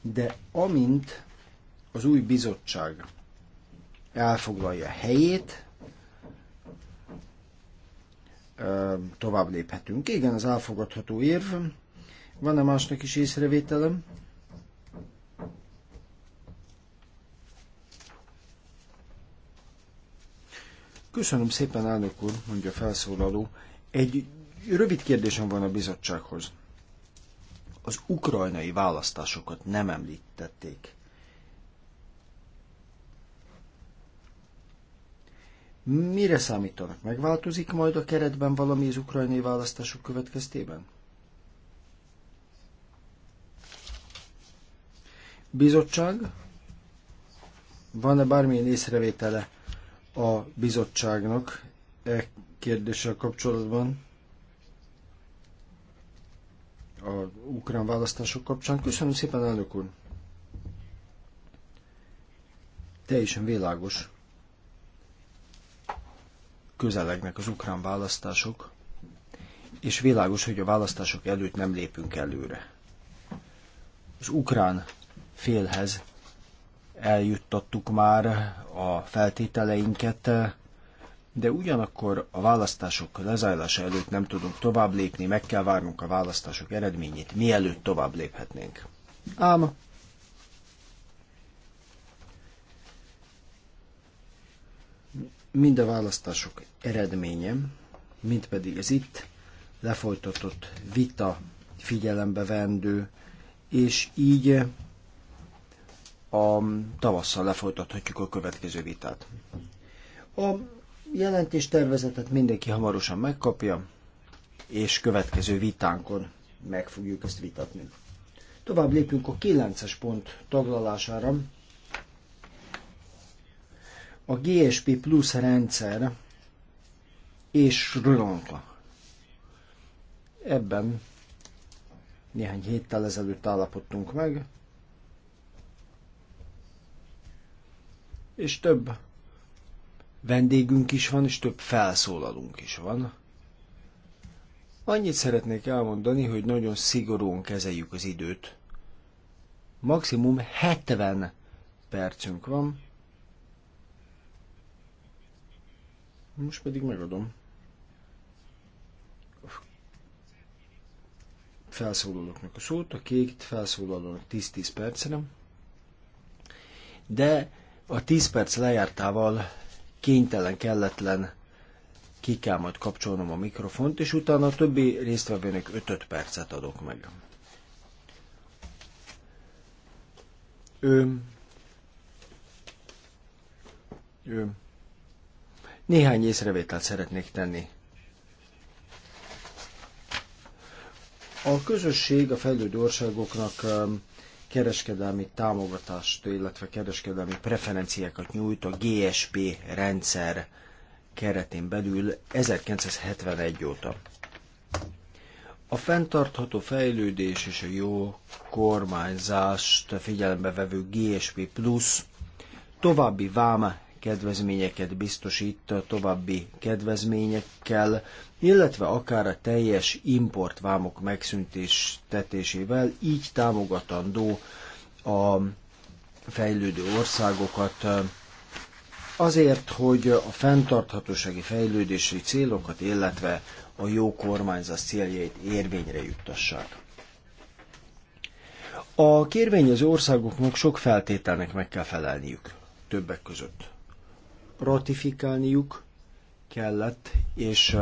de amint az új bizottság elfoglalja helyét, tovább léphetünk. Igen, az elfogadható érv, van-e másnak is észrevételem? Köszönöm szépen, elnök úr, mondja a felszólaló. Egy rövid kérdésem van a bizottsághoz. Az ukrajnai választásokat nem említették. Mire számítanak? Megváltozik majd a keretben valami az ukrajnai választások következtében? Bizottság, van-e bármilyen észrevétele a bizottságnak e kérdéssel kapcsolatban? A ukrán választások kapcsán. Köszönöm szépen, elnök úr! Teljesen világos. Közelegnek az ukrán választások, és világos, hogy a választások előtt nem lépünk előre. Az ukrán félhez eljuttattuk már a feltételeinket, de ugyanakkor a választások lezajlása előtt nem tudunk tovább lépni, meg kell várnunk a választások eredményét, mielőtt tovább léphetnénk. Ám mind a választások eredménye, mint pedig az itt lefolytatott vita figyelembe vendő, és így a tavasszal lefolytathatjuk a következő vitát. A jelentés tervezetet mindenki hamarosan megkapja, és következő vitánkon meg fogjuk ezt vitatni. Tovább lépünk a 9-es pont taglalására. A GSP Plus rendszer és Sri Lanka. Ebben néhány héttel ezelőtt állapodtunk meg, és több vendégünk is van, és több felszólalunk is van. Annyit szeretnék elmondani, hogy nagyon szigorúan kezeljük az időt. Maximum 70 percünk van. Most pedig megadom. Felszólalóknak a szót, a kék felszólalónak 10-10 percre. De a 10 perc lejártával kénytelen, kelletlen ki kell majd kapcsolnom a mikrofont, és utána a többi résztvevőnek 5 percet adok meg. Ő, ő, néhány észrevételt szeretnék tenni. A közösség a fejlődő országoknak kereskedelmi támogatást, illetve kereskedelmi preferenciákat nyújt a GSP rendszer keretén belül 1971 óta. A fenntartható fejlődés és a jó kormányzást figyelembe vevő GSP Plus további vám kedvezményeket biztosít a további kedvezményekkel, illetve akár a teljes importvámok megszüntetésével, így támogatandó a fejlődő országokat azért, hogy a fenntarthatósági fejlődési célokat, illetve a jó kormányzás céljait érvényre juttassák. A kérvényező országoknak sok feltételnek meg kell felelniük, többek között ratifikálniuk kellett, és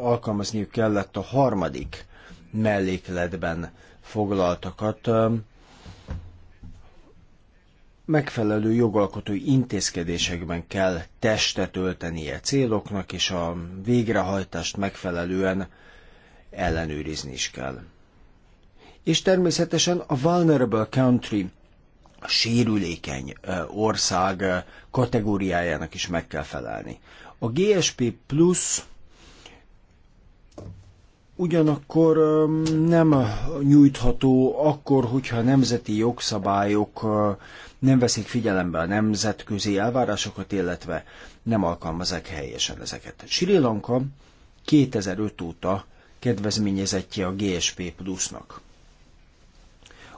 alkalmazniuk kellett a harmadik mellékletben foglaltakat megfelelő jogalkotói intézkedésekben kell testet öltenie céloknak, és a végrehajtást megfelelően ellenőrizni is kell. És természetesen a vulnerable country a sérülékeny ország kategóriájának is meg kell felelni. A GSP Plus ugyanakkor nem nyújtható akkor, hogyha nemzeti jogszabályok nem veszik figyelembe a nemzetközi elvárásokat, illetve nem alkalmazzák helyesen ezeket. Sri Lanka 2005 óta kedvezményezettje a GSP Plusnak.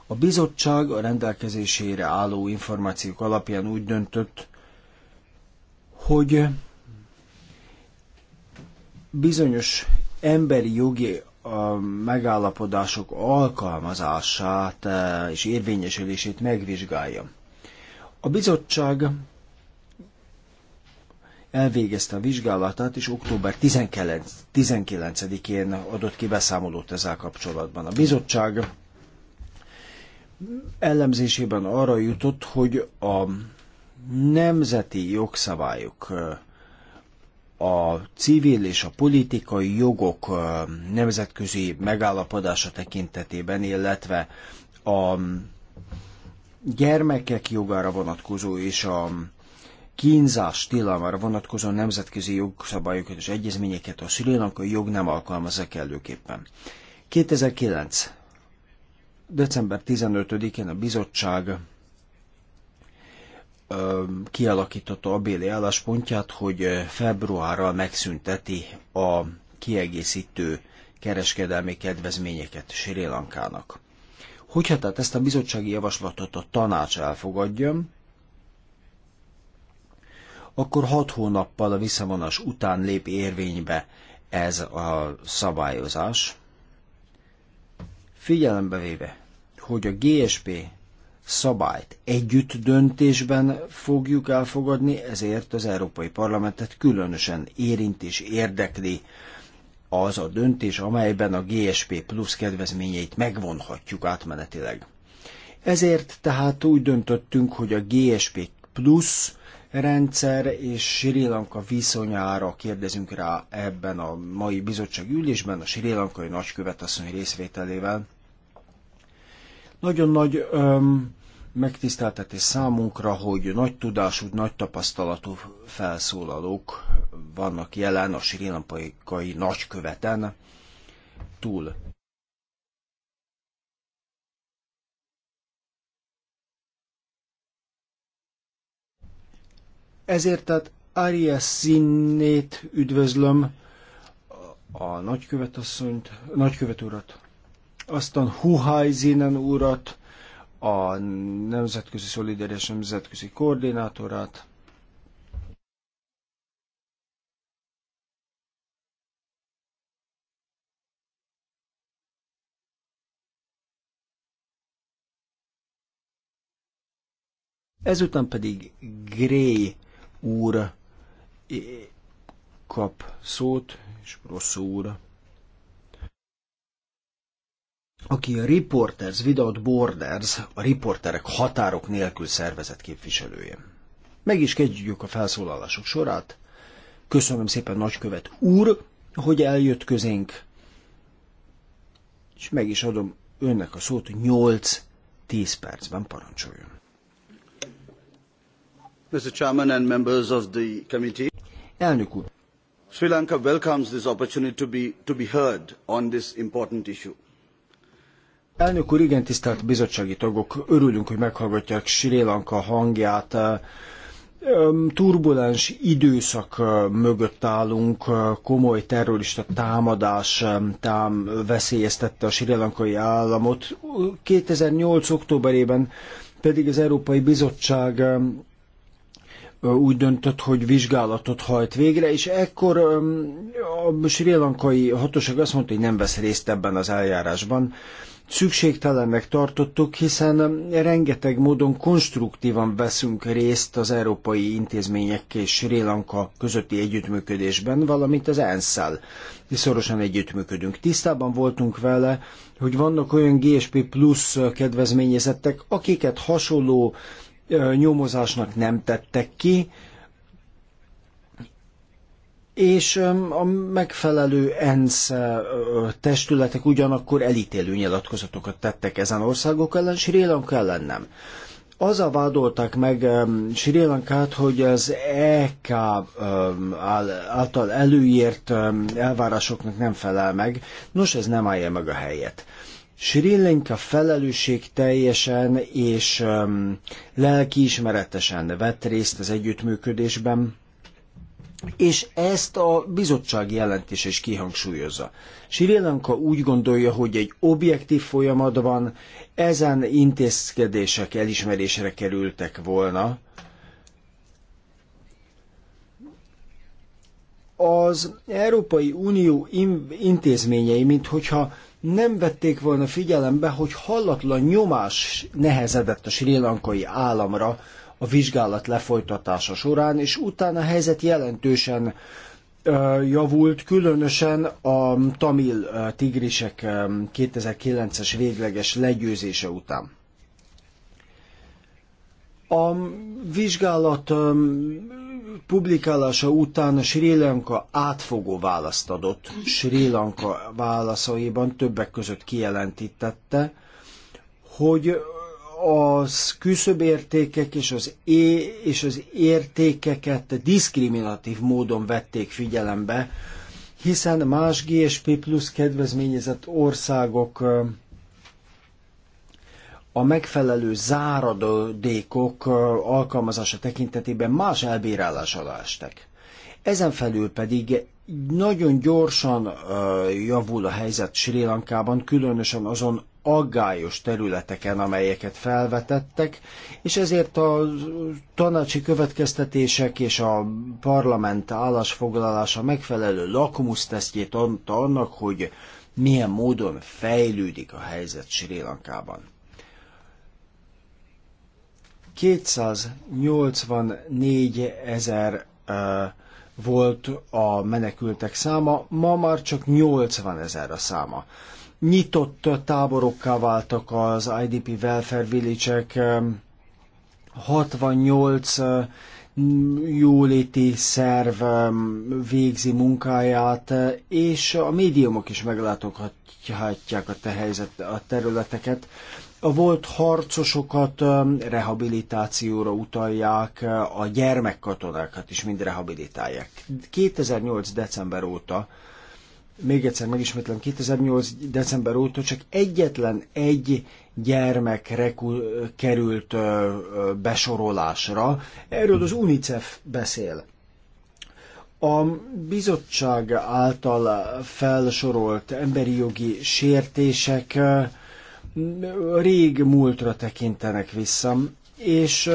A bizottság a rendelkezésére álló információk alapján úgy döntött, hogy bizonyos emberi jogi megállapodások alkalmazását e, és érvényesülését megvizsgálja. A bizottság elvégezte a vizsgálatát, és október 19, 19-én adott ki beszámolót ezzel kapcsolatban. A bizottság ellenzésében arra jutott, hogy a nemzeti jogszabályok a civil és a politikai jogok nemzetközi megállapodása tekintetében, illetve a gyermekek jogára vonatkozó és a kínzás tilalmára vonatkozó nemzetközi jogszabályokat és egyezményeket a a jog nem alkalmazza kellőképpen. 2009 December 15-én a bizottság kialakította a béli álláspontját, hogy februárral megszünteti a kiegészítő kereskedelmi kedvezményeket Sri Lankának. Hogyha tehát ezt a bizottsági javaslatot a tanács elfogadja, akkor hat hónappal a visszavonás után lép érvénybe ez a szabályozás. Figyelembe véve, hogy a GSP szabályt együtt döntésben fogjuk elfogadni, ezért az Európai Parlamentet különösen érint és érdekli az a döntés, amelyben a GSP plusz kedvezményeit megvonhatjuk átmenetileg. Ezért tehát úgy döntöttünk, hogy a GSP plusz rendszer és Sri Lanka viszonyára kérdezünk rá ebben a mai bizottság ülésben, a Sri Lankai nagykövet asszony részvételével. Nagyon nagy öm, megtiszteltetés számunkra, hogy nagy tudású, nagy tapasztalatú felszólalók vannak jelen a sirilampaikai nagyköveten túl. Ezért tehát Arias színét üdvözlöm, a nagykövet asszonyt, nagykövet urat, aztán Huhajzinen urat, a Nemzetközi Szolidaritás Nemzetközi Koordinátorát, Ezután pedig Gray úr eh, kap szót, és rossz úr aki a Reporters Without Borders, a riporterek határok nélkül szervezet képviselője. Meg is kezdjük a felszólalások sorát. Köszönöm szépen nagykövet úr, hogy eljött közénk, és meg is adom önnek a szót, hogy 8-10 percben parancsoljon. Mr. Chairman and members of the committee. Elnök úr. Sri Lanka welcomes this opportunity to be, to be heard on this important issue. Elnök úr, igen, tisztelt bizottsági tagok, örülünk, hogy meghallgatják Sri Lanka hangját. Turbulens időszak mögött állunk, komoly terrorista támadás tám veszélyeztette a Sri Lankai államot. 2008. októberében pedig az Európai Bizottság úgy döntött, hogy vizsgálatot hajt végre, és ekkor a sri lankai hatóság azt mondta, hogy nem vesz részt ebben az eljárásban szükségtelennek tartottuk, hiszen rengeteg módon konstruktívan veszünk részt az európai intézmények és Sri Lanka közötti együttműködésben, valamint az ENSZ-szel is szorosan együttműködünk. Tisztában voltunk vele, hogy vannak olyan GSP plusz kedvezményezettek, akiket hasonló nyomozásnak nem tettek ki, és a megfelelő ENSZ testületek ugyanakkor elítélő nyilatkozatokat tettek ezen országok ellen, Sri Lanka ellen nem. a vádolták meg Sri Lankát, hogy az EK által előírt elvárásoknak nem felel meg. Nos, ez nem állja meg a helyet. Sri Lanka felelősség teljesen és lelkiismeretesen vett részt az együttműködésben, és ezt a bizottság jelentés is kihangsúlyozza. Sri Lanka úgy gondolja, hogy egy objektív van, ezen intézkedések elismerésre kerültek volna. Az Európai Unió intézményei, minthogyha nem vették volna figyelembe, hogy hallatlan nyomás nehezedett a sri lankai államra, a vizsgálat lefolytatása során, és utána a helyzet jelentősen javult, különösen a tamil tigrisek 2009-es végleges legyőzése után. A vizsgálat publikálása után a Sri Lanka átfogó választ adott. Sri Lanka válaszaiban többek között kijelentítette, hogy az küszöbértékek és az, é- és az értékeket diszkriminatív módon vették figyelembe, hiszen más GSP plusz kedvezményezett országok a megfelelő záradékok alkalmazása tekintetében más elbírálás alá estek. Ezen felül pedig nagyon gyorsan javul a helyzet Sri Lankában, különösen azon aggályos területeken, amelyeket felvetettek, és ezért a tanácsi következtetések és a parlament állásfoglalása megfelelő lakmusztesztjét adta annak, hogy milyen módon fejlődik a helyzet Sri Lankában. 284 ezer volt a menekültek száma, ma már csak 80 ezer a száma nyitott táborokká váltak az IDP Welfare village 68 jóléti szerv végzi munkáját, és a médiumok is meglátogatják a, te helyzet, a területeket. A volt harcosokat rehabilitációra utalják, a gyermekkatonákat is mind rehabilitálják. 2008. december óta még egyszer megismétlem, 2008. december óta csak egyetlen egy gyermekre került besorolásra. Erről az UNICEF beszél. A bizottság által felsorolt emberi jogi sértések rég múltra tekintenek vissza, és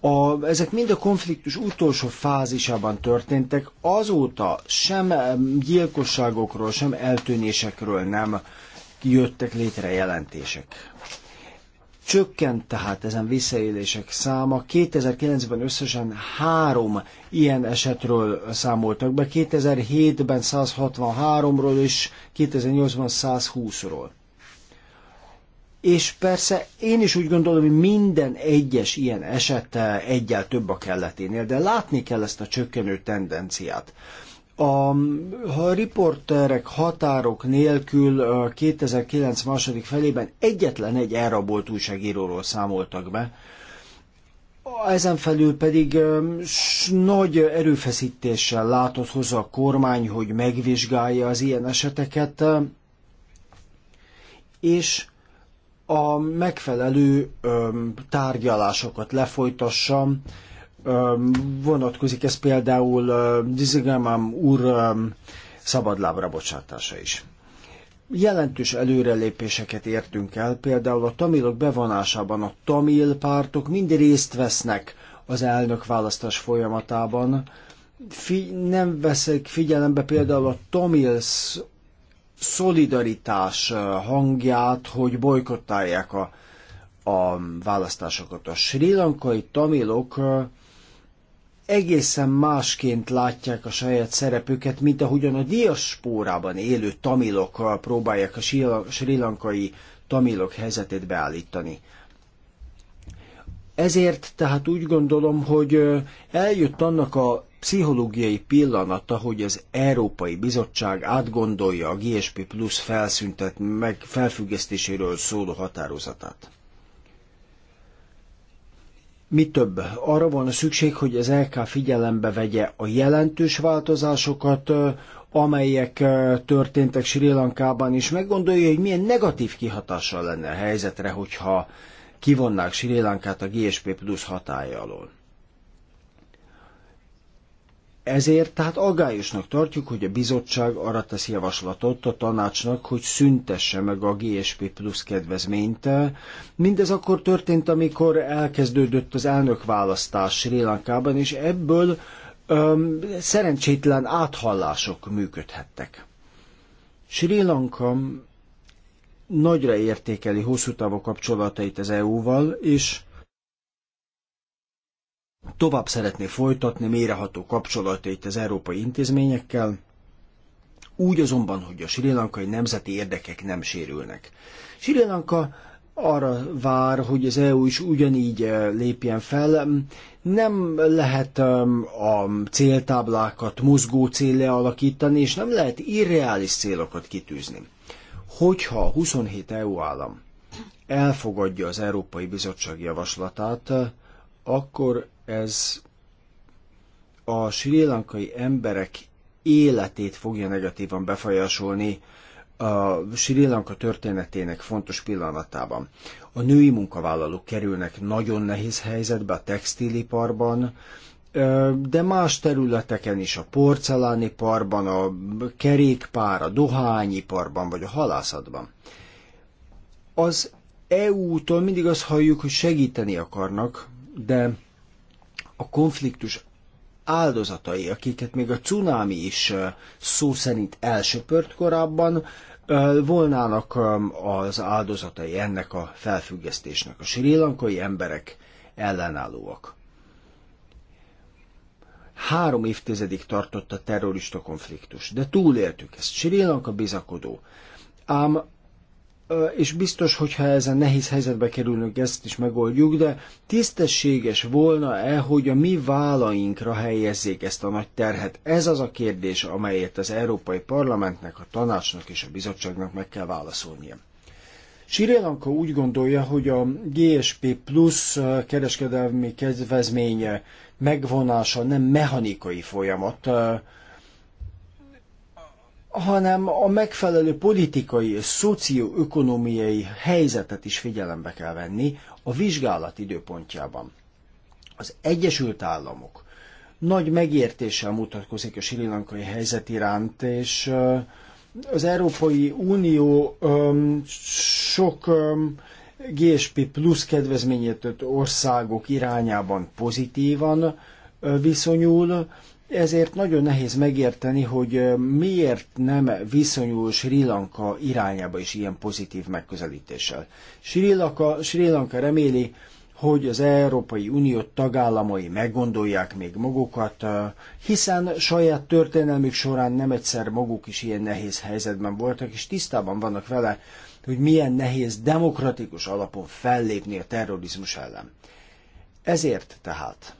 a, ezek mind a konfliktus utolsó fázisában történtek, azóta sem gyilkosságokról, sem eltűnésekről nem jöttek létre jelentések. Csökkent tehát ezen visszaélések száma. 2009-ben összesen három ilyen esetről számoltak be, 2007-ben 163-ról és 2008-ban 120-ról és persze én is úgy gondolom, hogy minden egyes ilyen eset eh, egyel több a kelleténél, de látni kell ezt a csökkenő tendenciát. A, a riporterek határok nélkül 2009 eh, második felében egyetlen egy elrabolt újságíróról számoltak be, ezen felül pedig eh, nagy erőfeszítéssel látott hozzá a kormány, hogy megvizsgálja az ilyen eseteket, és a megfelelő tárgyalásokat lefolytassa. Vonatkozik ez például Dizigamám úr szabadlábra bocsátása is. Jelentős előrelépéseket értünk el, például a tamilok bevonásában a tamil pártok mind részt vesznek az elnökválasztás folyamatában, fi- nem veszek figyelembe például a tamil szolidaritás eh, hangját, hogy bolykottálják a, a választásokat. A sri lankai tamilok eh, egészen másként látják a saját szerepüket, mint ahogyan a diaspórában élő tamilok eh, próbálják a sri lankai tamilok helyzetét beállítani. Ezért tehát úgy gondolom, hogy eljött annak a pszichológiai pillanata, hogy az Európai Bizottság átgondolja a GSP Plus felszüntet meg felfüggesztéséről szóló határozatát. Mi több, arra van a szükség, hogy az LK figyelembe vegye a jelentős változásokat, amelyek történtek Sri Lankában, és meggondolja, hogy milyen negatív kihatással lenne a helyzetre, hogyha kivonnák Sri Lankát a GSP Plus hatája alól. Ezért tehát aggályosnak tartjuk, hogy a bizottság arra tesz javaslatot a tanácsnak, hogy szüntesse meg a GSP plusz kedvezményt. Mindez akkor történt, amikor elkezdődött az elnökválasztás Sri Lankában, és ebből öm, szerencsétlen áthallások működhettek. Sri Lanka nagyra értékeli hosszú távú kapcsolatait az EU-val, és tovább szeretné folytatni méreható kapcsolatait az európai intézményekkel, úgy azonban, hogy a Sri Lankai nemzeti érdekek nem sérülnek. Sri Lanka arra vár, hogy az EU is ugyanígy eh, lépjen fel. Nem lehet a céltáblákat mozgó célre alakítani, és nem lehet irreális célokat kitűzni. Hogyha 27 EU állam elfogadja az Európai Bizottság javaslatát, akkor ez a sri lankai emberek életét fogja negatívan befolyásolni a Sri Lanka történetének fontos pillanatában. A női munkavállalók kerülnek nagyon nehéz helyzetbe a textiliparban, de más területeken is, a porcelániparban, a kerékpár, a dohányiparban, vagy a halászatban. Az EU-tól mindig azt halljuk, hogy segíteni akarnak, de a konfliktus áldozatai, akiket még a cunami is szó szerint elsöpört korábban, volnának az áldozatai ennek a felfüggesztésnek. A sri lankai emberek ellenállóak. Három évtizedig tartott a terrorista konfliktus, de túléltük ezt. Sri Lanka bizakodó. Ám és biztos, hogyha ezen nehéz helyzetbe kerülünk, ezt is megoldjuk, de tisztességes volna-e, hogy a mi vállainkra helyezzék ezt a nagy terhet? Ez az a kérdés, amelyet az Európai Parlamentnek, a tanácsnak és a bizottságnak meg kell válaszolnia. Sri Lanka úgy gondolja, hogy a GSP plusz kereskedelmi kedvezménye megvonása nem mechanikai folyamat, hanem a megfelelő politikai és szocioökonomiai helyzetet is figyelembe kell venni a vizsgálat időpontjában. Az Egyesült Államok nagy megértéssel mutatkozik a sri lankai helyzet iránt, és az Európai Unió sok GSP plusz kedvezményetett országok irányában pozitívan viszonyul, ezért nagyon nehéz megérteni, hogy miért nem viszonyul Sri Lanka irányába is ilyen pozitív megközelítéssel. Sri Lanka, Sri Lanka reméli, hogy az Európai Unió tagállamai meggondolják még magukat, hiszen saját történelmük során nem egyszer maguk is ilyen nehéz helyzetben voltak, és tisztában vannak vele, hogy milyen nehéz demokratikus alapon fellépni a terrorizmus ellen. Ezért tehát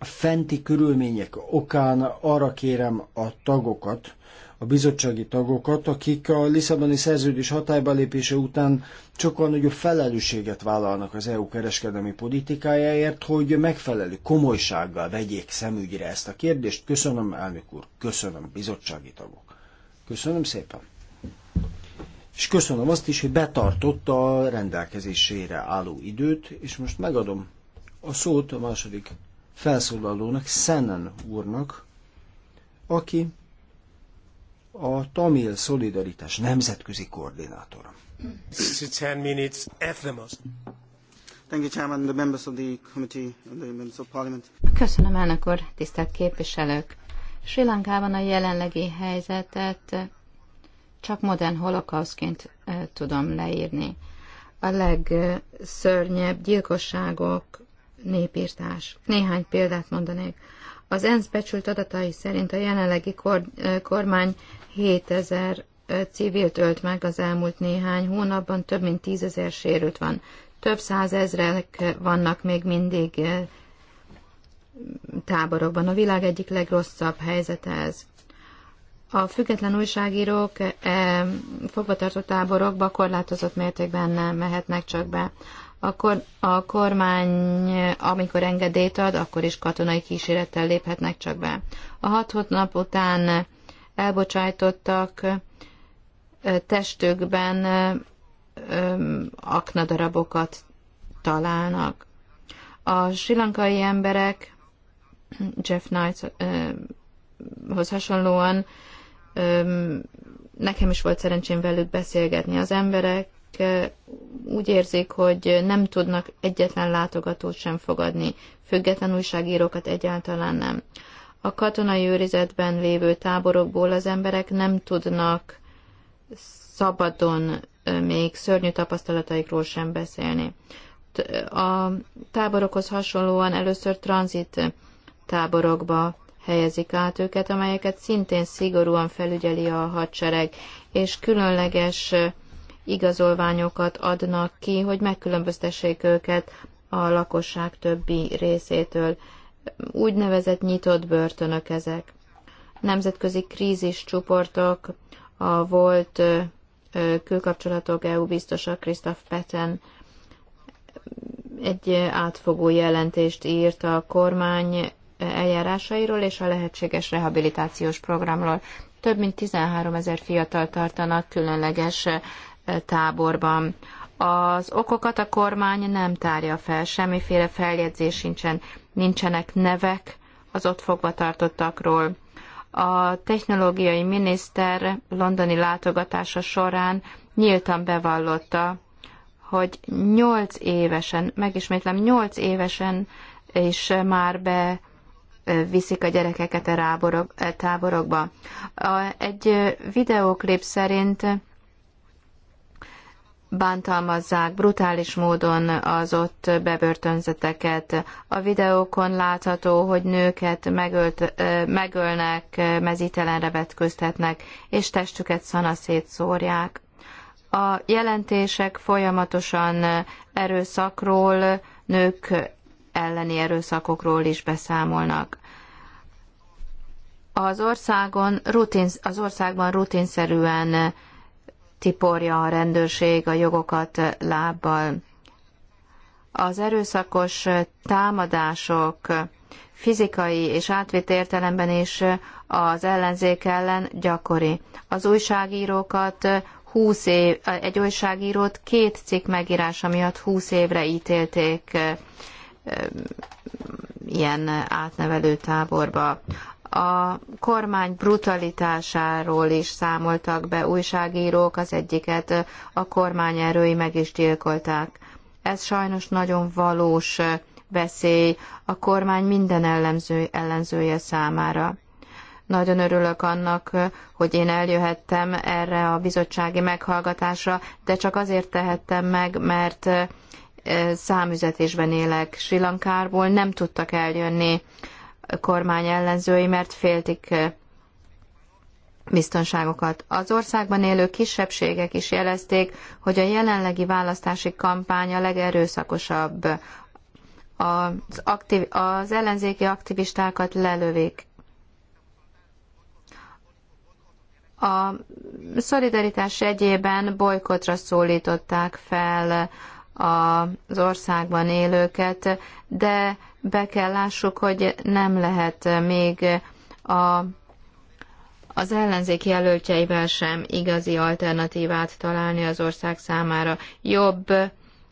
fenti körülmények okán arra kérem a tagokat, a bizottsági tagokat, akik a Lisszaboni szerződés hatályba lépése után sokkal nagyobb felelősséget vállalnak az EU kereskedelmi politikájáért, hogy megfelelő komolysággal vegyék szemügyre ezt a kérdést. Köszönöm, elnök úr, köszönöm, bizottsági tagok. Köszönöm szépen. És köszönöm azt is, hogy betartotta a rendelkezésére álló időt, és most megadom a szót a második felszólalónak, Szenen úrnak, aki a Tamil Szolidaritás nemzetközi koordinátora. Ten minutes at the most. Thank you, Chairman, the members of the committee and the members of parliament. Köszönöm, elnök úr, tisztelt képviselők! Sri Lankában a jelenlegi helyzetet csak modern holokauszként tudom leírni. A legszörnyebb gyilkosságok népírtás. Néhány példát mondanék. Az ENSZ becsült adatai szerint a jelenlegi kor, kormány 7000 civilt ölt meg az elmúlt néhány hónapban, több mint tízezer sérült van. Több százezrek vannak még mindig táborokban. A világ egyik legrosszabb helyzete ez. A független újságírók fogvatartó táborokba korlátozott mértékben nem mehetnek csak be akkor a kormány, amikor engedélyt ad, akkor is katonai kísérettel léphetnek csak be. A hat hónap után elbocsájtottak testükben aknadarabokat találnak. A silankai emberek Jeff Knighthoz hasonlóan nekem is volt szerencsém velük beszélgetni. Az emberek úgy érzik, hogy nem tudnak egyetlen látogatót sem fogadni, független újságírókat egyáltalán nem. A katonai őrizetben lévő táborokból az emberek nem tudnak szabadon még szörnyű tapasztalataikról sem beszélni. A táborokhoz hasonlóan először tranzit táborokba helyezik át őket, amelyeket szintén szigorúan felügyeli a hadsereg, és különleges igazolványokat adnak ki, hogy megkülönböztessék őket a lakosság többi részétől. Úgynevezett nyitott börtönök ezek. Nemzetközi krízis csoportok, a volt külkapcsolatok EU biztosa Christoph Petten egy átfogó jelentést írt a kormány eljárásairól és a lehetséges rehabilitációs programról. Több mint 13 ezer fiatal tartanak különleges táborban. Az okokat a kormány nem tárja fel, semmiféle feljegyzés sincsen, nincsenek nevek az ott fogva tartottakról. A technológiai miniszter londoni látogatása során nyíltan bevallotta, hogy nyolc évesen, megismétlem, nyolc évesen és már be viszik a gyerekeket a ráborok, táborokba. A, egy videóklip szerint bántalmazzák brutális módon az ott bebörtönzeteket. A videókon látható, hogy nőket megölt, megölnek, mezítelenre vetköztetnek, és testüket szanaszét szórják. A jelentések folyamatosan erőszakról, nők elleni erőszakokról is beszámolnak. Az, országon rutin, az országban rutinszerűen tiporja a rendőrség a jogokat lábbal. Az erőszakos támadások fizikai és átvitt értelemben is az ellenzék ellen gyakori. Az újságírókat 20 év, egy újságírót két cikk megírása miatt 20 évre ítélték ilyen átnevelő táborba a kormány brutalitásáról is számoltak be újságírók, az egyiket a kormány erői meg is gyilkolták. Ez sajnos nagyon valós veszély a kormány minden ellenző, ellenzője számára. Nagyon örülök annak, hogy én eljöhettem erre a bizottsági meghallgatásra, de csak azért tehettem meg, mert eh, számüzetésben élek. Sri Lankából nem tudtak eljönni kormány ellenzői, mert féltik biztonságokat. Az országban élő kisebbségek is jelezték, hogy a jelenlegi választási kampány a legerőszakosabb. Az, aktiv, az ellenzéki aktivistákat lelövik. A szolidaritás egyében bolykotra szólították fel az országban élőket, de be kell lássuk, hogy nem lehet még a, az ellenzék jelöltjeivel sem igazi alternatívát találni az ország számára. Jobb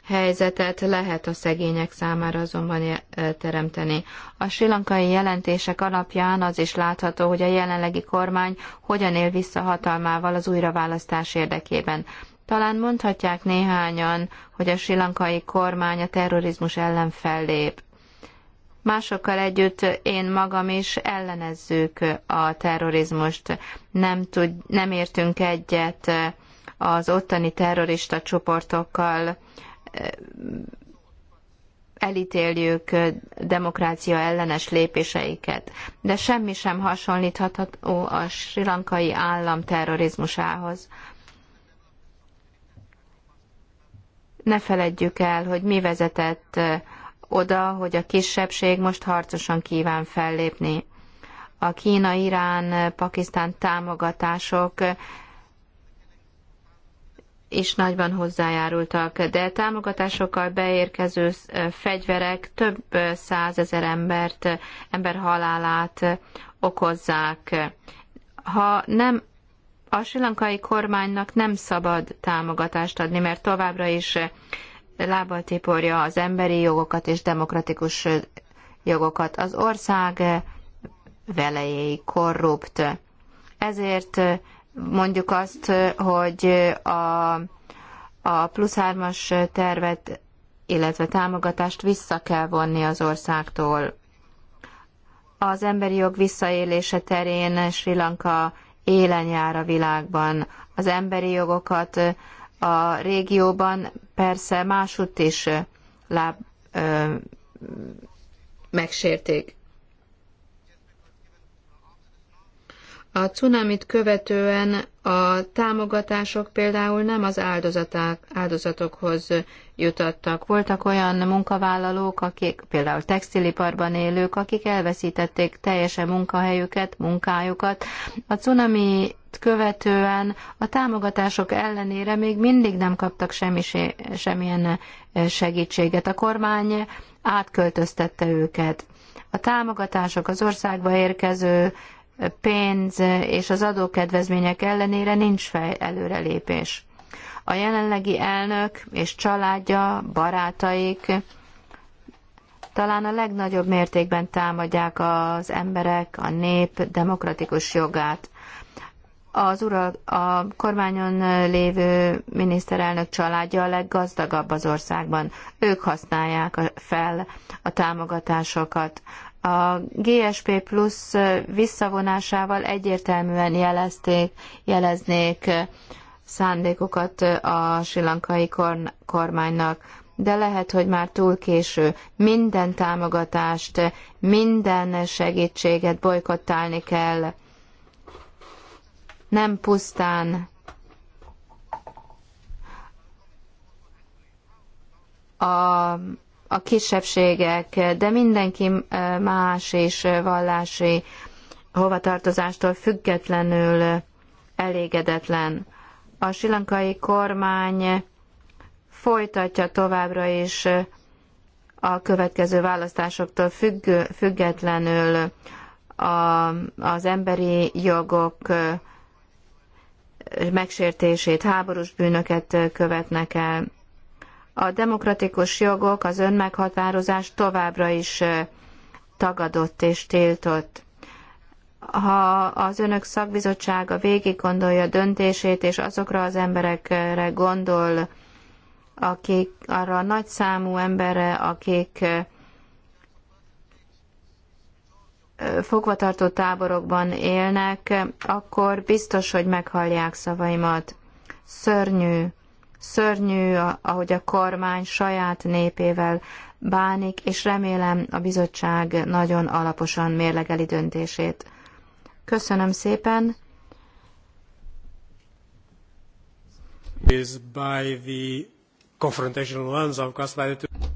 helyzetet lehet a szegények számára azonban eh, teremteni. A silankai jelentések alapján az is látható, hogy a jelenlegi kormány hogyan él vissza hatalmával az újraválasztás érdekében. Talán mondhatják néhányan, hogy a silankai kormány a terrorizmus ellen fellép. Másokkal együtt én magam is ellenezzük a terrorizmust. Nem, tud, nem értünk egyet az ottani terrorista csoportokkal, elítéljük demokrácia ellenes lépéseiket. De semmi sem hasonlítható a sri lankai állam terrorizmusához. Ne feledjük el, hogy mi vezetett oda, hogy a kisebbség most harcosan kíván fellépni. A Kína, Irán, Pakisztán támogatások is nagyban hozzájárultak, de támogatásokkal beérkező fegyverek több százezer embert, ember halálát okozzák. Ha nem a silankai kormánynak nem szabad támogatást adni, mert továbbra is lábbal tiporja az emberi jogokat és demokratikus jogokat. Az ország velejéi korrupt. Ezért mondjuk azt, hogy a, a plusz hármas tervet, illetve támogatást vissza kell vonni az országtól. Az emberi jog visszaélése terén Sri Lanka élen jár a világban. Az emberi jogokat a régióban, persze másutt is láb, ö, megsérték. A cunamit követően a támogatások például nem az áldozaták, áldozatokhoz jutottak. Voltak olyan munkavállalók, akik például textiliparban élők, akik elveszítették teljesen munkahelyüket, munkájukat. A cunami követően a támogatások ellenére még mindig nem kaptak semmi, semmilyen eh, segítséget. A kormány átköltöztette őket. A támogatások az országba érkező pénz és az adókedvezmények ellenére nincs fel előrelépés. A jelenlegi elnök és családja, barátaik talán a legnagyobb mértékben támadják az emberek, a nép demokratikus jogát. Az ura, a kormányon lévő miniszterelnök családja a leggazdagabb az országban. Ők használják fel a támogatásokat a GSP plusz visszavonásával egyértelműen jelezték, jeleznék szándékokat a silankai kormánynak, de lehet, hogy már túl késő. Minden támogatást, minden segítséget bolykottálni kell. Nem pusztán a a kisebbségek, de mindenki más és vallási hovatartozástól függetlenül elégedetlen. A silankai kormány folytatja továbbra is a következő választásoktól függ, függetlenül a, az emberi jogok megsértését, háborús bűnöket követnek el a demokratikus jogok, az önmeghatározás továbbra is tagadott és tiltott. Ha az önök szakbizottsága végig gondolja döntését, és azokra az emberekre gondol, akik arra a nagyszámú emberre, akik fogvatartó táborokban élnek, akkor biztos, hogy meghallják szavaimat. Szörnyű, Szörnyű, ahogy a kormány saját népével bánik, és remélem a bizottság nagyon alaposan mérlegeli döntését. Köszönöm szépen!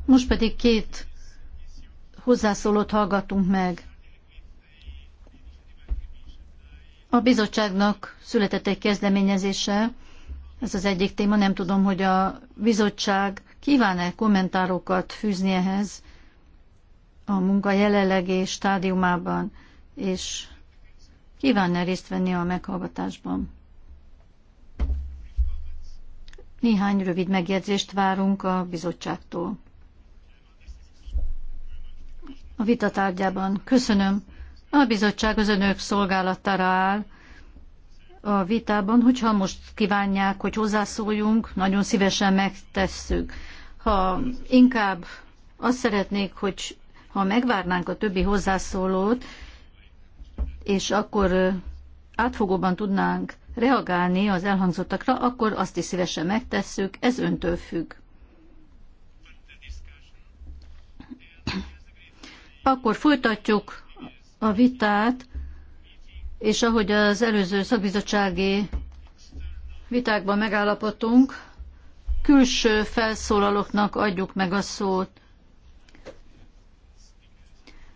Most pedig két hozzászólót hallgatunk meg. A bizottságnak született egy kezdeményezése, ez az egyik téma, nem tudom, hogy a bizottság kíván-e kommentárokat fűzni ehhez a munka jelenlegi stádiumában, és kíván-e részt venni a meghallgatásban. Néhány rövid megjegyzést várunk a bizottságtól. A vita tárgyában köszönöm. A bizottság az önök szolgálatára áll, a vitában, hogyha most kívánják, hogy hozzászóljunk, nagyon szívesen megtesszük. Ha inkább azt szeretnék, hogy ha megvárnánk a többi hozzászólót, és akkor átfogóban tudnánk reagálni az elhangzottakra, akkor azt is szívesen megtesszük, ez öntől függ. Akkor folytatjuk a vitát és ahogy az előző szakbizottsági vitákban megállapodtunk, külső felszólalóknak adjuk meg a szót,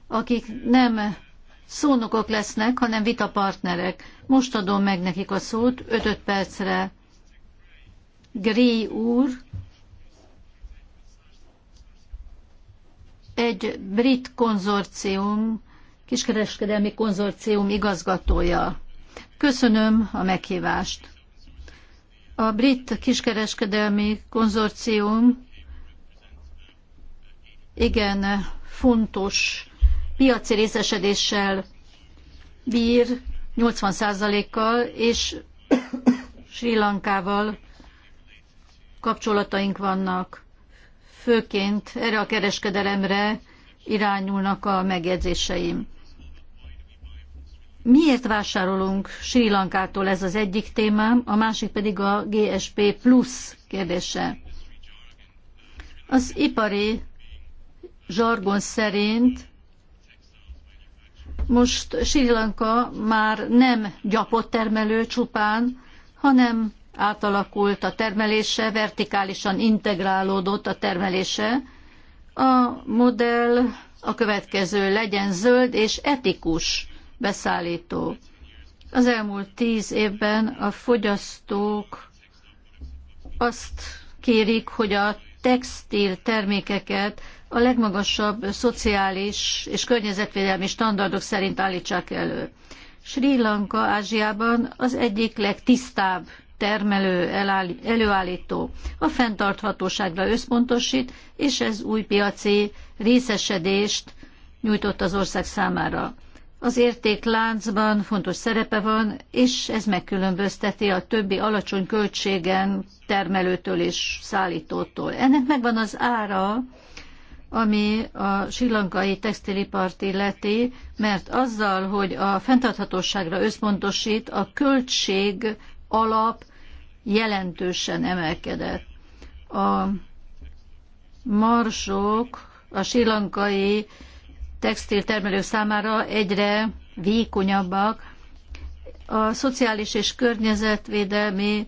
akik nem szónokok lesznek, hanem vitapartnerek. Most adom meg nekik a szót 5 percre. Gré úr, egy brit konzorcium kiskereskedelmi konzorcium igazgatója. Köszönöm a meghívást. A brit kiskereskedelmi konzorcium igen fontos piaci részesedéssel bír 80%-kal, és Sri Lankával kapcsolataink vannak. Főként erre a kereskedelemre irányulnak a megjegyzéseim. Miért vásárolunk Sri Lankától? Ez az egyik témám, a másik pedig a GSP plusz kérdése. Az ipari zsargon szerint most Sri Lanka már nem gyapott termelő csupán, hanem átalakult a termelése, vertikálisan integrálódott a termelése. A modell a következő legyen zöld és etikus beszállító. Az elmúlt tíz évben a fogyasztók azt kérik, hogy a textil termékeket a legmagasabb szociális és környezetvédelmi standardok szerint állítsák elő. Sri Lanka Ázsiában az egyik legtisztább termelő előállító. A fenntarthatóságra összpontosít, és ez új piaci részesedést nyújtott az ország számára az értékláncban fontos szerepe van, és ez megkülönbözteti a többi alacsony költségen termelőtől és szállítótól. Ennek megvan az ára, ami a silankai textilipart illeti, mert azzal, hogy a fenntarthatóságra összpontosít, a költség alap jelentősen emelkedett. A marsok a silankai textiltermelő számára egyre vékonyabbak. A szociális és környezetvédelmi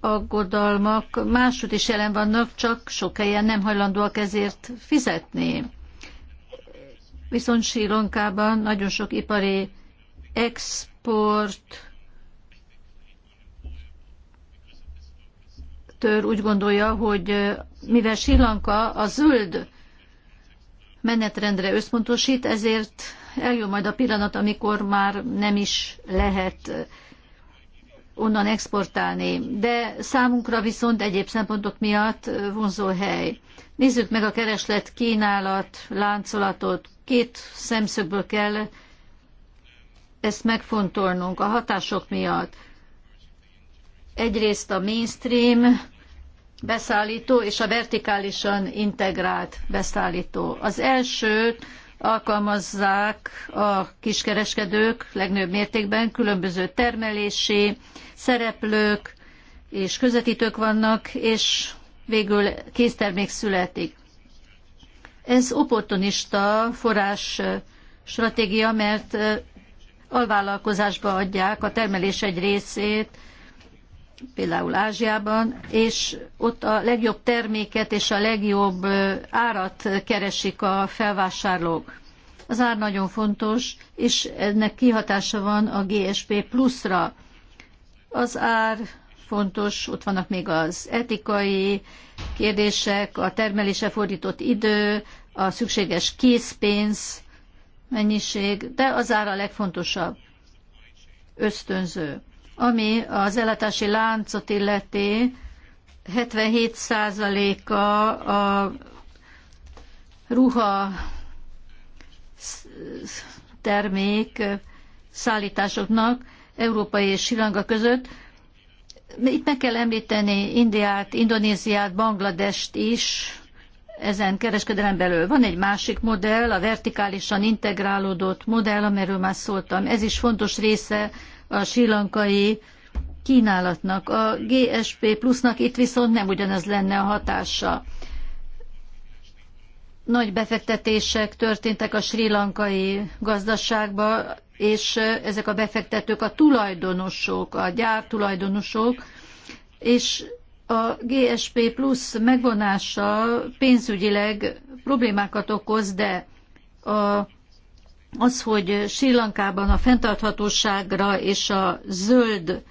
aggodalmak máshogy is jelen vannak, csak sok helyen nem hajlandóak ezért fizetni. Viszont Sri Lankában nagyon sok ipari export tör úgy gondolja, hogy mivel Sri Lanka a zöld menetrendre összpontosít, ezért eljön majd a pillanat, amikor már nem is lehet eh, onnan exportálni. De számunkra viszont egyéb szempontok miatt eh, vonzó hely. Nézzük meg a kereslet kínálat láncolatot. Két szemszögből kell ezt megfontolnunk a hatások miatt. Egyrészt a mainstream beszállító és a vertikálisan integrált beszállító. Az elsőt alkalmazzák a kiskereskedők legnagyobb mértékben, különböző termelési szereplők és közvetítők vannak, és végül késztermék születik. Ez opportunista forrás stratégia, mert alvállalkozásba adják a termelés egy részét például Ázsiában, és ott a legjobb terméket és a legjobb árat keresik a felvásárlók. Az ár nagyon fontos, és ennek kihatása van a GSP pluszra. Az ár fontos, ott vannak még az etikai kérdések, a termelése fordított idő, a szükséges készpénz mennyiség, de az ár a legfontosabb ösztönző. Ami az ellátási láncot illeti, 77%-a a ruha termék szállításoknak Európai és Silanga között. Itt meg kell említeni Indiát, Indonéziát, Bangladest is, ezen kereskedelem belül. Van egy másik modell, a vertikálisan integrálódott modell, amiről már szóltam. Ez is fontos része a sílankai kínálatnak. A GSP plusznak itt viszont nem ugyanez lenne a hatása. Nagy befektetések történtek a lankai gazdaságba, és ezek a befektetők a tulajdonosok, a gyártulajdonosok, és a GSP plusz megvonása pénzügyileg problémákat okoz, de a az, hogy Sri Lankában a fenntarthatóságra és a zöld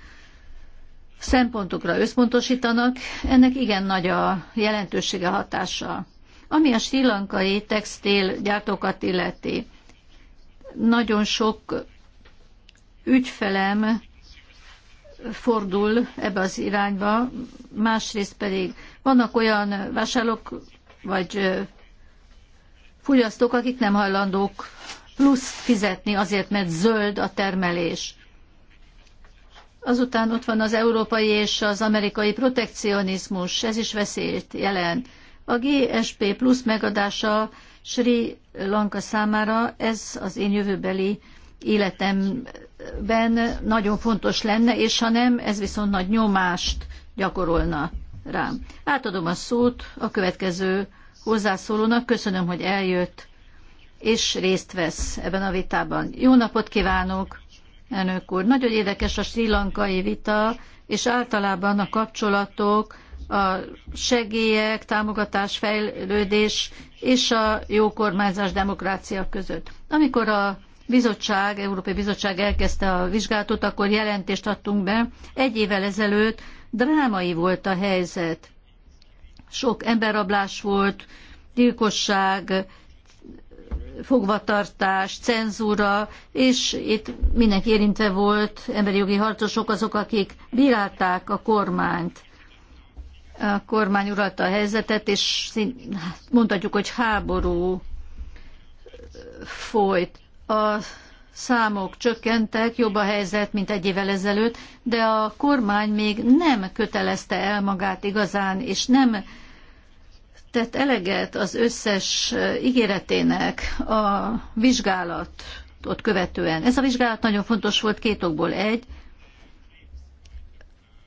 szempontokra összpontosítanak, ennek igen nagy a jelentősége hatása. Ami a sri lankai textilgyártókat illeti, nagyon sok ügyfelem fordul ebbe az irányba, másrészt pedig vannak olyan vásárlók vagy fogyasztók, akik nem hajlandók plusz fizetni azért, mert zöld a termelés. Azután ott van az európai és az amerikai protekcionizmus, ez is veszélyt jelent. A GSP plusz megadása Sri Lanka számára ez az én jövőbeli életemben nagyon fontos lenne, és ha nem, ez viszont nagy nyomást gyakorolna rám. Átadom a szót a következő hozzászólónak. Köszönöm, hogy eljött és részt vesz ebben a vitában. Jó napot kívánok, elnök úr! Nagyon érdekes a sri lankai vita, és általában a kapcsolatok, a segélyek, támogatás, fejlődés és a jó kormányzás demokrácia között. Amikor a bizottság, Európai Bizottság elkezdte a vizsgálatot, akkor jelentést adtunk be. Egy évvel ezelőtt drámai volt a helyzet. Sok emberrablás volt, gyilkosság, fogvatartás, cenzúra, és itt mindenki érintve volt, emberi jogi harcosok azok, akik bírálták a kormányt. A kormány uralta a helyzetet, és hát mondhatjuk, hogy háború folyt. A számok csökkentek, jobb a helyzet, mint egy évvel ezelőtt, de a kormány még nem kötelezte el magát igazán, és nem tett eleget az összes ígéretének a vizsgálatot követően. Ez a vizsgálat nagyon fontos volt két okból. Egy,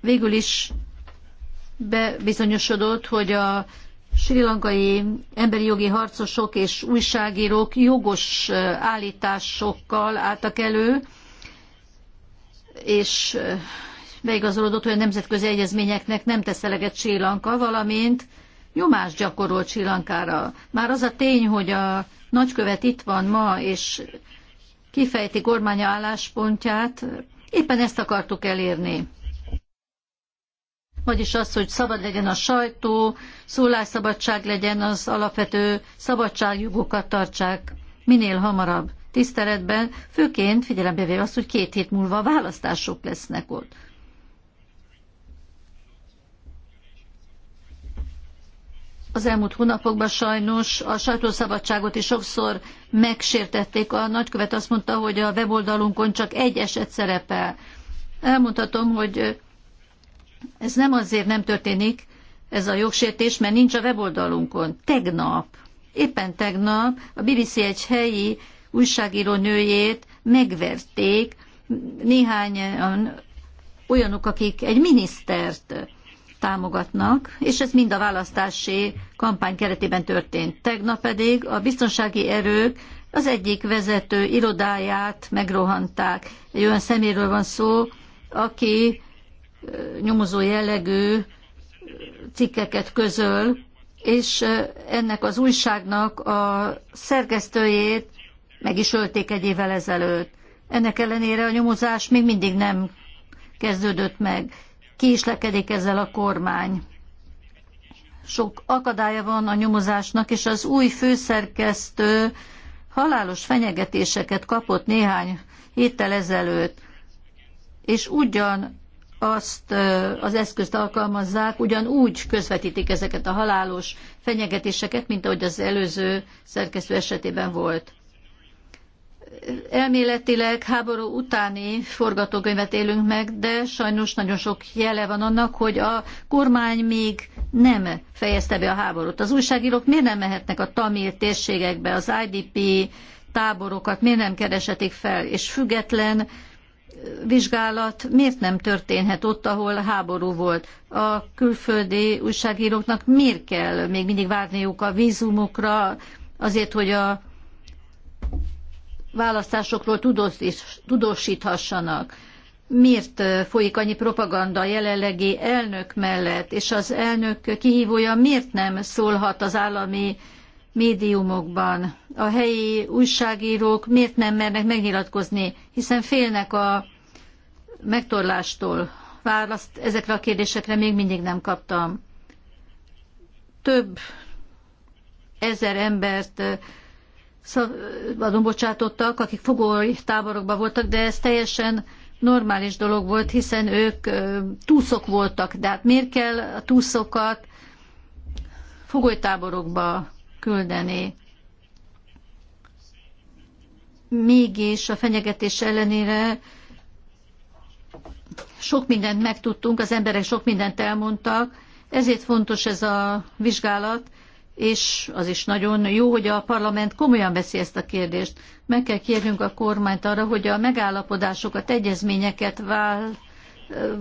végül is bebizonyosodott, hogy a srilankai emberi jogi harcosok és újságírók jogos állításokkal álltak elő, és beigazolódott, hogy a nemzetközi egyezményeknek nem tesz eleget Sri Lanka, valamint nyomást gyakorolt Silankára. Már az a tény, hogy a nagykövet itt van ma, és kifejti kormánya álláspontját, éppen ezt akartuk elérni. Vagyis az, hogy szabad legyen a sajtó, szólásszabadság legyen, az alapvető szabadságjogokat tartsák minél hamarabb tiszteletben, főként figyelembe véve azt, hogy két hét múlva választások lesznek ott. az elmúlt hónapokban sajnos a sajtószabadságot is sokszor megsértették. A nagykövet azt mondta, hogy a weboldalunkon csak egy eset szerepel. Elmondhatom, hogy ez nem azért nem történik, ez a jogsértés, mert nincs a weboldalunkon. Tegnap, éppen tegnap a BBC egy helyi újságíró nőjét megverték néhány olyanok, akik egy minisztert támogatnak, és ez mind a választási kampány keretében történt. Tegnap pedig a biztonsági erők az egyik vezető irodáját megrohanták. Egy olyan szeméről van szó, aki nyomozó jellegű cikkeket közöl, és ennek az újságnak a szerkesztőjét meg is ölték egy évvel ezelőtt. Ennek ellenére a nyomozás még mindig nem kezdődött meg késlekedik ezzel a kormány. Sok akadálya van a nyomozásnak, és az új főszerkesztő halálos fenyegetéseket kapott néhány héttel ezelőtt, és ugyan azt az eszközt alkalmazzák, ugyanúgy közvetítik ezeket a halálos fenyegetéseket, mint ahogy az előző szerkesztő esetében volt elméletileg háború utáni forgatókönyvet élünk meg, de sajnos nagyon sok jele van annak, hogy a kormány még nem fejezte be a háborút. Az újságírók miért nem mehetnek a tamil térségekbe, az IDP táborokat miért nem kereshetik fel, és független vizsgálat miért nem történhet ott, ahol háború volt? A külföldi újságíróknak miért kell még mindig várniuk a vízumokra, azért, hogy a választásokról tudósíthassanak. Miért folyik annyi propaganda a jelenlegi elnök mellett, és az elnök kihívója miért nem szólhat az állami médiumokban? A helyi újságírók miért nem mernek megnyilatkozni, hiszen félnek a megtorlástól? Választ ezekre a kérdésekre még mindig nem kaptam. Több ezer embert szabadon bocsátottak, akik fogoly táborokban voltak, de ez teljesen normális dolog volt, hiszen ők túszok voltak. De hát miért kell a túszokat fogolytáborokba küldeni? Mégis a fenyegetés ellenére sok mindent megtudtunk, az emberek sok mindent elmondtak, ezért fontos ez a vizsgálat, és az is nagyon jó, hogy a parlament komolyan veszi ezt a kérdést. Meg kell kérnünk a kormányt arra, hogy a megállapodásokat, egyezményeket vál,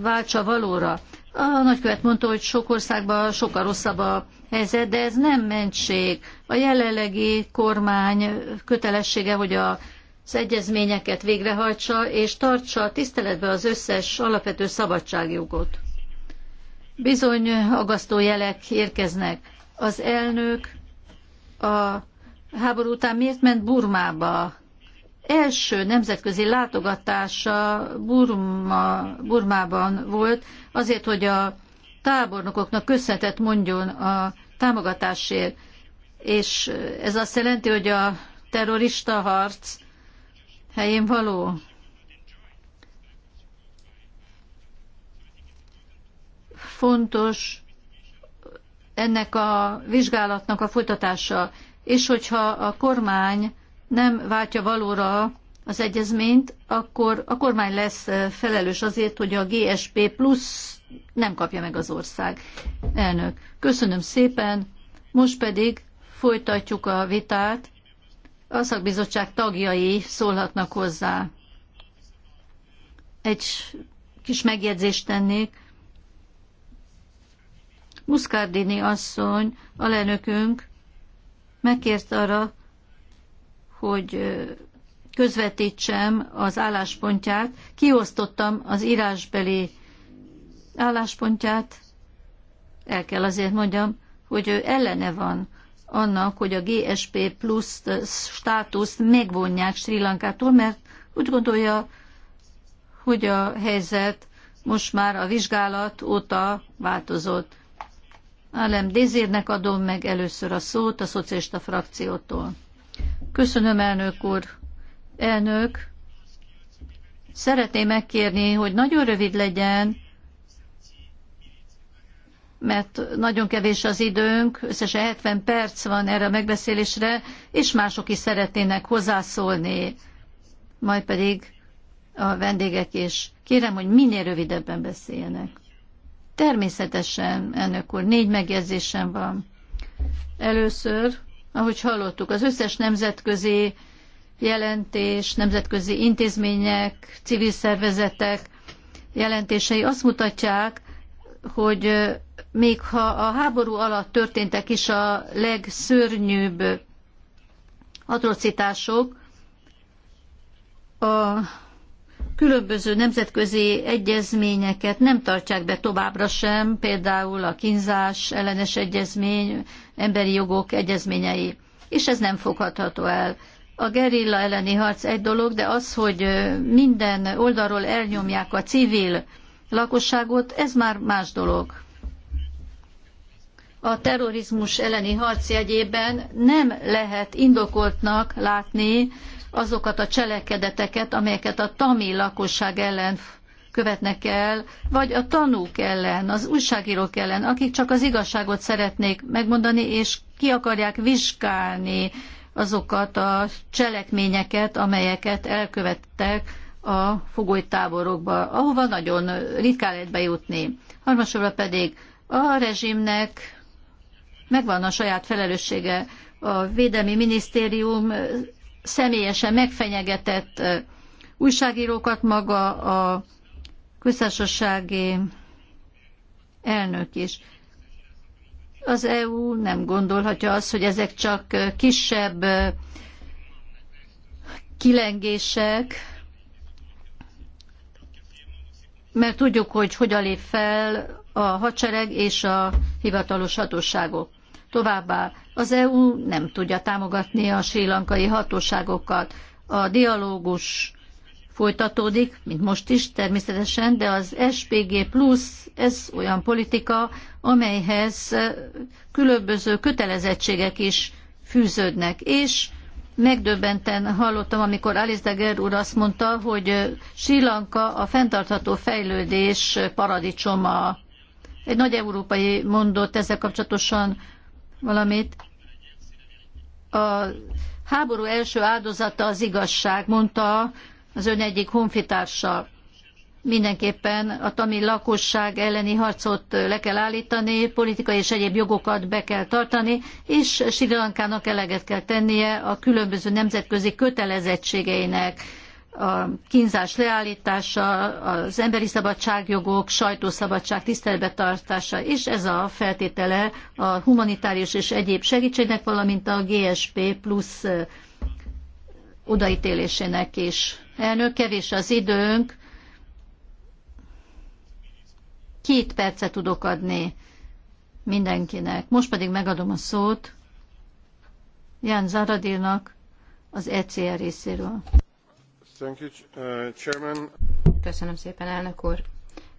váltsa valóra. A nagykövet mondta, hogy sok országban sokkal rosszabb a helyzet, de ez nem mentség. A jelenlegi kormány kötelessége, hogy a az egyezményeket végrehajtsa és tartsa tiszteletbe az összes alapvető szabadságjogot. Bizony aggasztó jelek érkeznek az elnök a háború után miért ment Burmába? Első nemzetközi látogatása Burma, Burmában volt, azért, hogy a tábornokoknak köszönetet mondjon a támogatásért. És ez azt jelenti, hogy a terrorista harc helyén való. Fontos, ennek a vizsgálatnak a folytatása. És hogyha a kormány nem váltja valóra az egyezményt, akkor a kormány lesz felelős azért, hogy a GSP plusz nem kapja meg az ország. Elnök, köszönöm szépen. Most pedig folytatjuk a vitát. A szakbizottság tagjai szólhatnak hozzá. Egy kis megjegyzést tennék. Muscardini asszony, lenökünk megkért arra, hogy közvetítsem az álláspontját. Kiosztottam az írásbeli álláspontját. El kell azért mondjam, hogy ő ellene van annak, hogy a GSP plusz státuszt megvonják Sri Lankától, mert úgy gondolja, hogy a helyzet most már a vizsgálat óta változott. Állam Dézérnek adom meg először a szót a szocialista frakciótól. Köszönöm, elnök úr. Elnök, szeretném megkérni, hogy nagyon rövid legyen, mert nagyon kevés az időnk, összesen 70 perc van erre a megbeszélésre, és mások is szeretnének hozzászólni, majd pedig a vendégek is. Kérem, hogy minél rövidebben beszéljenek. Természetesen, elnök úr, négy megjegyzésem van. Először, ahogy hallottuk, az összes nemzetközi jelentés, nemzetközi intézmények, civil szervezetek jelentései azt mutatják, hogy még ha a háború alatt történtek is a legszörnyűbb atrocitások, a különböző nemzetközi egyezményeket nem tartják be továbbra sem, például a kínzás ellenes egyezmény, emberi jogok egyezményei, és ez nem fogadható el. A gerilla elleni harc egy dolog, de az, hogy minden oldalról elnyomják a civil lakosságot, ez már más dolog. A terrorizmus elleni harc jegyében nem lehet indokoltnak látni, azokat a cselekedeteket, amelyeket a tamil lakosság ellen követnek el, vagy a tanúk ellen, az újságírók ellen, akik csak az igazságot szeretnék megmondani, és ki akarják vizsgálni azokat a cselekményeket, amelyeket elkövettek a fogolytáborokba, ahova nagyon ritkán lehet bejutni. Harmasorra pedig a rezsimnek megvan a saját felelőssége. A Védelmi Minisztérium személyesen megfenyegetett újságírókat maga a köztársasági elnök is. Az EU nem gondolhatja azt, hogy ezek csak kisebb kilengések, mert tudjuk, hogy hogyan lép fel a hadsereg és a hivatalos hatóságok. Továbbá az EU nem tudja támogatni a sílankai hatóságokat. A dialógus folytatódik, mint most is természetesen, de az SPG plusz, ez olyan politika, amelyhez különböző kötelezettségek is fűződnek. És megdöbbenten hallottam, amikor Alisdager úr azt mondta, hogy Sri Lanka a fenntartható fejlődés paradicsoma. Egy nagy európai mondott ezzel kapcsolatosan valamit. A háború első áldozata az igazság, mondta az ön egyik honfitársa. Mindenképpen a tamil lakosság elleni harcot le kell állítani, politikai és egyéb jogokat be kell tartani, és Sri Lankának eleget kell tennie a különböző nemzetközi kötelezettségeinek a kínzás leállítása, az emberi szabadságjogok, sajtószabadság tartása, és ez a feltétele a humanitárius és egyéb segítségnek, valamint a GSP plusz odaítélésének is. Elnök, kevés az időnk. Két percet tudok adni mindenkinek. Most pedig megadom a szót Ján Zaradilnak az ECR részéről. Thank you, uh, Chairman. Köszönöm szépen, elnök úr.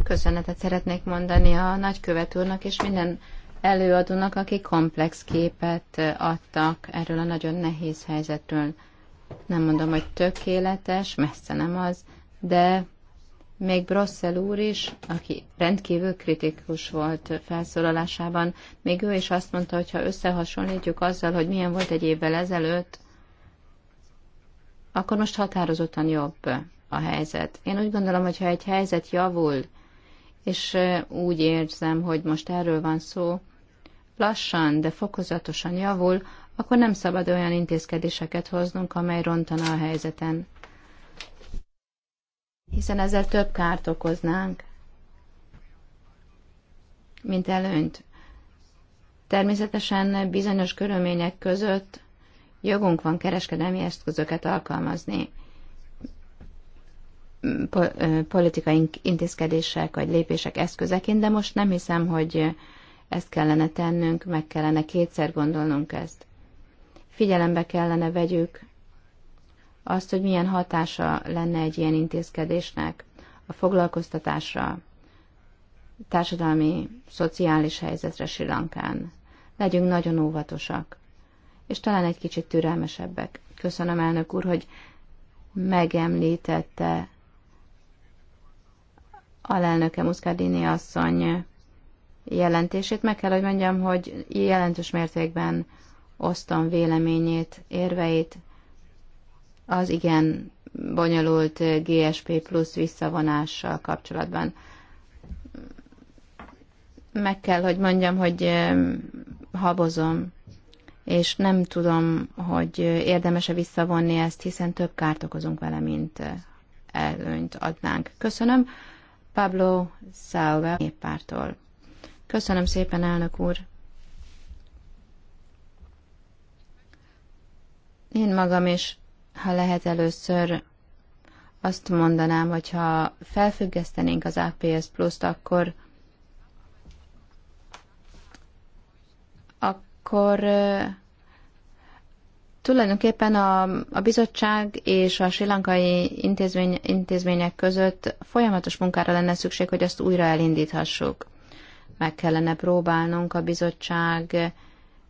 Köszönetet szeretnék mondani a nagykövet úrnak és minden előadónak, aki komplex képet adtak erről a nagyon nehéz helyzetről. Nem mondom, hogy tökéletes, messze nem az, de még Brossel úr is, aki rendkívül kritikus volt felszólalásában, még ő is azt mondta, hogy ha összehasonlítjuk azzal, hogy milyen volt egy évvel ezelőtt, akkor most határozottan jobb a helyzet. Én úgy gondolom, hogy ha egy helyzet javul, és úgy érzem, hogy most erről van szó, lassan, de fokozatosan javul, akkor nem szabad olyan intézkedéseket hoznunk, amely rontana a helyzeten. Hiszen ezzel több kárt okoznánk, mint előnyt. Természetesen bizonyos körülmények között jogunk van kereskedelmi eszközöket alkalmazni politikai intézkedések vagy lépések eszközeként, de most nem hiszem, hogy ezt kellene tennünk, meg kellene kétszer gondolnunk ezt. Figyelembe kellene vegyük azt, hogy milyen hatása lenne egy ilyen intézkedésnek a foglalkoztatásra, társadalmi, szociális helyzetre Sri Lankán. Legyünk nagyon óvatosak és talán egy kicsit türelmesebbek. Köszönöm, elnök úr, hogy megemlítette alelnöke Muscardini asszony jelentését. Meg kell, hogy mondjam, hogy jelentős mértékben osztom véleményét, érveit az igen bonyolult GSP plusz visszavonással kapcsolatban. Meg kell, hogy mondjam, hogy eh, habozom és nem tudom, hogy érdemese visszavonni ezt, hiszen több kárt okozunk vele, mint eh, előnyt adnánk. Köszönöm Pablo Salve néppártól. Köszönöm szépen, elnök úr! Én magam is, ha lehet először azt mondanám, hogy ha felfüggesztenénk az APS Plus-t, akkor, ak- akkor tulajdonképpen a, a bizottság és a silankai intézmény, intézmények között folyamatos munkára lenne szükség, hogy azt újra elindíthassuk. Meg kellene próbálnunk a bizottság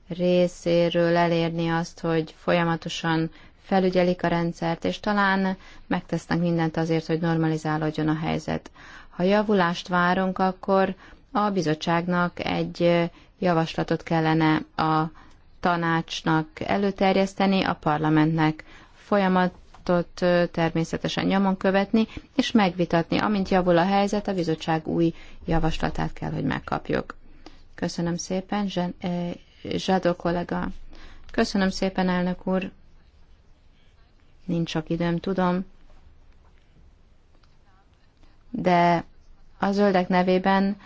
részéről elérni azt, hogy folyamatosan felügyelik a rendszert, és talán megtesznek mindent azért, hogy normalizálódjon a helyzet. Ha javulást várunk, akkor a bizottságnak egy javaslatot kellene a tanácsnak előterjeszteni, a parlamentnek folyamatot természetesen nyomon követni, és megvitatni. Amint javul a helyzet, a bizottság új javaslatát kell, hogy megkapjuk. Köszönöm szépen, Zsadó kollega. Köszönöm szépen, elnök úr. Nincs sok időm, tudom. De a zöldek nevében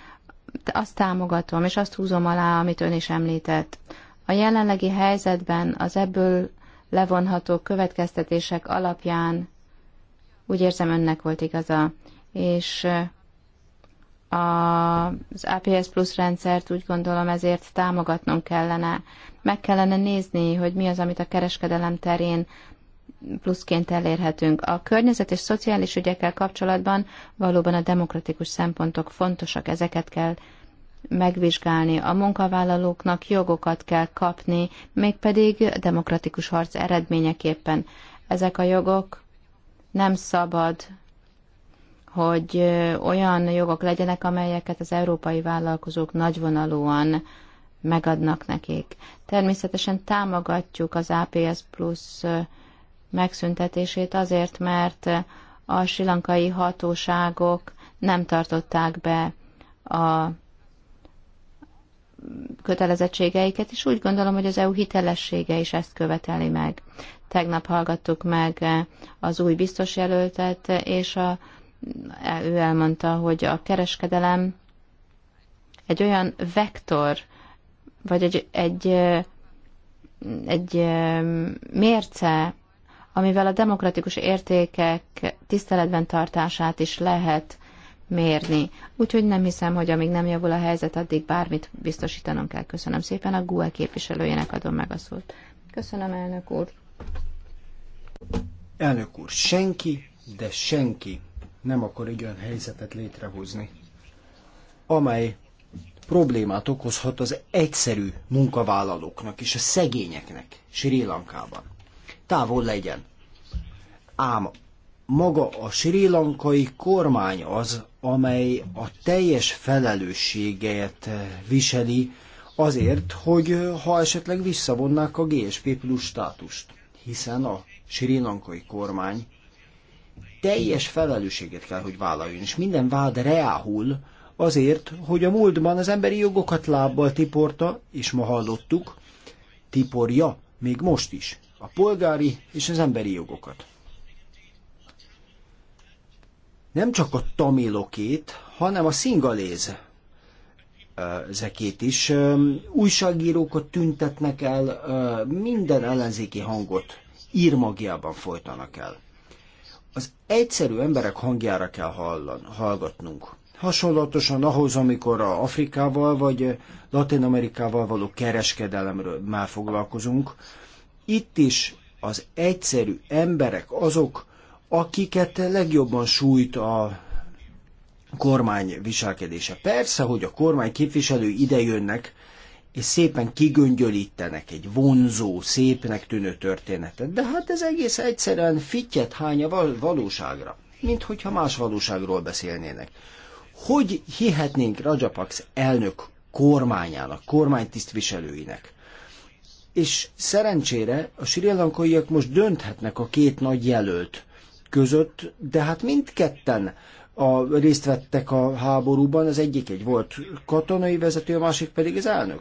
azt támogatom, és azt húzom alá, amit ön is említett. A jelenlegi helyzetben az ebből levonható következtetések alapján úgy érzem, önnek volt igaza, és az APS Plus rendszert úgy gondolom ezért támogatnom kellene. Meg kellene nézni, hogy mi az, amit a kereskedelem terén pluszként elérhetünk. A környezet és szociális ügyekkel kapcsolatban valóban a demokratikus szempontok fontosak, ezeket kell megvizsgálni. A munkavállalóknak jogokat kell kapni, mégpedig demokratikus harc eredményeképpen. Ezek a jogok nem szabad, hogy olyan jogok legyenek, amelyeket az európai vállalkozók nagyvonalúan megadnak nekik. Természetesen támogatjuk az APS plus megszüntetését azért, mert a silankai hatóságok nem tartották be a kötelezettségeiket, és úgy gondolom, hogy az EU hitelessége is ezt követeli meg. Tegnap hallgattuk meg az új biztos jelöltet, és a, ő elmondta, hogy a kereskedelem egy olyan vektor, vagy egy, egy, egy mérce, amivel a demokratikus értékek tiszteletben tartását is lehet mérni. Úgyhogy nem hiszem, hogy amíg nem javul a helyzet, addig bármit biztosítanom kell. Köszönöm szépen, a GUE képviselőjének adom meg a szót. Köszönöm, elnök úr. Elnök úr, senki, de senki nem akar egy olyan helyzetet létrehozni, amely problémát okozhat az egyszerű munkavállalóknak és a szegényeknek Sri Lankában távol legyen. Ám maga a sri lankai kormány az, amely a teljes felelősséget viseli azért, hogy ha esetleg visszavonnák a GSP plus státust, hiszen a sri lankai kormány teljes felelősséget kell, hogy vállaljon, és minden vád reáhul azért, hogy a múltban az emberi jogokat lábbal tiporta, és ma hallottuk, tiporja, még most is a polgári és az emberi jogokat. Nem csak a tamilokét, hanem a szingaléz ezekét is. Újságírókat tüntetnek el, minden ellenzéki hangot írmagjában folytanak el. Az egyszerű emberek hangjára kell hallan, hallgatnunk. Hasonlatosan ahhoz, amikor a Afrikával vagy Latin Amerikával való kereskedelemről már foglalkozunk, itt is az egyszerű emberek azok, akiket legjobban sújt a kormány viselkedése. Persze, hogy a kormány képviselő idejönnek, és szépen kigöngyölítenek egy vonzó, szépnek tűnő történetet. De hát ez egész egyszerűen fittyet hány a valóságra, mint hogyha más valóságról beszélnének. Hogy hihetnénk Rajapaksz elnök kormányának, kormánytisztviselőinek, és szerencsére a sirilankaiak most dönthetnek a két nagy jelölt között, de hát mindketten a, részt vettek a háborúban, az egyik egy volt katonai vezető, a másik pedig az elnök.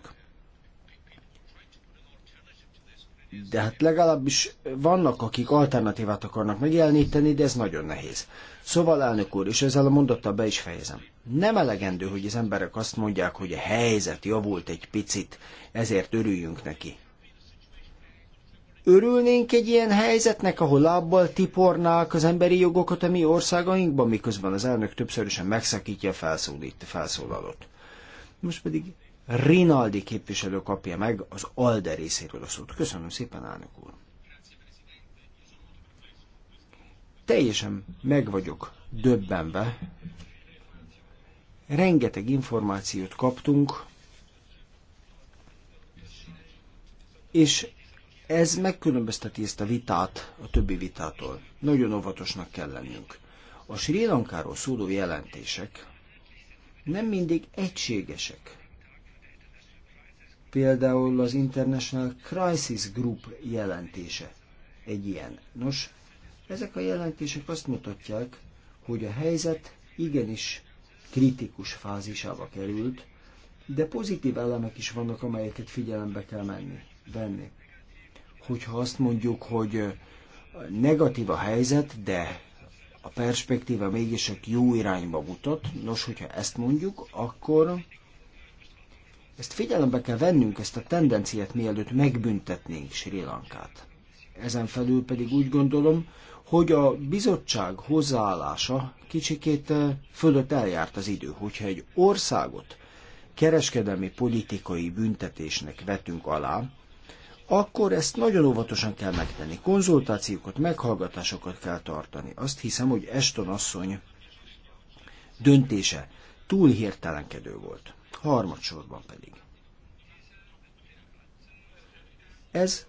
De hát legalábbis vannak, akik alternatívát akarnak megjeleníteni, de ez nagyon nehéz. Szóval, elnök úr, és ezzel a mondattal be is fejezem. Nem elegendő, hogy az emberek azt mondják, hogy a helyzet javult egy picit, ezért örüljünk neki. Örülnénk egy ilyen helyzetnek, ahol lábbal tipornák az emberi jogokat a mi országainkban, miközben az elnök többszörösen megszakítja a felszólalót. Most pedig Rinaldi képviselő kapja meg az ALDE részéről a szót. Köszönöm szépen, elnök úr! Teljesen meg vagyok döbbenve. Rengeteg információt kaptunk, és ez megkülönbözteti ezt a vitát a többi vitától. Nagyon óvatosnak kell lennünk. A Sri Lankáról szóló jelentések nem mindig egységesek. Például az International Crisis Group jelentése egy ilyen. Nos, ezek a jelentések azt mutatják, hogy a helyzet igenis kritikus fázisába került, de pozitív elemek is vannak, amelyeket figyelembe kell menni, venni hogyha azt mondjuk, hogy negatív a helyzet, de a perspektíva mégis egy jó irányba mutat. Nos, hogyha ezt mondjuk, akkor ezt figyelembe kell vennünk, ezt a tendenciát, mielőtt megbüntetnénk Sri Lankát. Ezen felül pedig úgy gondolom, hogy a bizottság hozzáállása kicsikét fölött eljárt az idő, hogyha egy országot kereskedelmi politikai büntetésnek vetünk alá, akkor ezt nagyon óvatosan kell megtenni. Konzultációkat, meghallgatásokat kell tartani. Azt hiszem, hogy Eston asszony döntése túl hirtelenkedő volt. Harmadsorban pedig. Ez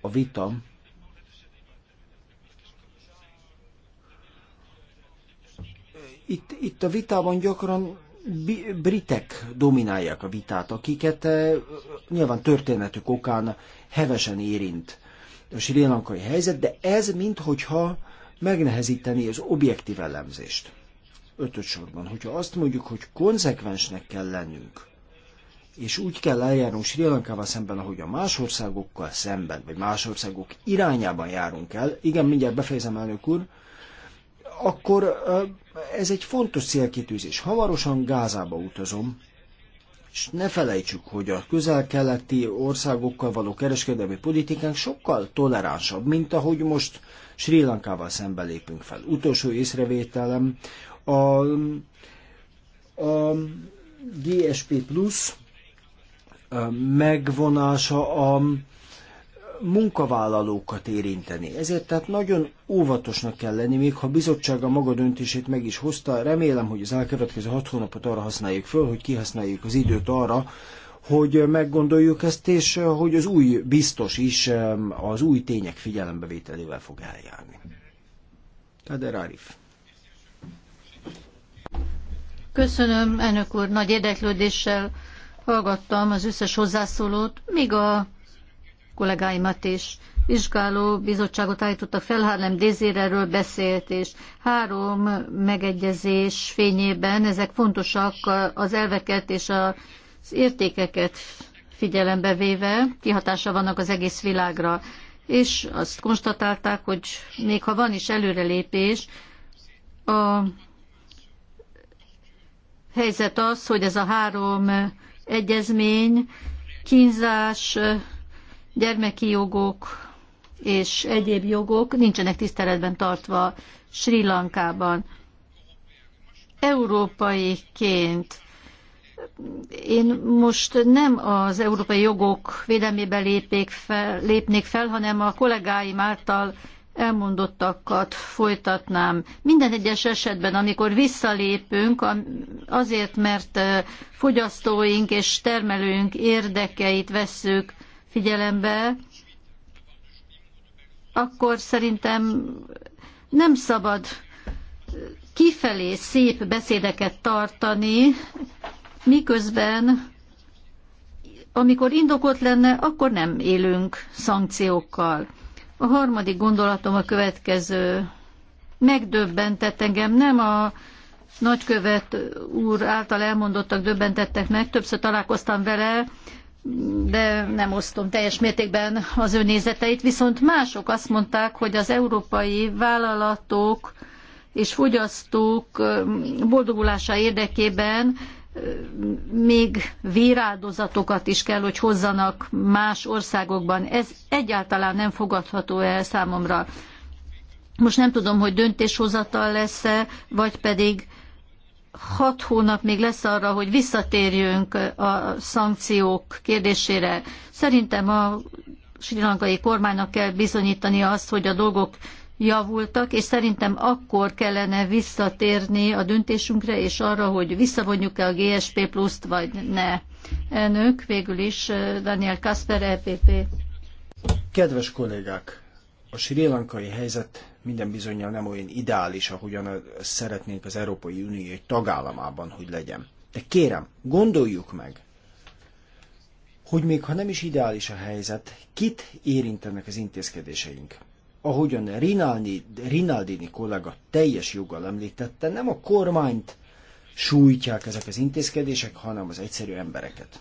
a vita itt, itt a vitában gyakran britek dominálják a vitát, akiket eh, nyilván történetük okán hevesen érint a sri lankai helyzet, de ez minthogyha megnehezíteni az objektív elemzést. Ötöt sorban, hogyha azt mondjuk, hogy konzekvensnek kell lennünk, és úgy kell eljárnunk Sri Lankával szemben, ahogy a más országokkal szemben, vagy más országok irányában járunk el, igen, mindjárt befejezem, elnök úr, akkor ez egy fontos célkitűzés. Hamarosan Gázába utazom, és ne felejtsük, hogy a közel-keleti országokkal való kereskedelmi politikánk sokkal toleránsabb, mint ahogy most Sri Lankával szembe lépünk fel. Utolsó észrevételem a, a GSP Plus megvonása a munkavállalókat érinteni. Ezért tehát nagyon óvatosnak kell lenni, még ha a bizottság a maga döntését meg is hozta. Remélem, hogy az elkövetkező hat hónapot arra használjuk föl, hogy kihasználjuk az időt arra, hogy meggondoljuk ezt, és eh, hogy az új biztos is eh, az új tények figyelembevételével fog eljárni. Kader Arif. Köszönöm, elnök úr, nagy érdeklődéssel hallgattam az összes hozzászólót, még a kollégáimat is. Vizsgáló bizottságot állítottak fel, hanem Dézérerről beszélt, és három megegyezés fényében ezek fontosak az elveket és az értékeket figyelembe véve, kihatása vannak az egész világra. És azt konstatálták, hogy még ha van is előrelépés, a helyzet az, hogy ez a három egyezmény kínzás, gyermeki jogok és egyéb jogok nincsenek tiszteletben tartva Sri Lankában. Európaiként én most nem az európai jogok védelmébe lépék fel, lépnék fel, hanem a kollégáim által elmondottakat folytatnám. Minden egyes esetben, amikor visszalépünk, azért, mert fogyasztóink és termelőink érdekeit vesszük figyelembe, akkor szerintem nem szabad kifelé szép beszédeket tartani, miközben amikor indokot lenne, akkor nem élünk szankciókkal. A harmadik gondolatom a következő. Megdöbbentett engem, nem a nagykövet úr által elmondottak döbbentettek meg, többször találkoztam vele, de nem osztom teljes mértékben az ő nézeteit, viszont mások azt mondták, hogy az európai vállalatok és fogyasztók boldogulása érdekében még véráldozatokat is kell, hogy hozzanak más országokban. Ez egyáltalán nem fogadható el számomra. Most nem tudom, hogy döntéshozatal lesz-e, vagy pedig hat hónap még lesz arra, hogy visszatérjünk a szankciók kérdésére. Szerintem a sri lankai kormánynak kell bizonyítani azt, hogy a dolgok javultak, és szerintem akkor kellene visszatérni a döntésünkre, és arra, hogy visszavonjuk-e a GSP pluszt, vagy ne. Elnök, végül is eh, Daniel Kasper, EPP. Kedves kollégák, a sri lankai helyzet minden bizonyal nem olyan ideális, ahogyan szeretnénk az Európai Unió egy tagállamában, hogy legyen. De kérem, gondoljuk meg, hogy még ha nem is ideális a helyzet, kit érintenek az intézkedéseink? Ahogyan Rinaldi, Rinaldini kollega teljes joggal említette, nem a kormányt sújtják ezek az intézkedések, hanem az egyszerű embereket.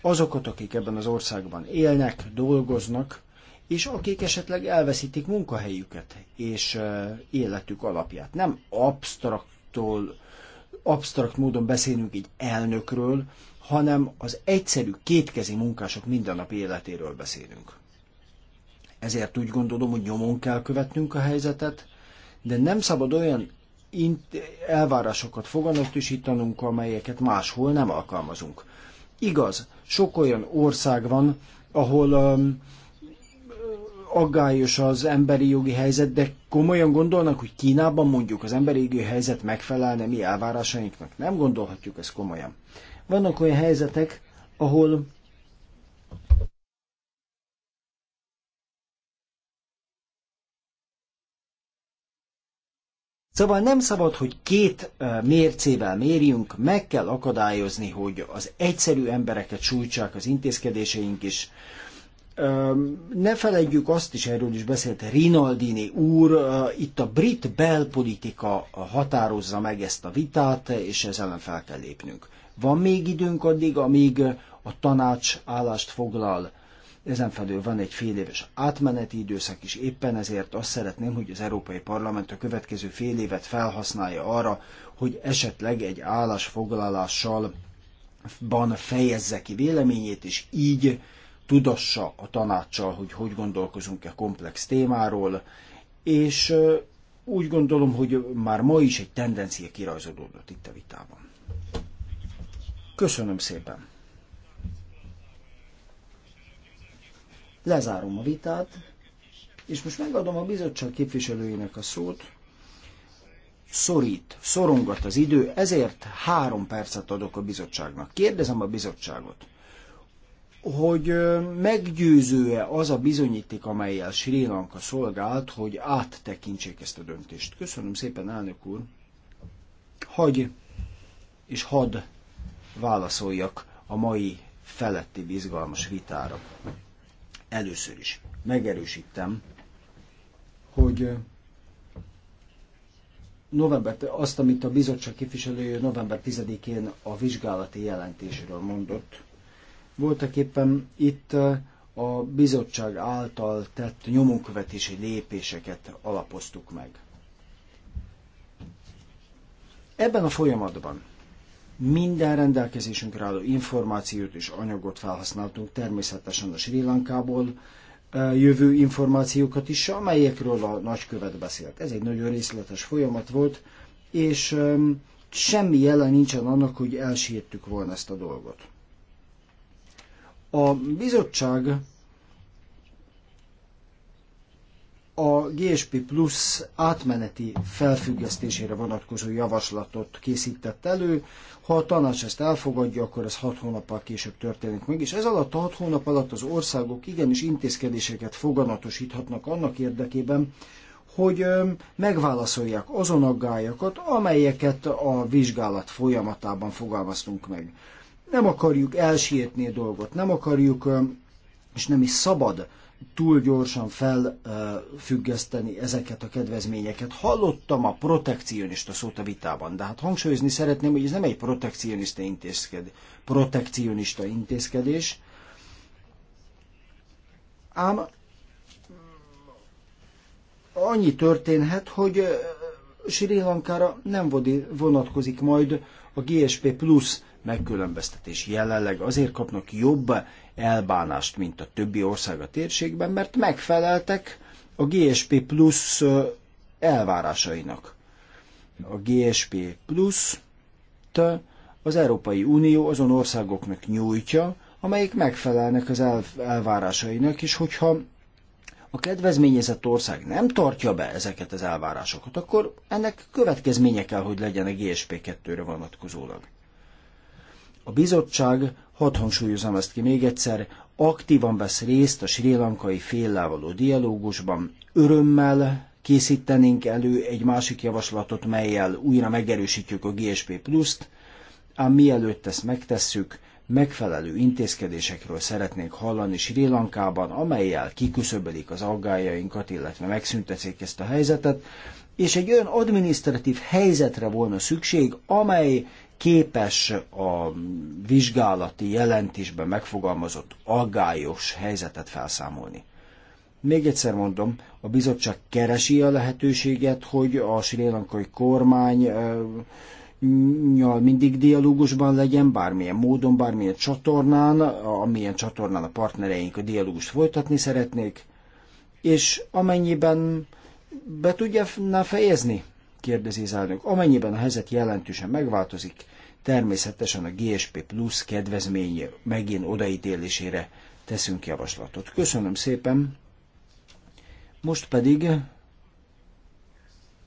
Azokat, akik ebben az országban élnek, dolgoznak, és akik esetleg elveszítik munkahelyüket és életük alapját. Nem absztraktól, absztrakt módon beszélünk így elnökről, hanem az egyszerű kétkezi munkások mindennapi életéről beszélünk. Ezért úgy gondolom, hogy nyomon kell követnünk a helyzetet, de nem szabad olyan elvárásokat foganatosítanunk, amelyeket máshol nem alkalmazunk. Igaz, sok olyan ország van, ahol um, aggályos az emberi jogi helyzet, de komolyan gondolnak, hogy Kínában mondjuk az emberi jogi helyzet megfelelne mi elvárásainknak? Nem gondolhatjuk ezt komolyan. Vannak olyan helyzetek, ahol Szóval nem szabad, hogy két mércével mérjünk, meg kell akadályozni, hogy az egyszerű embereket sújtsák az intézkedéseink is, ne felejtjük azt is, erről is beszélt Rinaldini úr, itt a brit belpolitika határozza meg ezt a vitát, és ezzel ellen fel kell lépnünk. Van még időnk addig, amíg a tanács állást foglal, ezen felül van egy fél éves átmeneti időszak is, éppen ezért azt szeretném, hogy az Európai Parlament a következő fél évet felhasználja arra, hogy esetleg egy állásfoglalással ban fejezze ki véleményét, és így tudassa a tanácssal, hogy hogy gondolkozunk-e komplex témáról, és úgy gondolom, hogy már ma is egy tendencia kirajzolódott itt a vitában. Köszönöm szépen! Lezárom a vitát, és most megadom a bizottság képviselőjének a szót. Szorít, szorongat az idő, ezért három percet adok a bizottságnak. Kérdezem a bizottságot hogy meggyőző-e az a bizonyíték, amelyel Sri Lanka szolgált, hogy áttekintsék ezt a döntést. Köszönöm szépen, elnök úr. Hagy és had válaszoljak a mai feletti bizgalmas vitára. Először is megerősítem, hogy november, azt, amit a bizottság képviselője november 10-én a vizsgálati jelentésről mondott, voltak éppen itt a bizottság által tett nyomonkövetési lépéseket alapoztuk meg. Ebben a folyamatban minden rendelkezésünkre álló információt és anyagot felhasználtunk, természetesen a Sri Lankából jövő információkat is, amelyekről a nagykövet beszélt. Ez egy nagyon részletes folyamat volt, és semmi jelen nincsen annak, hogy elsírtük volna ezt a dolgot. A bizottság a GSP Plus átmeneti felfüggesztésére vonatkozó javaslatot készített elő. Ha a tanács ezt elfogadja, akkor ez 6 hónappal később történik meg, és ez alatt a 6 hónap alatt az országok igenis intézkedéseket foganatosíthatnak annak érdekében, hogy megválaszolják azon aggályokat, amelyeket a vizsgálat folyamatában fogalmaztunk meg. Nem akarjuk elsietni a dolgot, nem akarjuk, és nem is szabad túl gyorsan felfüggeszteni ezeket a kedvezményeket. Hallottam a protekcionista szót a vitában, de hát hangsúlyozni szeretném, hogy ez nem egy protekcionista, intézkedés, protekcionista intézkedés, ám annyi történhet, hogy Sri Lankára nem vonatkozik majd a GSP plusz megkülönböztetés. Jelenleg azért kapnak jobb elbánást, mint a többi ország a térségben, mert megfeleltek a GSP plusz elvárásainak. A GSP plusz az Európai Unió azon országoknak nyújtja, amelyik megfelelnek az elvárásainak, és hogyha a kedvezményezett ország nem tartja be ezeket az elvárásokat, akkor ennek következménye kell, hogy legyen a GSP 2-re vonatkozólag. A bizottság, hadd hangsúlyozom ezt ki még egyszer, aktívan vesz részt a sri lankai féllel való dialógusban. Örömmel készítenénk elő egy másik javaslatot, melyel újra megerősítjük a GSP Plus-t, ám mielőtt ezt megtesszük, megfelelő intézkedésekről szeretnénk hallani Sri Lankában, amelyel kiküszöbölik az aggájainkat, illetve megszüntetik ezt a helyzetet, és egy olyan adminisztratív helyzetre volna szükség, amely képes a vizsgálati jelentésben megfogalmazott aggályos helyzetet felszámolni. Még egyszer mondom, a bizottság keresi a lehetőséget, hogy a sri lankai kormány mindig dialógusban legyen, bármilyen módon, bármilyen csatornán, amilyen csatornán a partnereink a dialógust folytatni szeretnék, és amennyiben be tudja fejezni kérdezi az elnök. Amennyiben a helyzet jelentősen megváltozik, természetesen a GSP Plus kedvezmény megint odaítélésére teszünk javaslatot. Köszönöm szépen. Most pedig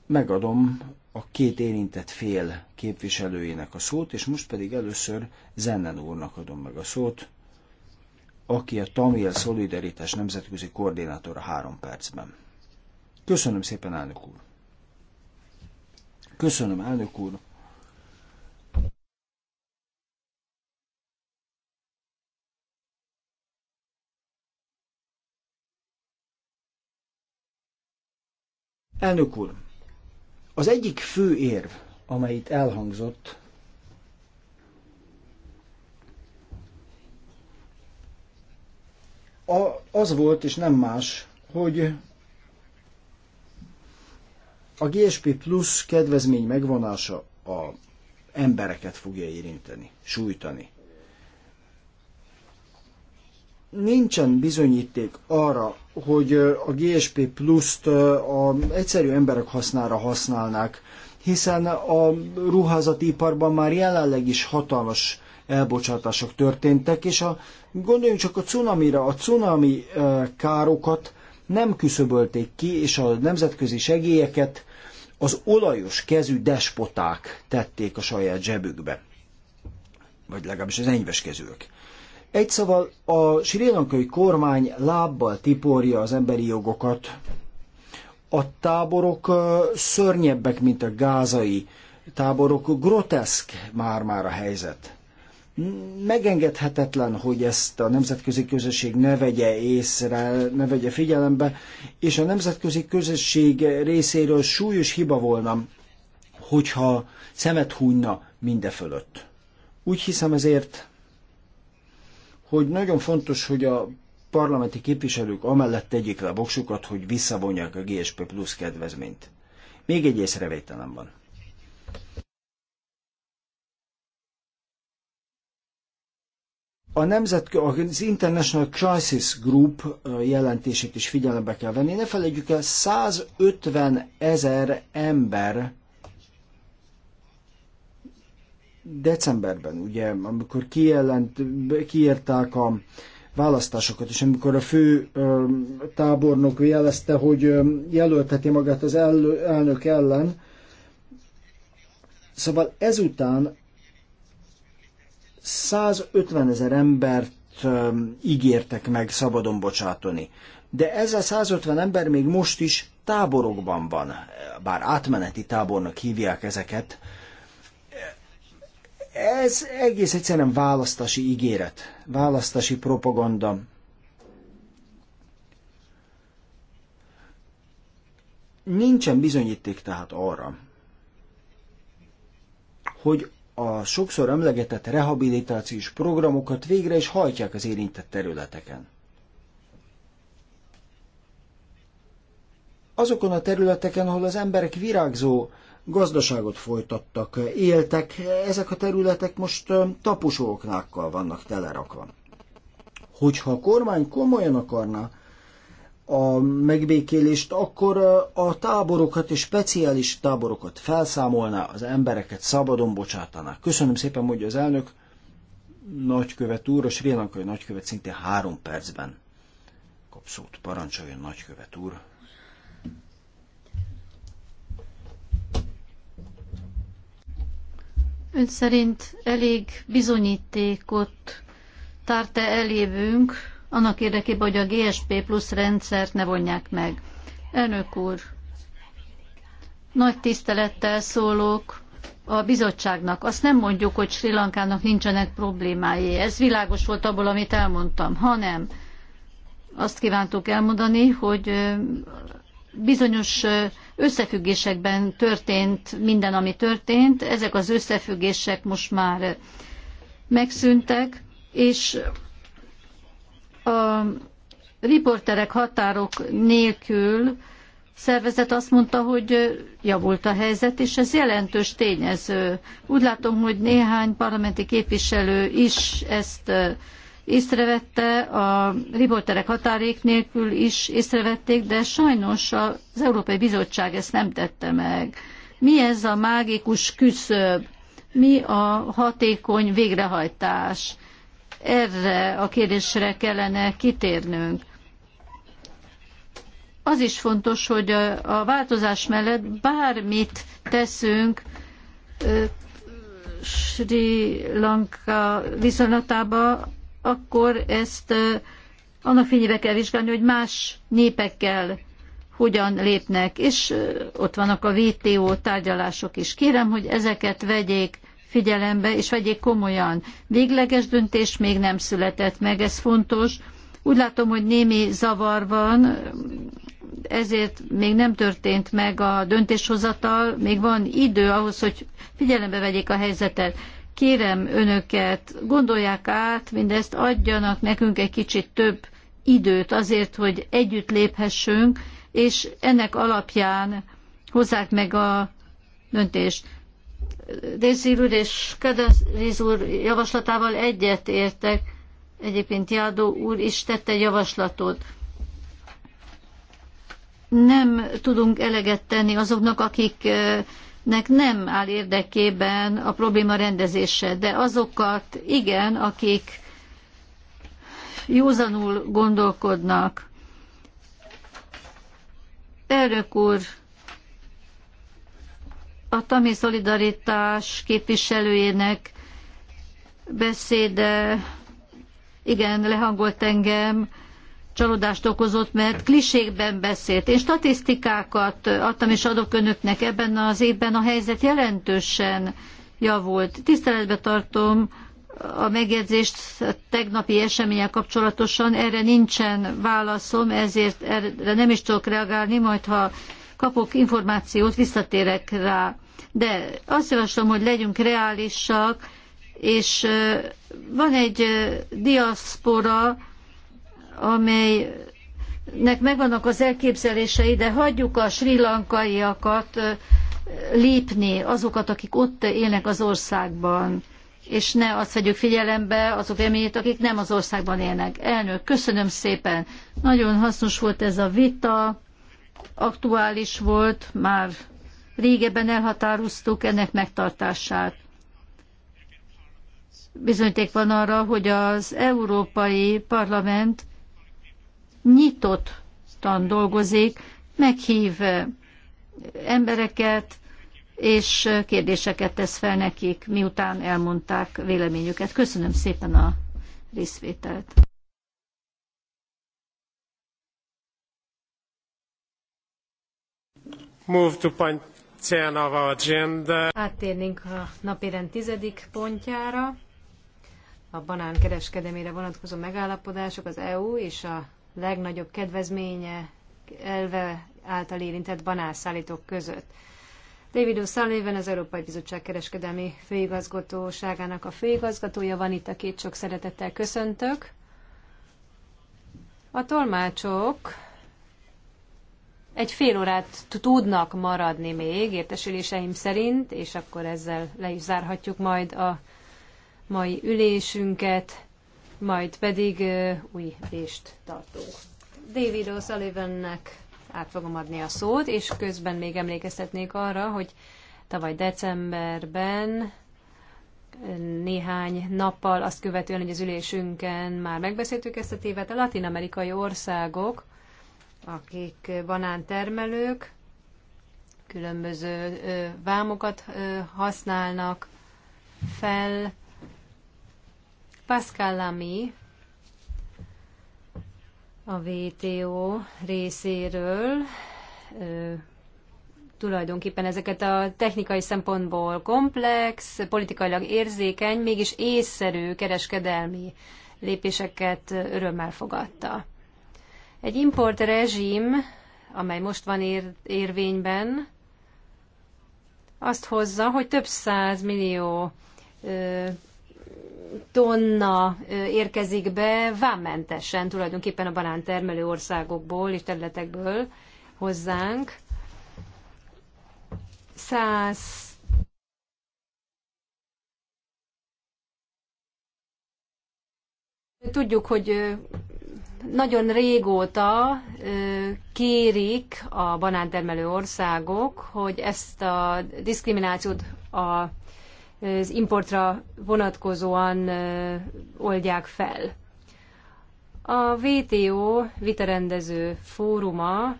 megadom a két érintett fél képviselőjének a szót, és most pedig először Zennen úrnak adom meg a szót, aki a Tamil Szolidaritás nemzetközi koordinátora három percben. Köszönöm szépen, elnök úr! Köszönöm, elnök úr! Elnök úr, az egyik fő érv, amely itt elhangzott, az volt, és nem más, hogy a GSP Plus kedvezmény megvonása a embereket fogja érinteni, sújtani. Nincsen bizonyíték arra, hogy a GSP Plus-t a egyszerű emberek hasznára használnák, hiszen a ruházati iparban már jelenleg is hatalmas elbocsátások történtek, és a, gondoljunk csak a cunamira, a cunami károkat nem küszöbölték ki, és a nemzetközi segélyeket az olajos kezű despoták tették a saját zsebükbe. Vagy legalábbis az enyves kezűek. Egy szóval a Sri Lankai kormány lábbal tiporja az emberi jogokat. A táborok szörnyebbek, mint a gázai táborok. Groteszk már-már a helyzet megengedhetetlen, hogy ezt a nemzetközi közösség ne vegye észre, ne vegye figyelembe, és a nemzetközi közösség részéről súlyos hiba volna, hogyha szemet hunyna minde fölött. Úgy hiszem ezért, hogy nagyon fontos, hogy a parlamenti képviselők amellett tegyék le a boksukat, hogy visszavonják a GSP plusz kedvezményt. Még egy észrevételem van. A nemzet, az International Crisis Group jelentését is figyelembe kell venni. Ne felejtjük el, 150 ezer ember decemberben, ugye, amikor kijelent, kiírták a választásokat, és amikor a fő ö, tábornok jelezte, hogy ö, jelölteti magát az el, elnök ellen, szóval ezután 150 ezer embert ígértek meg szabadon bocsátani. De ez a 150 ember még most is táborokban van, bár átmeneti tábornak hívják ezeket. Ez egész egyszerűen választási ígéret, választási propaganda. Nincsen bizonyíték tehát arra, hogy a sokszor emlegetett rehabilitációs programokat végre is hajtják az érintett területeken. Azokon a területeken, ahol az emberek virágzó gazdaságot folytattak, éltek, ezek a területek most taposóknákkal vannak telerakva. Hogyha a kormány komolyan akarna a megbékélést, akkor a táborokat és speciális táborokat felszámolná, az embereket szabadon bocsátaná. Köszönöm szépen, mondja az elnök. Nagykövet úr, a Srilankai nagykövet szintén három percben kap szót. Parancsoljon, nagykövet úr. Ön szerint elég bizonyítékot tárta elévünk annak érdekében, hogy a GSP plusz rendszert ne vonják meg. Elnök úr, nagy tisztelettel szólok a bizottságnak. Azt nem mondjuk, hogy Sri Lankának nincsenek problémái. Ez világos volt abból, amit elmondtam, hanem azt kívántuk elmondani, hogy bizonyos összefüggésekben történt minden, ami történt. Ezek az összefüggések most már megszűntek, és a riporterek határok nélkül szervezet azt mondta, hogy javult a helyzet, és ez jelentős tényező. Úgy látom, hogy néhány parlamenti képviselő is ezt észrevette, a riporterek határék nélkül is észrevették, de sajnos az Európai Bizottság ezt nem tette meg. Mi ez a mágikus küszöb? Mi a hatékony végrehajtás? Erre a kérdésre kellene kitérnünk. Az is fontos, hogy a változás mellett bármit teszünk Sri Lanka viszonylatába, akkor ezt annak fényébe kell vizsgálni, hogy más népekkel hogyan lépnek, és ott vannak a WTO tárgyalások is. Kérem, hogy ezeket vegyék figyelembe, és vegyék komolyan. Végleges döntés még nem született meg, ez fontos. Úgy látom, hogy némi zavar van, ezért még nem történt meg a döntéshozatal, még van idő ahhoz, hogy figyelembe vegyék a helyzetet. Kérem önöket, gondolják át, mindezt adjanak nekünk egy kicsit több időt azért, hogy együtt léphessünk, és ennek alapján hozzák meg a döntést. Dézsír úr és Kedezíz úr javaslatával egyet értek. Egyébként Jádó úr is tette javaslatot. Nem tudunk eleget tenni azoknak, akiknek nem áll érdekében a probléma rendezése, de azokat igen, akik józanul gondolkodnak. Elnök úr, a Tami Szolidaritás képviselőjének beszéde igen, lehangolt engem, csalódást okozott, mert klisékben beszélt. Én statisztikákat adtam és adok önöknek ebben az évben, a helyzet jelentősen javult. Tiszteletbe tartom a megjegyzést tegnapi események kapcsolatosan, erre nincsen válaszom, ezért erre nem is tudok reagálni, majd ha kapok információt, visszatérek rá. De azt javaslom, hogy legyünk reálisak, és van egy diaszpora, amelynek megvannak az elképzelései, de hagyjuk a sri lankaiakat lépni, azokat, akik ott élnek az országban és ne azt vegyük figyelembe azok véleményét, akik nem az országban élnek. Elnök, köszönöm szépen. Nagyon hasznos volt ez a vita, aktuális volt, már régebben elhatároztuk ennek megtartását. Bizonyték van arra, hogy az Európai Parlament nyitottan dolgozik, meghív embereket, és kérdéseket tesz fel nekik, miután elmondták véleményüket. Köszönöm szépen a részvételt. Move to point Áttérnénk a napirend tizedik pontjára, a banán kereskedemére vonatkozó megállapodások az EU és a legnagyobb kedvezménye elve által érintett banánszállítók között. David O'Sullivan az Európai Bizottság kereskedelmi főigazgatóságának a főigazgatója van itt, akit sok szeretettel köszöntök. A tolmácsok egy fél órát tudnak maradni még, értesüléseim szerint, és akkor ezzel le is zárhatjuk majd a mai ülésünket, majd pedig uh, új ülést tartunk. David O'Sullivannek át fogom adni a szót, és közben még emlékeztetnék arra, hogy tavaly decemberben néhány nappal azt követően, hogy az ülésünken már megbeszéltük ezt a tévet, a latin-amerikai országok akik banántermelők, különböző vámokat használnak fel. Pascal Lamy a VTO részéről tulajdonképpen ezeket a technikai szempontból komplex, politikailag érzékeny, mégis észszerű kereskedelmi lépéseket örömmel fogadta. Egy import rezsim, amely most van ér, érvényben, azt hozza, hogy több száz millió ö, tonna ö, érkezik be vámmentesen tulajdonképpen a termelő országokból és területekből hozzánk. Száz Tudjuk, hogy nagyon régóta kérik a banántermelő országok, hogy ezt a diszkriminációt a az importra vonatkozóan oldják fel. A WTO vitarendező fóruma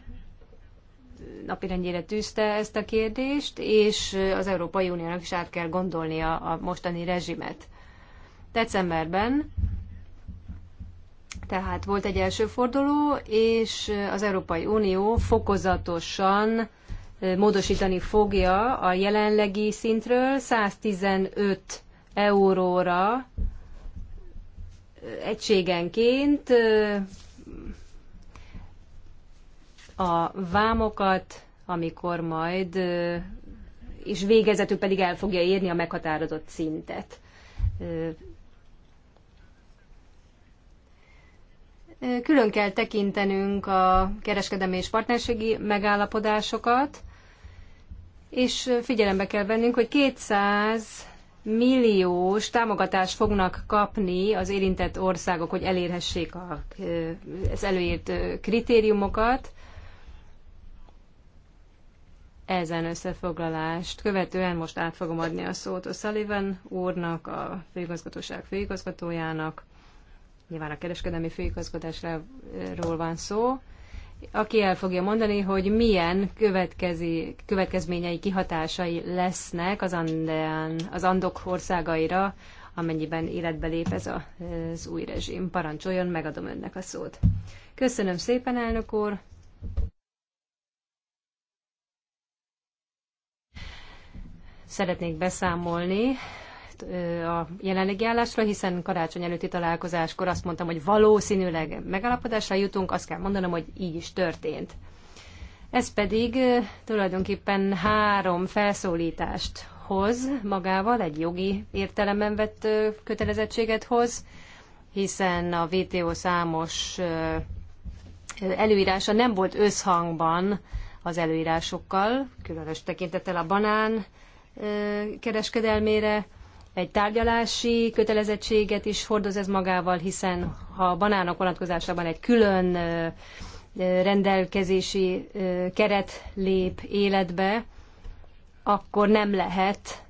napirendjére tűzte ezt a kérdést, és az Európai Uniónak is át kell gondolnia a mostani rezsimet. Decemberben tehát volt egy első forduló, és az Európai Unió fokozatosan módosítani fogja a jelenlegi szintről 115 euróra egységenként a vámokat, amikor majd, és végezetül pedig el fogja érni a meghatározott szintet. Külön kell tekintenünk a kereskedelmi és partnerségi megállapodásokat, és figyelembe kell vennünk, hogy 200 milliós támogatást fognak kapni az érintett országok, hogy elérhessék az előírt kritériumokat. Ezen összefoglalást követően most át fogom adni a szót a Sullivan úrnak, a főigazgatóság főigazgatójának, nyilván a kereskedelmi főigazgatásról van szó, aki el fogja mondani, hogy milyen következi, következményei, kihatásai lesznek az, Andean, az Andok országaira, amennyiben életbe lép ez a, az új rezsim. Parancsoljon, megadom önnek a szót. Köszönöm szépen, elnök úr! Szeretnék beszámolni a jelenlegi állásra, hiszen karácsony előtti találkozáskor azt mondtam, hogy valószínűleg megállapodásra jutunk, azt kell mondanom, hogy így is történt. Ez pedig tulajdonképpen három felszólítást hoz magával, egy jogi értelemben vett kötelezettséget hoz, hiszen a VTO számos előírása nem volt összhangban az előírásokkal, különös tekintettel a banán kereskedelmére, egy tárgyalási kötelezettséget is hordoz ez magával, hiszen ha a banánok vonatkozásában egy külön rendelkezési keret lép életbe, akkor nem lehet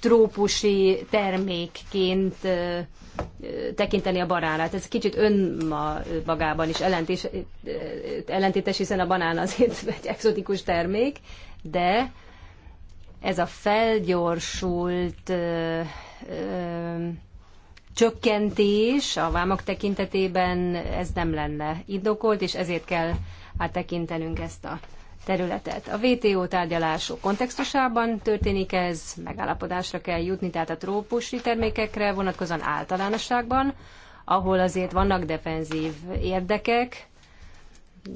trópusi termékként tekinteni a banánát. Ez kicsit önmagában is ellentés, ellentétes, hiszen a banán azért egy exotikus termék, de ez a felgyorsult ö, ö, csökkentés a vámok tekintetében ez nem lenne indokolt, és ezért kell áttekintenünk ezt a területet. A WTO tárgyalások kontextusában történik ez, megállapodásra kell jutni, tehát a trópusi termékekre vonatkozóan általánosságban, ahol azért vannak defenzív érdekek,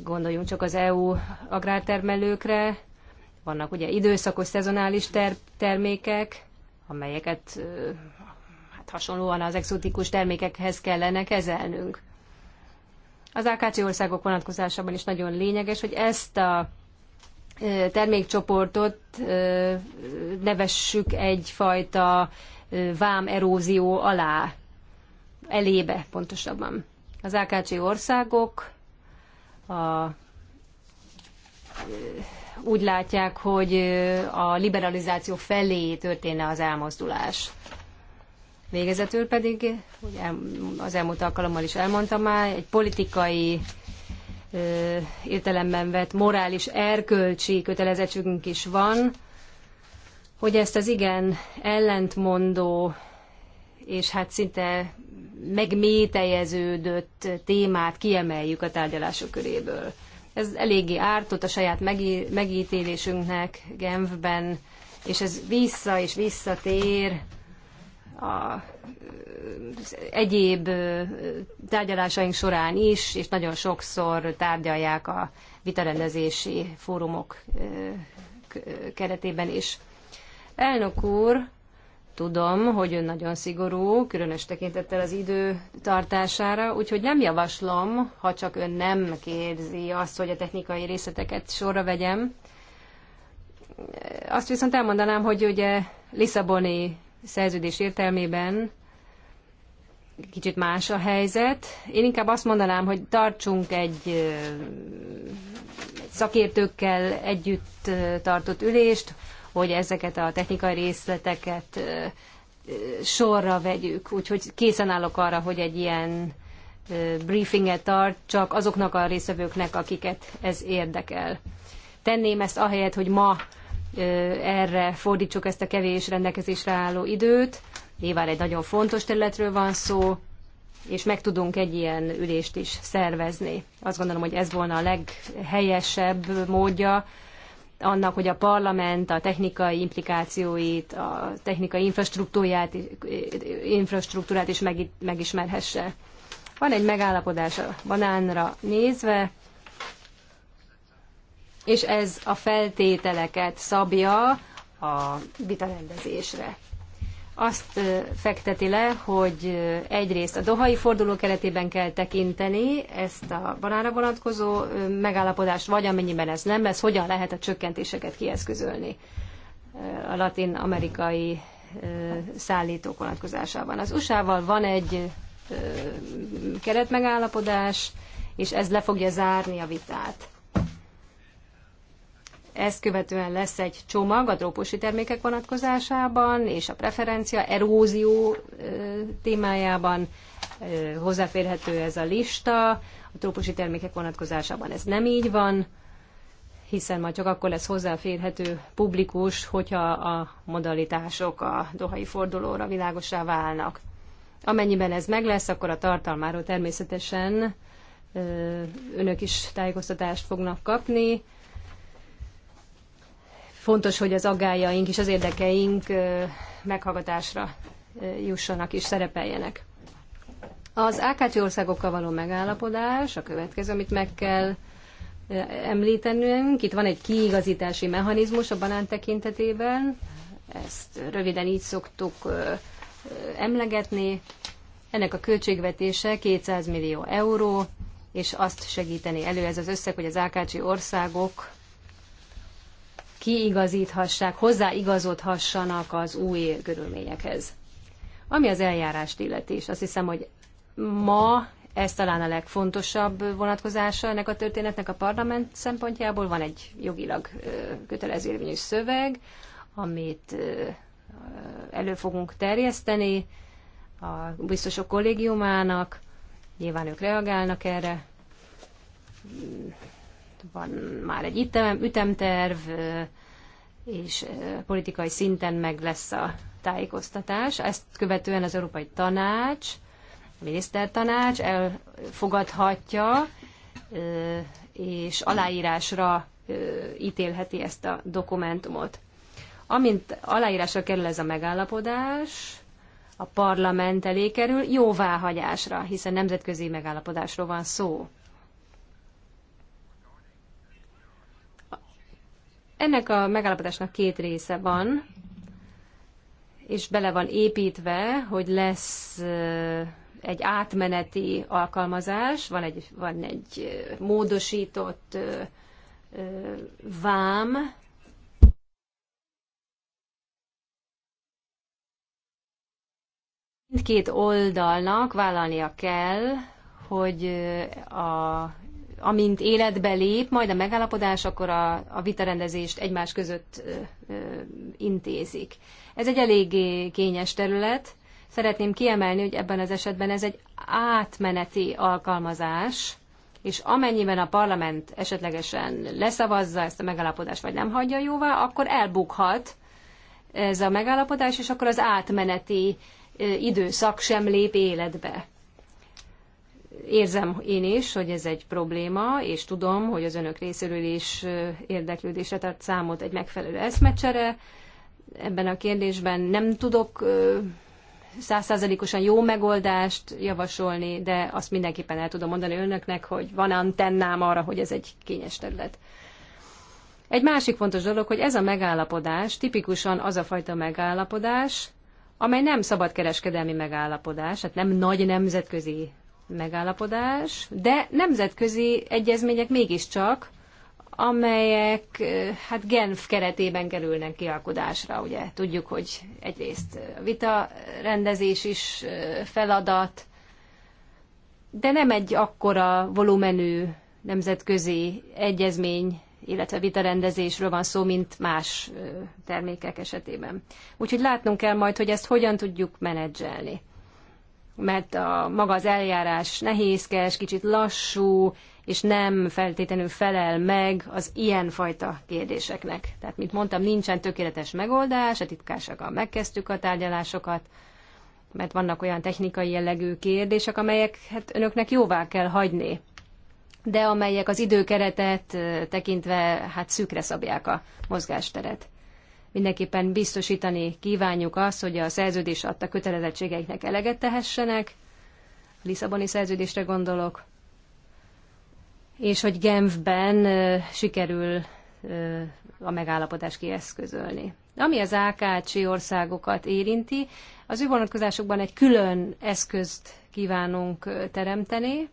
gondoljunk csak az EU agrártermelőkre, vannak ugye időszakos, szezonális ter- termékek, amelyeket hát hasonlóan az exotikus termékekhez kellene kezelnünk. Az AKC országok vonatkozásában is nagyon lényeges, hogy ezt a termékcsoportot nevessük egyfajta vám erózió alá, elébe pontosabban. Az AKC országok a úgy látják, hogy a liberalizáció felé történne az elmozdulás. Végezetül pedig, hogy az elmúlt alkalommal is elmondtam már, egy politikai értelemben vett morális erkölcsi kötelezettségünk is van, hogy ezt az igen ellentmondó és hát szinte megmétejeződött témát kiemeljük a tárgyalások köréből. Ez eléggé ártott a saját megítélésünknek Genfben, és ez vissza és visszatér a egyéb tárgyalásaink során is, és nagyon sokszor tárgyalják a vitarendezési fórumok keretében is. Elnök úr, Tudom, hogy ön nagyon szigorú, különös tekintettel az idő tartására, úgyhogy nem javaslom, ha csak ön nem kérzi azt, hogy a technikai részleteket sorra vegyem. Azt viszont elmondanám, hogy ugye Lisszaboni szerződés értelmében kicsit más a helyzet. Én inkább azt mondanám, hogy tartsunk egy, egy szakértőkkel együtt tartott ülést, hogy ezeket a technikai részleteket sorra vegyük. Úgyhogy készen állok arra, hogy egy ilyen briefinget tart, csak azoknak a részvevőknek, akiket ez érdekel. Tenném ezt ahelyett, hogy ma erre fordítsuk ezt a kevés rendelkezésre álló időt. Nyilván egy nagyon fontos területről van szó, és meg tudunk egy ilyen ülést is szervezni. Azt gondolom, hogy ez volna a leghelyesebb módja annak, hogy a parlament a technikai implikációit, a technikai infrastruktúrát, infrastruktúrát is meg, megismerhesse. Van egy megállapodás a banánra nézve, és ez a feltételeket szabja a vitarendezésre azt fekteti le, hogy egyrészt a dohai forduló keretében kell tekinteni ezt a banára vonatkozó megállapodást, vagy amennyiben ez nem lesz, hogyan lehet a csökkentéseket kieszközölni a latin-amerikai szállítók vonatkozásában. Az USA-val van egy keretmegállapodás, és ez le fogja zárni a vitát. Ezt követően lesz egy csomag a trópusi termékek vonatkozásában és a preferencia erózió témájában hozzáférhető ez a lista. A trópusi termékek vonatkozásában ez nem így van, hiszen majd csak akkor lesz hozzáférhető publikus, hogyha a modalitások a dohai fordulóra világosá válnak. Amennyiben ez meg lesz, akkor a tartalmáról természetesen önök is tájékoztatást fognak kapni fontos, hogy az aggájaink és az érdekeink meghallgatásra jussanak és szerepeljenek. Az AKT országokkal való megállapodás, a következő, amit meg kell említenünk, itt van egy kiigazítási mechanizmus a banán tekintetében, ezt röviden így szoktuk emlegetni. Ennek a költségvetése 200 millió euró, és azt segíteni elő ez az összeg, hogy az AKC országok kiigazíthassák, hozzáigazodhassanak az új körülményekhez. Ami az eljárást illeti, is, azt hiszem, hogy ma ez talán a legfontosabb vonatkozása ennek a történetnek a parlament szempontjából. Van egy jogilag kötelező érvényű szöveg, amit elő fogunk terjeszteni a biztosok kollégiumának. Nyilván ők reagálnak erre van már egy ütemterv, és politikai szinten meg lesz a tájékoztatás. Ezt követően az Európai Tanács, a minisztertanács elfogadhatja, és aláírásra ítélheti ezt a dokumentumot. Amint aláírásra kerül ez a megállapodás, a parlament elé kerül jóváhagyásra, hiszen nemzetközi megállapodásról van szó. Ennek a megállapodásnak két része van, és bele van építve, hogy lesz egy átmeneti alkalmazás, van egy, van egy módosított vám, mindkét oldalnak vállalnia kell, hogy a amint életbe lép, majd a megállapodás, akkor a, a vitarendezést egymás között ö, ö, intézik. Ez egy eléggé kényes terület. Szeretném kiemelni, hogy ebben az esetben ez egy átmeneti alkalmazás, és amennyiben a parlament esetlegesen leszavazza ezt a megállapodást, vagy nem hagyja jóvá, akkor elbukhat ez a megállapodás, és akkor az átmeneti időszak sem lép életbe érzem én is, hogy ez egy probléma, és tudom, hogy az önök részéről is érdeklődésre tart számot egy megfelelő eszmecsere. Ebben a kérdésben nem tudok százszázalékosan jó megoldást javasolni, de azt mindenképpen el tudom mondani önöknek, hogy van antennám arra, hogy ez egy kényes terület. Egy másik fontos dolog, hogy ez a megállapodás tipikusan az a fajta megállapodás, amely nem szabadkereskedelmi megállapodás, tehát nem nagy nemzetközi megállapodás, de nemzetközi egyezmények mégiscsak, amelyek hát Genf keretében kerülnek kialkodásra. Ugye tudjuk, hogy egyrészt a vita rendezés is feladat, de nem egy akkora volumenű nemzetközi egyezmény, illetve vitarendezésről van szó, mint más termékek esetében. Úgyhogy látnunk kell majd, hogy ezt hogyan tudjuk menedzselni mert a, maga az eljárás nehézkes, kicsit lassú, és nem feltétlenül felel meg az ilyenfajta kérdéseknek. Tehát, mint mondtam, nincsen tökéletes megoldás, a titkársággal megkezdtük a tárgyalásokat, mert vannak olyan technikai jellegű kérdések, amelyek hát önöknek jóvá kell hagyni, de amelyek az időkeretet tekintve hát szűkre szabják a mozgásteret. Mindenképpen biztosítani kívánjuk azt, hogy a szerződés adta kötelezettségeiknek eleget tehessenek, a Lisszaboni szerződésre gondolok, és hogy Genfben sikerül a megállapodás kieszközölni. Ami az Ákácsi országokat érinti, az ő vonatkozásokban egy külön eszközt kívánunk teremteni,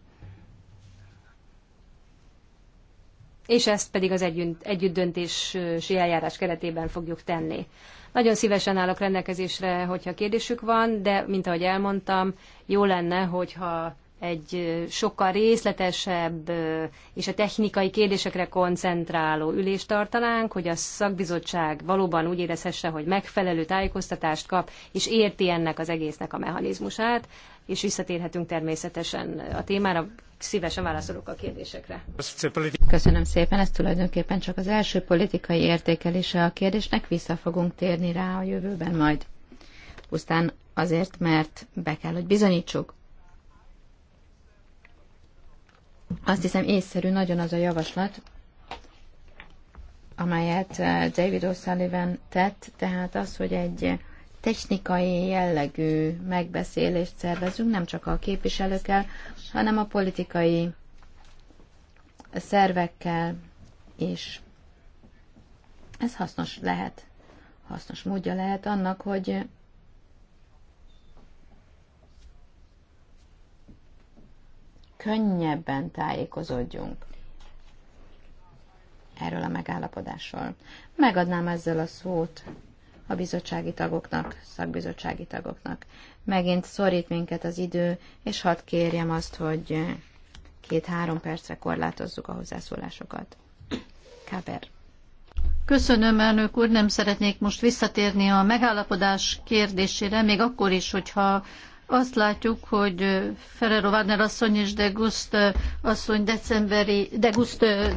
és ezt pedig az együtt, együttdöntési eljárás keretében fogjuk tenni. Nagyon szívesen állok rendelkezésre, hogyha kérdésük van, de mint ahogy elmondtam, jó lenne, hogyha egy sokkal részletesebb és a technikai kérdésekre koncentráló ülést tartanánk, hogy a szakbizottság valóban úgy érezhesse, hogy megfelelő tájékoztatást kap, és érti ennek az egésznek a mechanizmusát, és visszatérhetünk természetesen a témára szívesen válaszolok a kérdésekre. Köszönöm szépen, ez tulajdonképpen csak az első politikai értékelése a kérdésnek, vissza fogunk térni rá a jövőben majd. Pusztán azért, mert be kell, hogy bizonyítsuk. Azt hiszem észszerű nagyon az a javaslat, amelyet eh, David O'Sullivan tett, tehát az, hogy egy technikai jellegű megbeszélést szervezünk, nem csak a képviselőkkel, hanem a politikai szervekkel is. Ez hasznos lehet, hasznos módja lehet annak, hogy könnyebben tájékozódjunk erről a megállapodásról. Megadnám ezzel a szót a bizottsági tagoknak, szakbizottsági tagoknak. Megint szorít minket az idő, és hadd kérjem azt, hogy két-három percre korlátozzuk a hozzászólásokat. Káber. Köszönöm, elnök úr, nem szeretnék most visszatérni a megállapodás kérdésére, még akkor is, hogyha azt látjuk, hogy Ferrero Wagner asszony és de Gust eh, asszony decemberi, de Gust eh,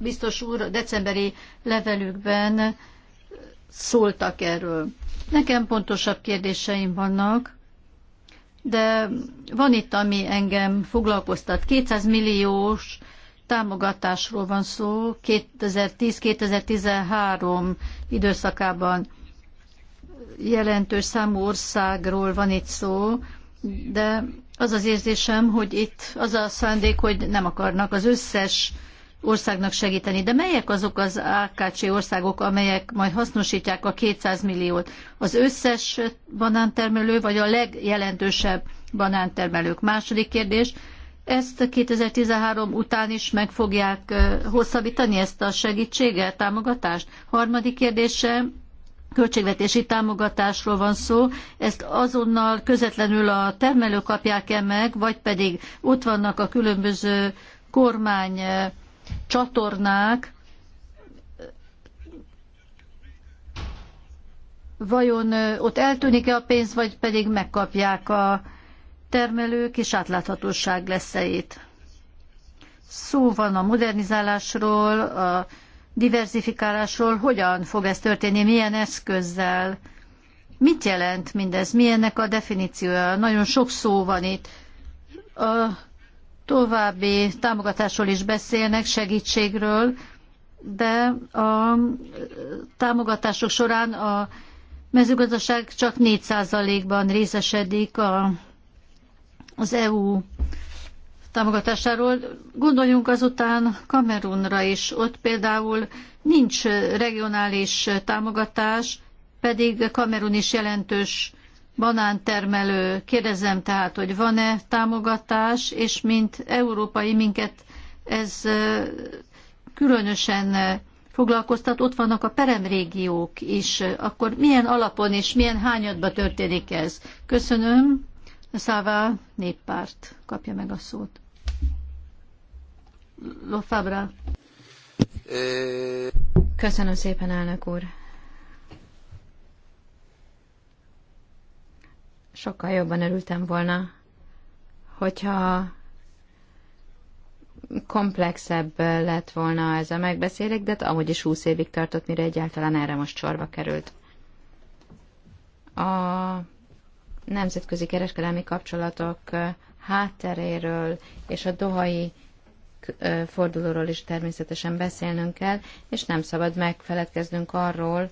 biztos úr decemberi levelükben szóltak erről. Nekem pontosabb kérdéseim vannak, de van itt, ami engem foglalkoztat. 200 milliós támogatásról van szó 2010-2013 időszakában. Jelentős számú országról van itt szó, de az az érzésem, hogy itt az a szándék, hogy nem akarnak az összes országnak segíteni. De melyek azok az AKC országok, amelyek majd hasznosítják a 200 milliót? Az összes banántermelő, vagy a legjelentősebb banántermelők? Második kérdés, ezt 2013 után is meg fogják hosszabbítani ezt a segítséget, támogatást? Harmadik kérdése, költségvetési támogatásról van szó, ezt azonnal közvetlenül a termelők kapják-e meg, vagy pedig ott vannak a különböző kormány csatornák vajon ott eltűnik-e a pénz, vagy pedig megkapják a termelők, és átláthatóság lesz-e itt. Szó van a modernizálásról, a diversifikálásról, hogyan fog ez történni, milyen eszközzel, mit jelent mindez, milyennek a definíciója, nagyon sok szó van itt. A További támogatásról is beszélnek, segítségről, de a támogatások során a mezőgazdaság csak 4%-ban részesedik a, az EU támogatásáról. Gondoljunk azután Kamerunra is. Ott például nincs regionális támogatás, pedig Kamerun is jelentős banántermelő. Kérdezem tehát, hogy van-e támogatás, és mint európai minket ez különösen foglalkoztat, ott vannak a peremrégiók is. Akkor milyen alapon és milyen hányadban történik ez? Köszönöm. Szává néppárt kapja meg a szót. Lofabra. Köszönöm szépen, elnök úr. sokkal jobban örültem volna, hogyha komplexebb lett volna ez a megbeszélek, de hát amúgy is 20 évig tartott, mire egyáltalán erre most sorba került. A nemzetközi kereskedelmi kapcsolatok hátteréről és a dohai fordulóról is természetesen beszélnünk kell, és nem szabad megfeledkeznünk arról,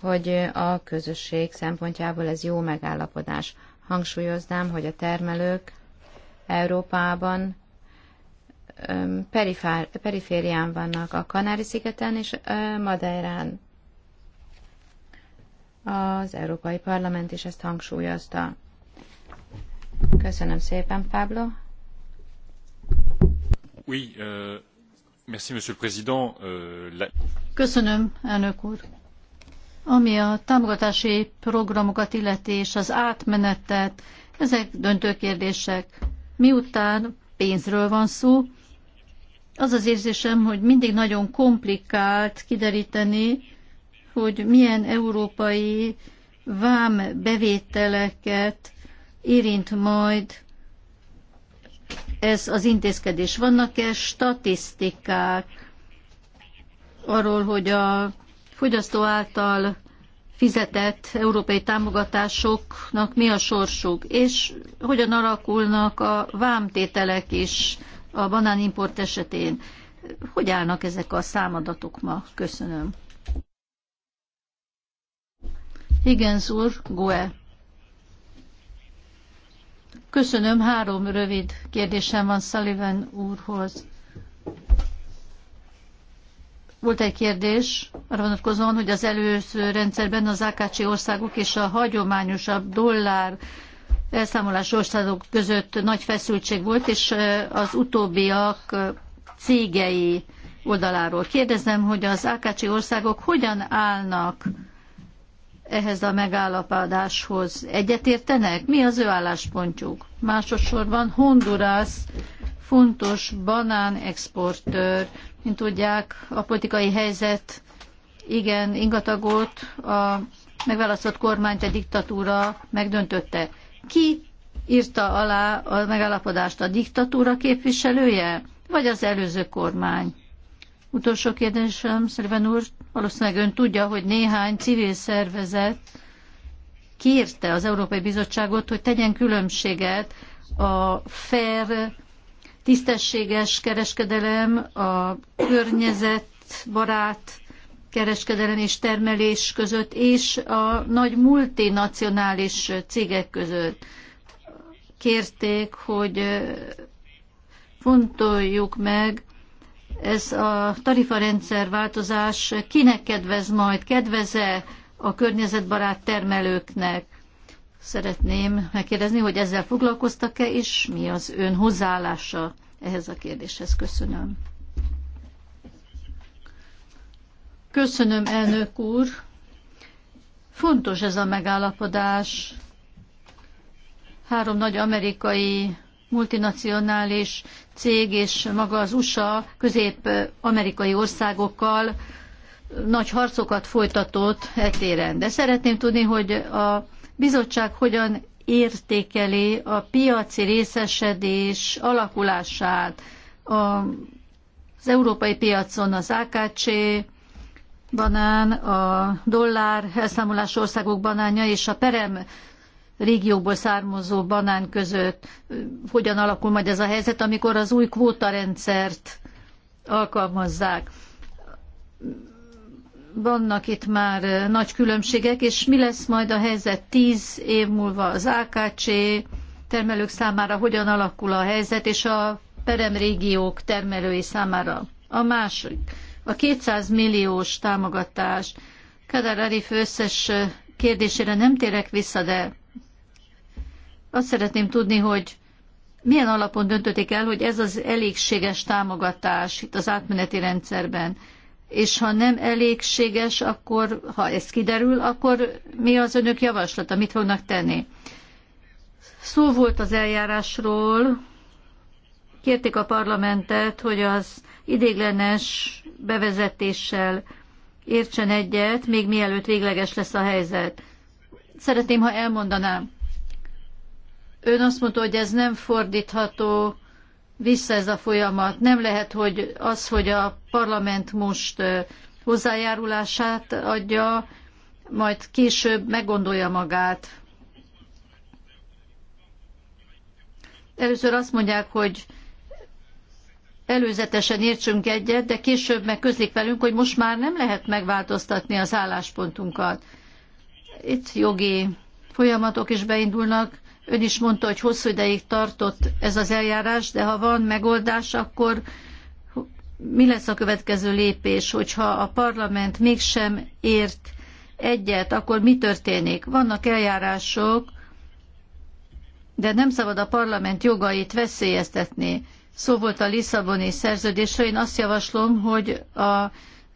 hogy a közösség szempontjából ez jó megállapodás. Hangsúlyoznám, hogy a termelők Európában perifár, periférián vannak a Kanári-szigeten és Madeirán. Az Európai Parlament is ezt hangsúlyozta. Köszönöm szépen, Pablo. Oui, euh, merci, monsieur le président. Euh, la... Köszönöm, elnök úr. Ami a támogatási programokat illeti és az átmenetet, ezek döntő kérdések. Miután pénzről van szó, az az érzésem, hogy mindig nagyon komplikált kideríteni, hogy milyen európai vám bevételeket érint majd ez az intézkedés. Vannak-e statisztikák arról, hogy a fogyasztó által fizetett európai támogatásoknak mi a sorsuk, és hogyan alakulnak a vámtételek is a banánimport esetén. Hogy állnak ezek a számadatok ma? Köszönöm. Higgins úr, Goe. Köszönöm, három rövid kérdésem van Sullivan úrhoz. Volt egy kérdés arra vonatkozóan, hogy az előző rendszerben az AKC országok és a hagyományosabb dollár elszámolás országok között nagy feszültség volt, és az utóbbiak cégei oldaláról. Kérdezem, hogy az AKC országok hogyan állnak ehhez a megállapodáshoz? Egyetértenek? Mi az ő álláspontjuk? Másodszorban Honduras fontos banán exportőr. Mint tudják, a politikai helyzet igen ingatagolt, a megválasztott kormányt egy diktatúra megdöntötte. Ki írta alá a megállapodást? A diktatúra képviselője, vagy az előző kormány? Utolsó kérdésem, Szerven úr, valószínűleg ön tudja, hogy néhány civil szervezet kérte az Európai Bizottságot, hogy tegyen különbséget a fair tisztességes kereskedelem, a környezetbarát kereskedelem és termelés között, és a nagy multinacionális cégek között. Kérték, hogy fontoljuk meg, ez a tarifarendszer változás kinek kedvez majd? Kedveze a környezetbarát termelőknek? Szeretném megkérdezni, hogy ezzel foglalkoztak-e, és mi az ön hozzáállása ehhez a kérdéshez. Köszönöm. Köszönöm, elnök úr. Fontos ez a megállapodás. Három nagy amerikai multinacionális cég és maga az USA közép-amerikai országokkal nagy harcokat folytatott etéren. De szeretném tudni, hogy a bizottság hogyan értékeli a piaci részesedés alakulását az európai piacon az AKC banán, a dollár elszámolás országok banánja és a perem régióból származó banán között hogyan alakul majd ez a helyzet, amikor az új kvótarendszert alkalmazzák vannak itt már nagy különbségek, és mi lesz majd a helyzet tíz év múlva az AKC termelők számára, hogyan alakul a helyzet, és a peremrégiók termelői számára. A másik, a 200 milliós támogatás. Kadar Arif összes kérdésére nem térek vissza, de azt szeretném tudni, hogy milyen alapon döntötték el, hogy ez az elégséges támogatás itt az átmeneti rendszerben és ha nem elégséges, akkor, ha ez kiderül, akkor mi az önök javaslata, mit fognak tenni? Szó volt az eljárásról, kérték a parlamentet, hogy az idéglenes bevezetéssel értsen egyet, még mielőtt végleges lesz a helyzet. Szeretném, ha elmondanám. Ön azt mondta, hogy ez nem fordítható vissza ez a folyamat. Nem lehet, hogy az, hogy a parlament most hozzájárulását adja, majd később meggondolja magát. Először azt mondják, hogy előzetesen értsünk egyet, de később meg közlik velünk, hogy most már nem lehet megváltoztatni az álláspontunkat. Itt jogi folyamatok is beindulnak, Ön is mondta, hogy hosszú ideig tartott ez az eljárás, de ha van megoldás, akkor mi lesz a következő lépés, hogyha a parlament mégsem ért egyet, akkor mi történik? Vannak eljárások, de nem szabad a parlament jogait veszélyeztetni. Szó volt a Lisszaboni szerződésről, én azt javaslom, hogy a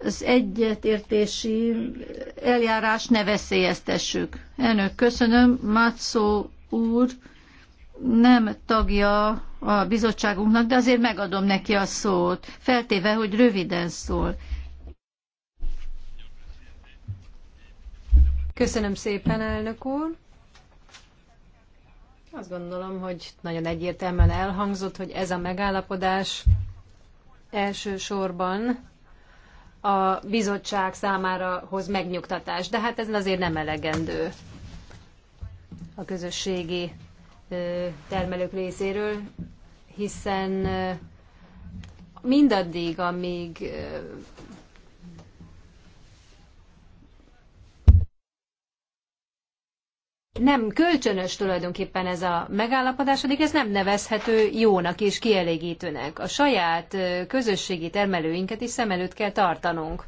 az egyetértési eljárás ne veszélyeztessük. Elnök, köszönöm. Mátszó úr nem tagja a bizottságunknak, de azért megadom neki a szót, feltéve, hogy röviden szól. Köszönöm szépen, elnök úr. Azt gondolom, hogy nagyon egyértelműen elhangzott, hogy ez a megállapodás elsősorban a bizottság számára hoz megnyugtatást, de hát ez azért nem elegendő a közösségi termelők részéről, hiszen mindaddig, amíg nem kölcsönös tulajdonképpen ez a megállapodás, addig ez nem nevezhető jónak és kielégítőnek. A saját közösségi termelőinket is szem előtt kell tartanunk.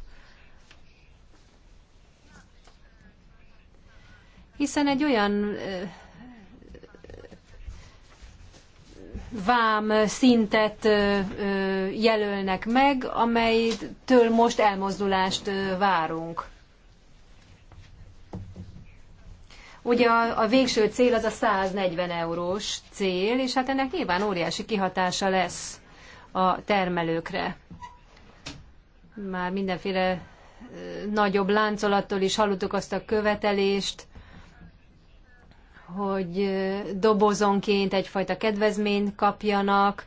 hiszen egy olyan vám szintet jelölnek meg, amelytől most elmozdulást várunk. Ugye a, a végső cél az a 140 eurós cél, és hát ennek nyilván óriási kihatása lesz a termelőkre. Már mindenféle nagyobb láncolattól is hallottuk azt a követelést, hogy dobozonként egyfajta kedvezményt kapjanak,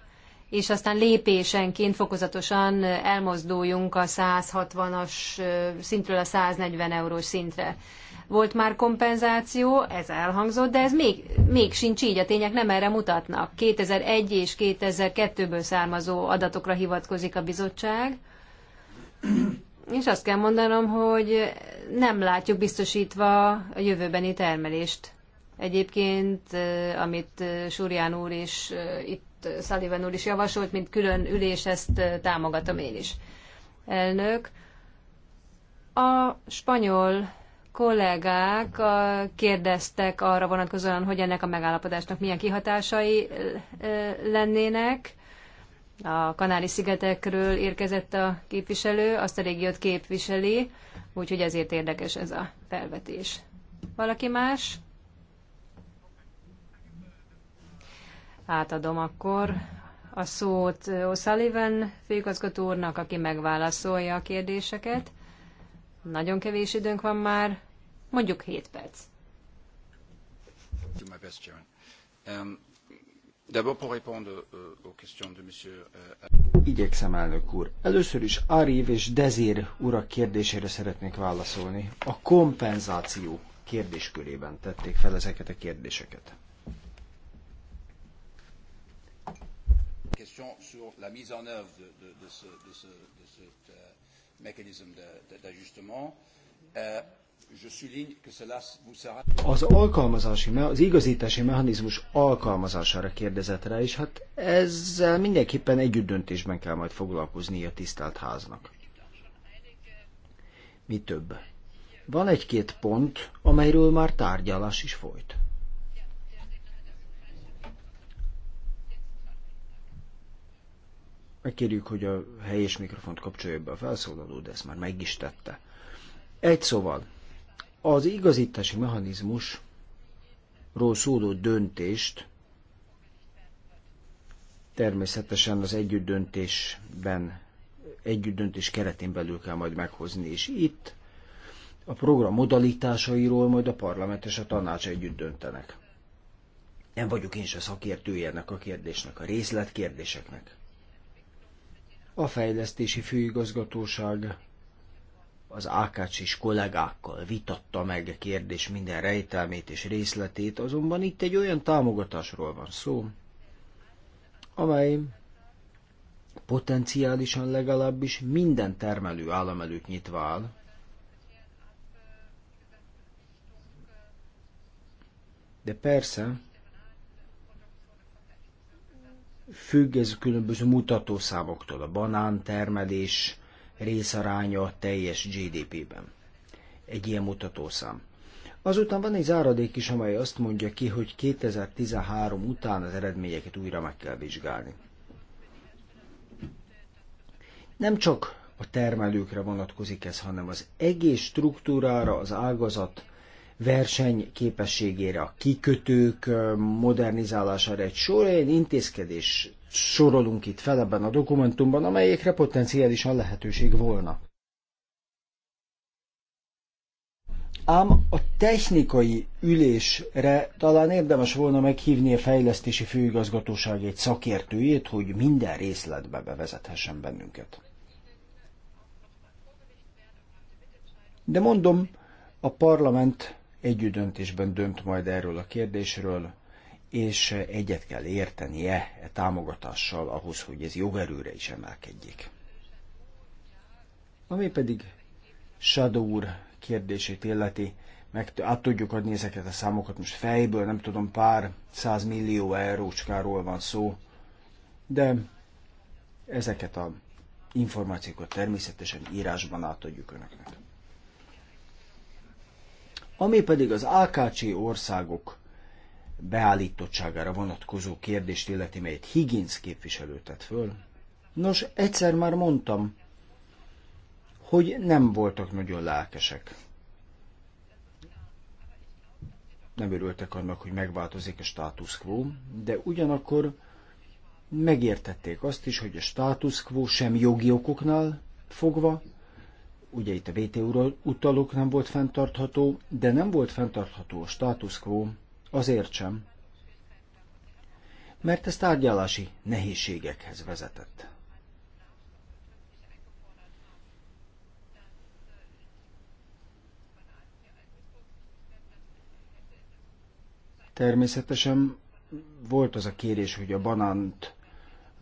és aztán lépésenként fokozatosan elmozduljunk a 160-as szintről a 140 eurós szintre. Volt már kompenzáció, ez elhangzott, de ez még, még sincs így, a tények nem erre mutatnak. 2001 és 2002-ből származó adatokra hivatkozik a bizottság, és azt kell mondanom, hogy nem látjuk biztosítva a jövőbeni termelést. Egyébként, amit Súrján úr is, itt Sullivan úr is javasolt, mint külön ülés, ezt támogatom én is. Elnök, a spanyol kollégák kérdeztek arra vonatkozóan, hogy ennek a megállapodásnak milyen kihatásai lennének. A Kanári-szigetekről érkezett a képviselő, azt a régiót képviseli, úgyhogy ezért érdekes ez a felvetés. Valaki más? Átadom akkor a szót O'Sullivan főigazgató úrnak, aki megválaszolja a kérdéseket. Nagyon kevés időnk van már, mondjuk 7 perc. Um, euh, euh, Igyekszem, elnök úr. Először is Arív és Dezir urak kérdésére szeretnék válaszolni. A kompenzáció kérdéskörében tették fel ezeket a kérdéseket. question sur la mise en œuvre de, de, de, ce, de, ce, de euh, mécanisme d'ajustement. Euh, az alkalmazási, az igazítási mechanizmus alkalmazására kérdezett rá, és hát ezzel mindenképpen együtt döntésben kell majd foglalkozni a tisztelt háznak. Mi több? Van egy-két pont, amelyről már tárgyalás is folyt. Megkérjük, hogy a helyes mikrofont kapcsolja be a felszólaló, de ezt már meg is tette. Egy szóval, az igazítási mechanizmusról szóló döntést természetesen az együttdöntésben, együttdöntés keretén belül kell majd meghozni, és itt a program modalitásairól majd a parlament és a tanács együtt döntenek. Nem vagyok én se szakértője ennek a kérdésnek, a részletkérdéseknek a fejlesztési főigazgatóság az Ákács és kollégákkal vitatta meg a kérdés minden rejtelmét és részletét, azonban itt egy olyan támogatásról van szó, amely potenciálisan legalábbis minden termelő állam előtt nyitva áll. De persze, függ ez a különböző mutatószámoktól, a termelés részaránya a teljes GDP-ben. Egy ilyen mutatószám. Azután van egy záradék is, amely azt mondja ki, hogy 2013 után az eredményeket újra meg kell vizsgálni. Nem csak a termelőkre vonatkozik ez, hanem az egész struktúrára, az ágazat versenyképességére, a kikötők modernizálására egy sor egy intézkedés sorolunk itt fel ebben a dokumentumban, amelyekre potenciálisan lehetőség volna. Ám a technikai ülésre talán érdemes volna meghívni a fejlesztési főigazgatóság egy szakértőjét, hogy minden részletbe bevezethessen bennünket. De mondom, a parlament együttdöntésben dönt majd erről a kérdésről, és egyet kell értenie e támogatással ahhoz, hogy ez jogerőre is emelkedjék. Ami pedig Shadow úr kérdését illeti, meg át tudjuk adni ezeket a számokat most fejből, nem tudom, pár százmillió eurócskáról van szó, de ezeket a információkat természetesen írásban átadjuk önöknek. Ami pedig az AKC országok beállítottságára vonatkozó kérdést illeti, melyet Higgins képviselő tett föl. Nos, egyszer már mondtam, hogy nem voltak nagyon lelkesek. Nem örültek annak, hogy megváltozik a status quo, de ugyanakkor megértették azt is, hogy a status quo sem jogi okoknál fogva, ugye itt a WTO-ról utalok nem volt fenntartható, de nem volt fenntartható a status quo, azért sem, mert ez tárgyalási nehézségekhez vezetett. Természetesen volt az a kérés, hogy a banánt,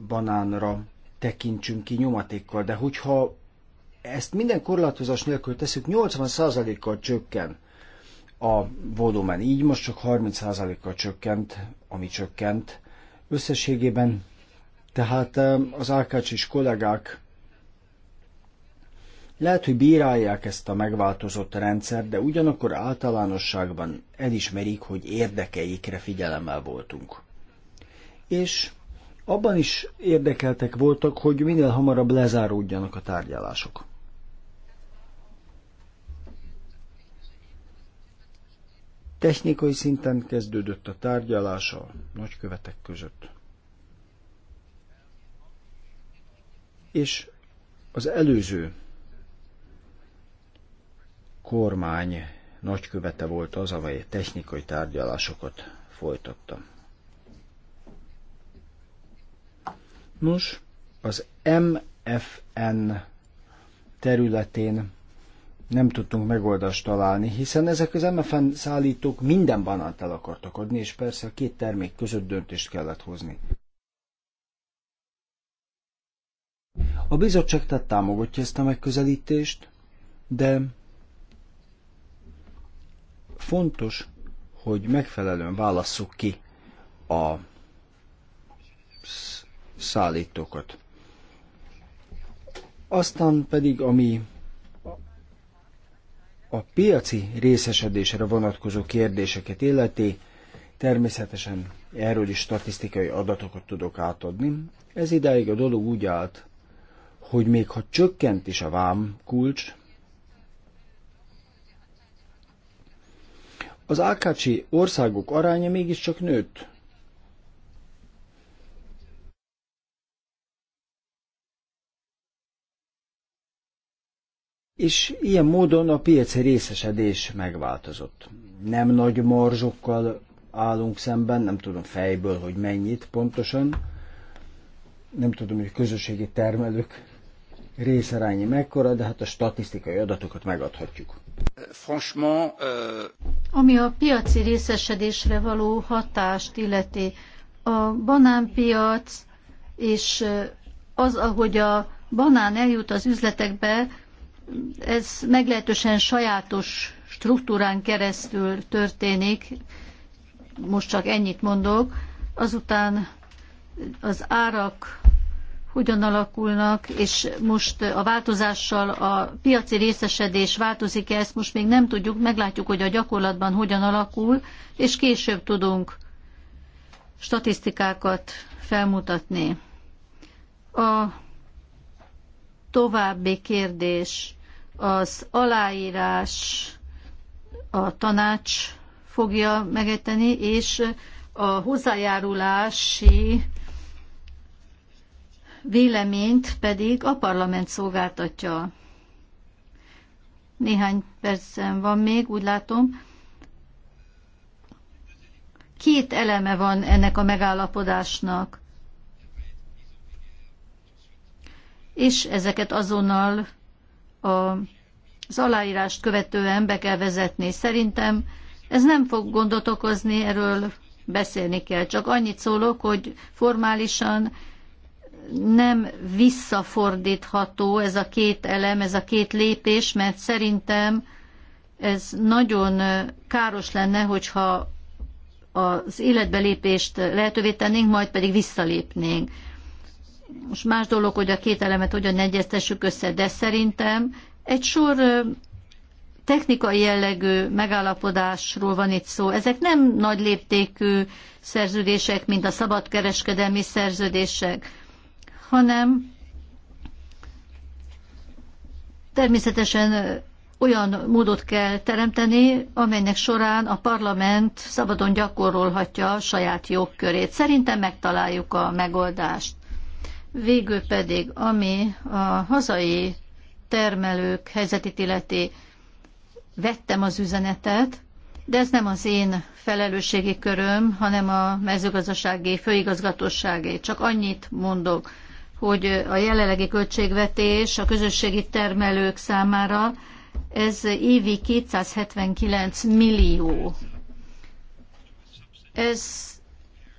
banánra tekintsünk ki nyomatékkal, de hogyha ezt minden korlátozás nélkül teszük, 80%-kal csökken a volumen. Így most csak 30%-kal csökkent, ami csökkent összességében. Tehát eh, az Ákács és kollégák lehet, hogy bírálják ezt a megváltozott rendszert, de ugyanakkor általánosságban elismerik, hogy érdekeikre figyelemmel voltunk. És abban is érdekeltek voltak, hogy minél hamarabb lezáródjanak a tárgyalások. Technikai szinten kezdődött a tárgyalás a nagykövetek között. És az előző kormány nagykövete volt az, amely technikai tárgyalásokat folytatta. Nos, az MFN területén nem tudtunk megoldást találni, hiszen ezek az MFN szállítók minden banánt el akartak adni, és persze a két termék között döntést kellett hozni. A bizottság tehát támogatja ezt a megközelítést, de fontos, hogy megfelelően válasszuk ki a szállítókat. Aztán pedig, ami a piaci részesedésre vonatkozó kérdéseket illeti, természetesen erről is statisztikai adatokat tudok átadni. Ez idáig a dolog úgy állt, hogy még ha csökkent is a vám kulcs, az AKC országok aránya mégiscsak nőtt És ilyen módon a piaci részesedés megváltozott. Nem nagy marzsokkal állunk szemben, nem tudom fejből, hogy mennyit pontosan, nem tudom, hogy a közösségi termelők részarányi mekkora, de hát a statisztikai adatokat megadhatjuk. Franchement, euh, Ami a piaci részesedésre való hatást illeti, a banánpiac és euh, az, ahogy a banán eljut az üzletekbe, ez meglehetősen sajátos struktúrán keresztül történik, most csak ennyit mondok, azután az árak hogyan alakulnak, és most a változással a piaci részesedés változik-e, ezt most még nem tudjuk, meglátjuk, hogy a gyakorlatban hogyan alakul, és később tudunk statisztikákat felmutatni. A további kérdés az aláírás a tanács fogja megejteni, és a hozzájárulási véleményt pedig a parlament szolgáltatja. Néhány percen van még, úgy látom. Két eleme van ennek a megállapodásnak, és ezeket azonnal a az aláírást követően be kell vezetni. Szerintem ez nem fog gondot okozni, erről beszélni kell. Csak annyit szólok, hogy formálisan nem visszafordítható ez a két elem, ez a két lépés, mert szerintem ez nagyon káros lenne, hogyha az életbelépést lehetővé tennénk, majd pedig visszalépnénk most más dolog, hogy a két elemet hogyan egyeztessük össze, de szerintem egy sor technikai jellegű megállapodásról van itt szó. Ezek nem nagy léptékű szerződések, mint a szabadkereskedelmi szerződések, hanem természetesen olyan módot kell teremteni, amelynek során a parlament szabadon gyakorolhatja a saját jogkörét. Szerintem megtaláljuk a megoldást. Végül pedig, ami a hazai termelők helyzetét illeti, vettem az üzenetet, de ez nem az én felelősségi köröm, hanem a mezőgazdasági főigazgatóságé. Csak annyit mondok, hogy a jelenlegi költségvetés a közösségi termelők számára ez évi 279 millió. Ez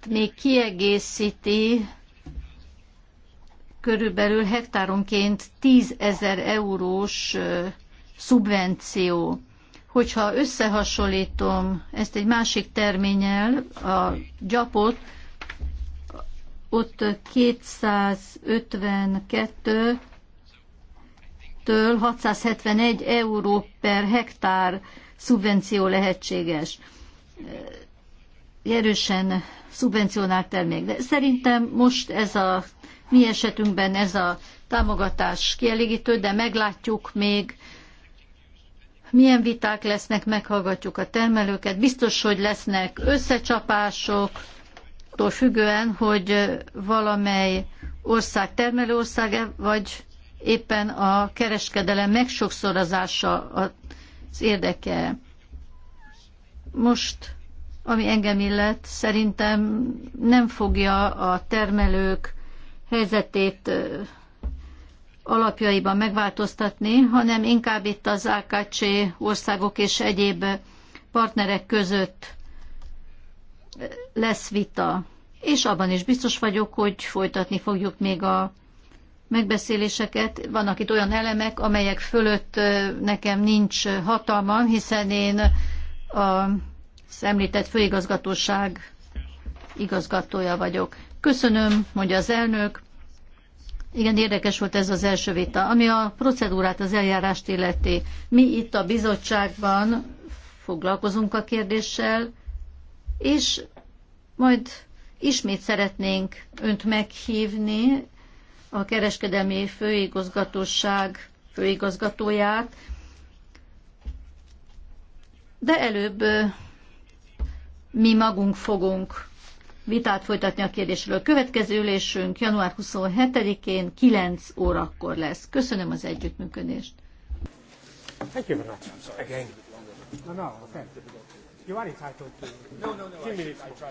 még kiegészíti körülbelül hektáronként 10 ezer eurós szubvenció. Hogyha összehasonlítom ezt egy másik terménnyel, a gyapot, ott 252 től 671 euró per hektár szubvenció lehetséges. Erősen szubvencionált termék. De szerintem most ez a mi esetünkben ez a támogatás kielégítő, de meglátjuk még, milyen viták lesznek, meghallgatjuk a termelőket. Biztos, hogy lesznek összecsapások, attól függően, hogy valamely ország termelőországe, vagy éppen a kereskedelem megsokszorozása az érdeke. Most, ami engem illet, szerintem nem fogja a termelők helyzetét alapjaiban megváltoztatni, hanem inkább itt az AKC országok és egyéb partnerek között lesz vita. És abban is biztos vagyok, hogy folytatni fogjuk még a megbeszéléseket. Vannak itt olyan elemek, amelyek fölött nekem nincs hatalmam, hiszen én az említett főigazgatóság igazgatója vagyok. Köszönöm, mondja az elnök. Igen, érdekes volt ez az első vita. Ami a procedúrát, az eljárást illeti, mi itt a bizottságban foglalkozunk a kérdéssel, és majd ismét szeretnénk önt meghívni, a kereskedelmi főigazgatóság főigazgatóját, de előbb mi magunk fogunk vitát folytatni a kérdésről. A Következő ülésünk január 27-én 9 órakor lesz. Köszönöm az együttműködést. Thank you very much. I'm sorry again. No, no, okay. You are entitled to. No, no, no. I, I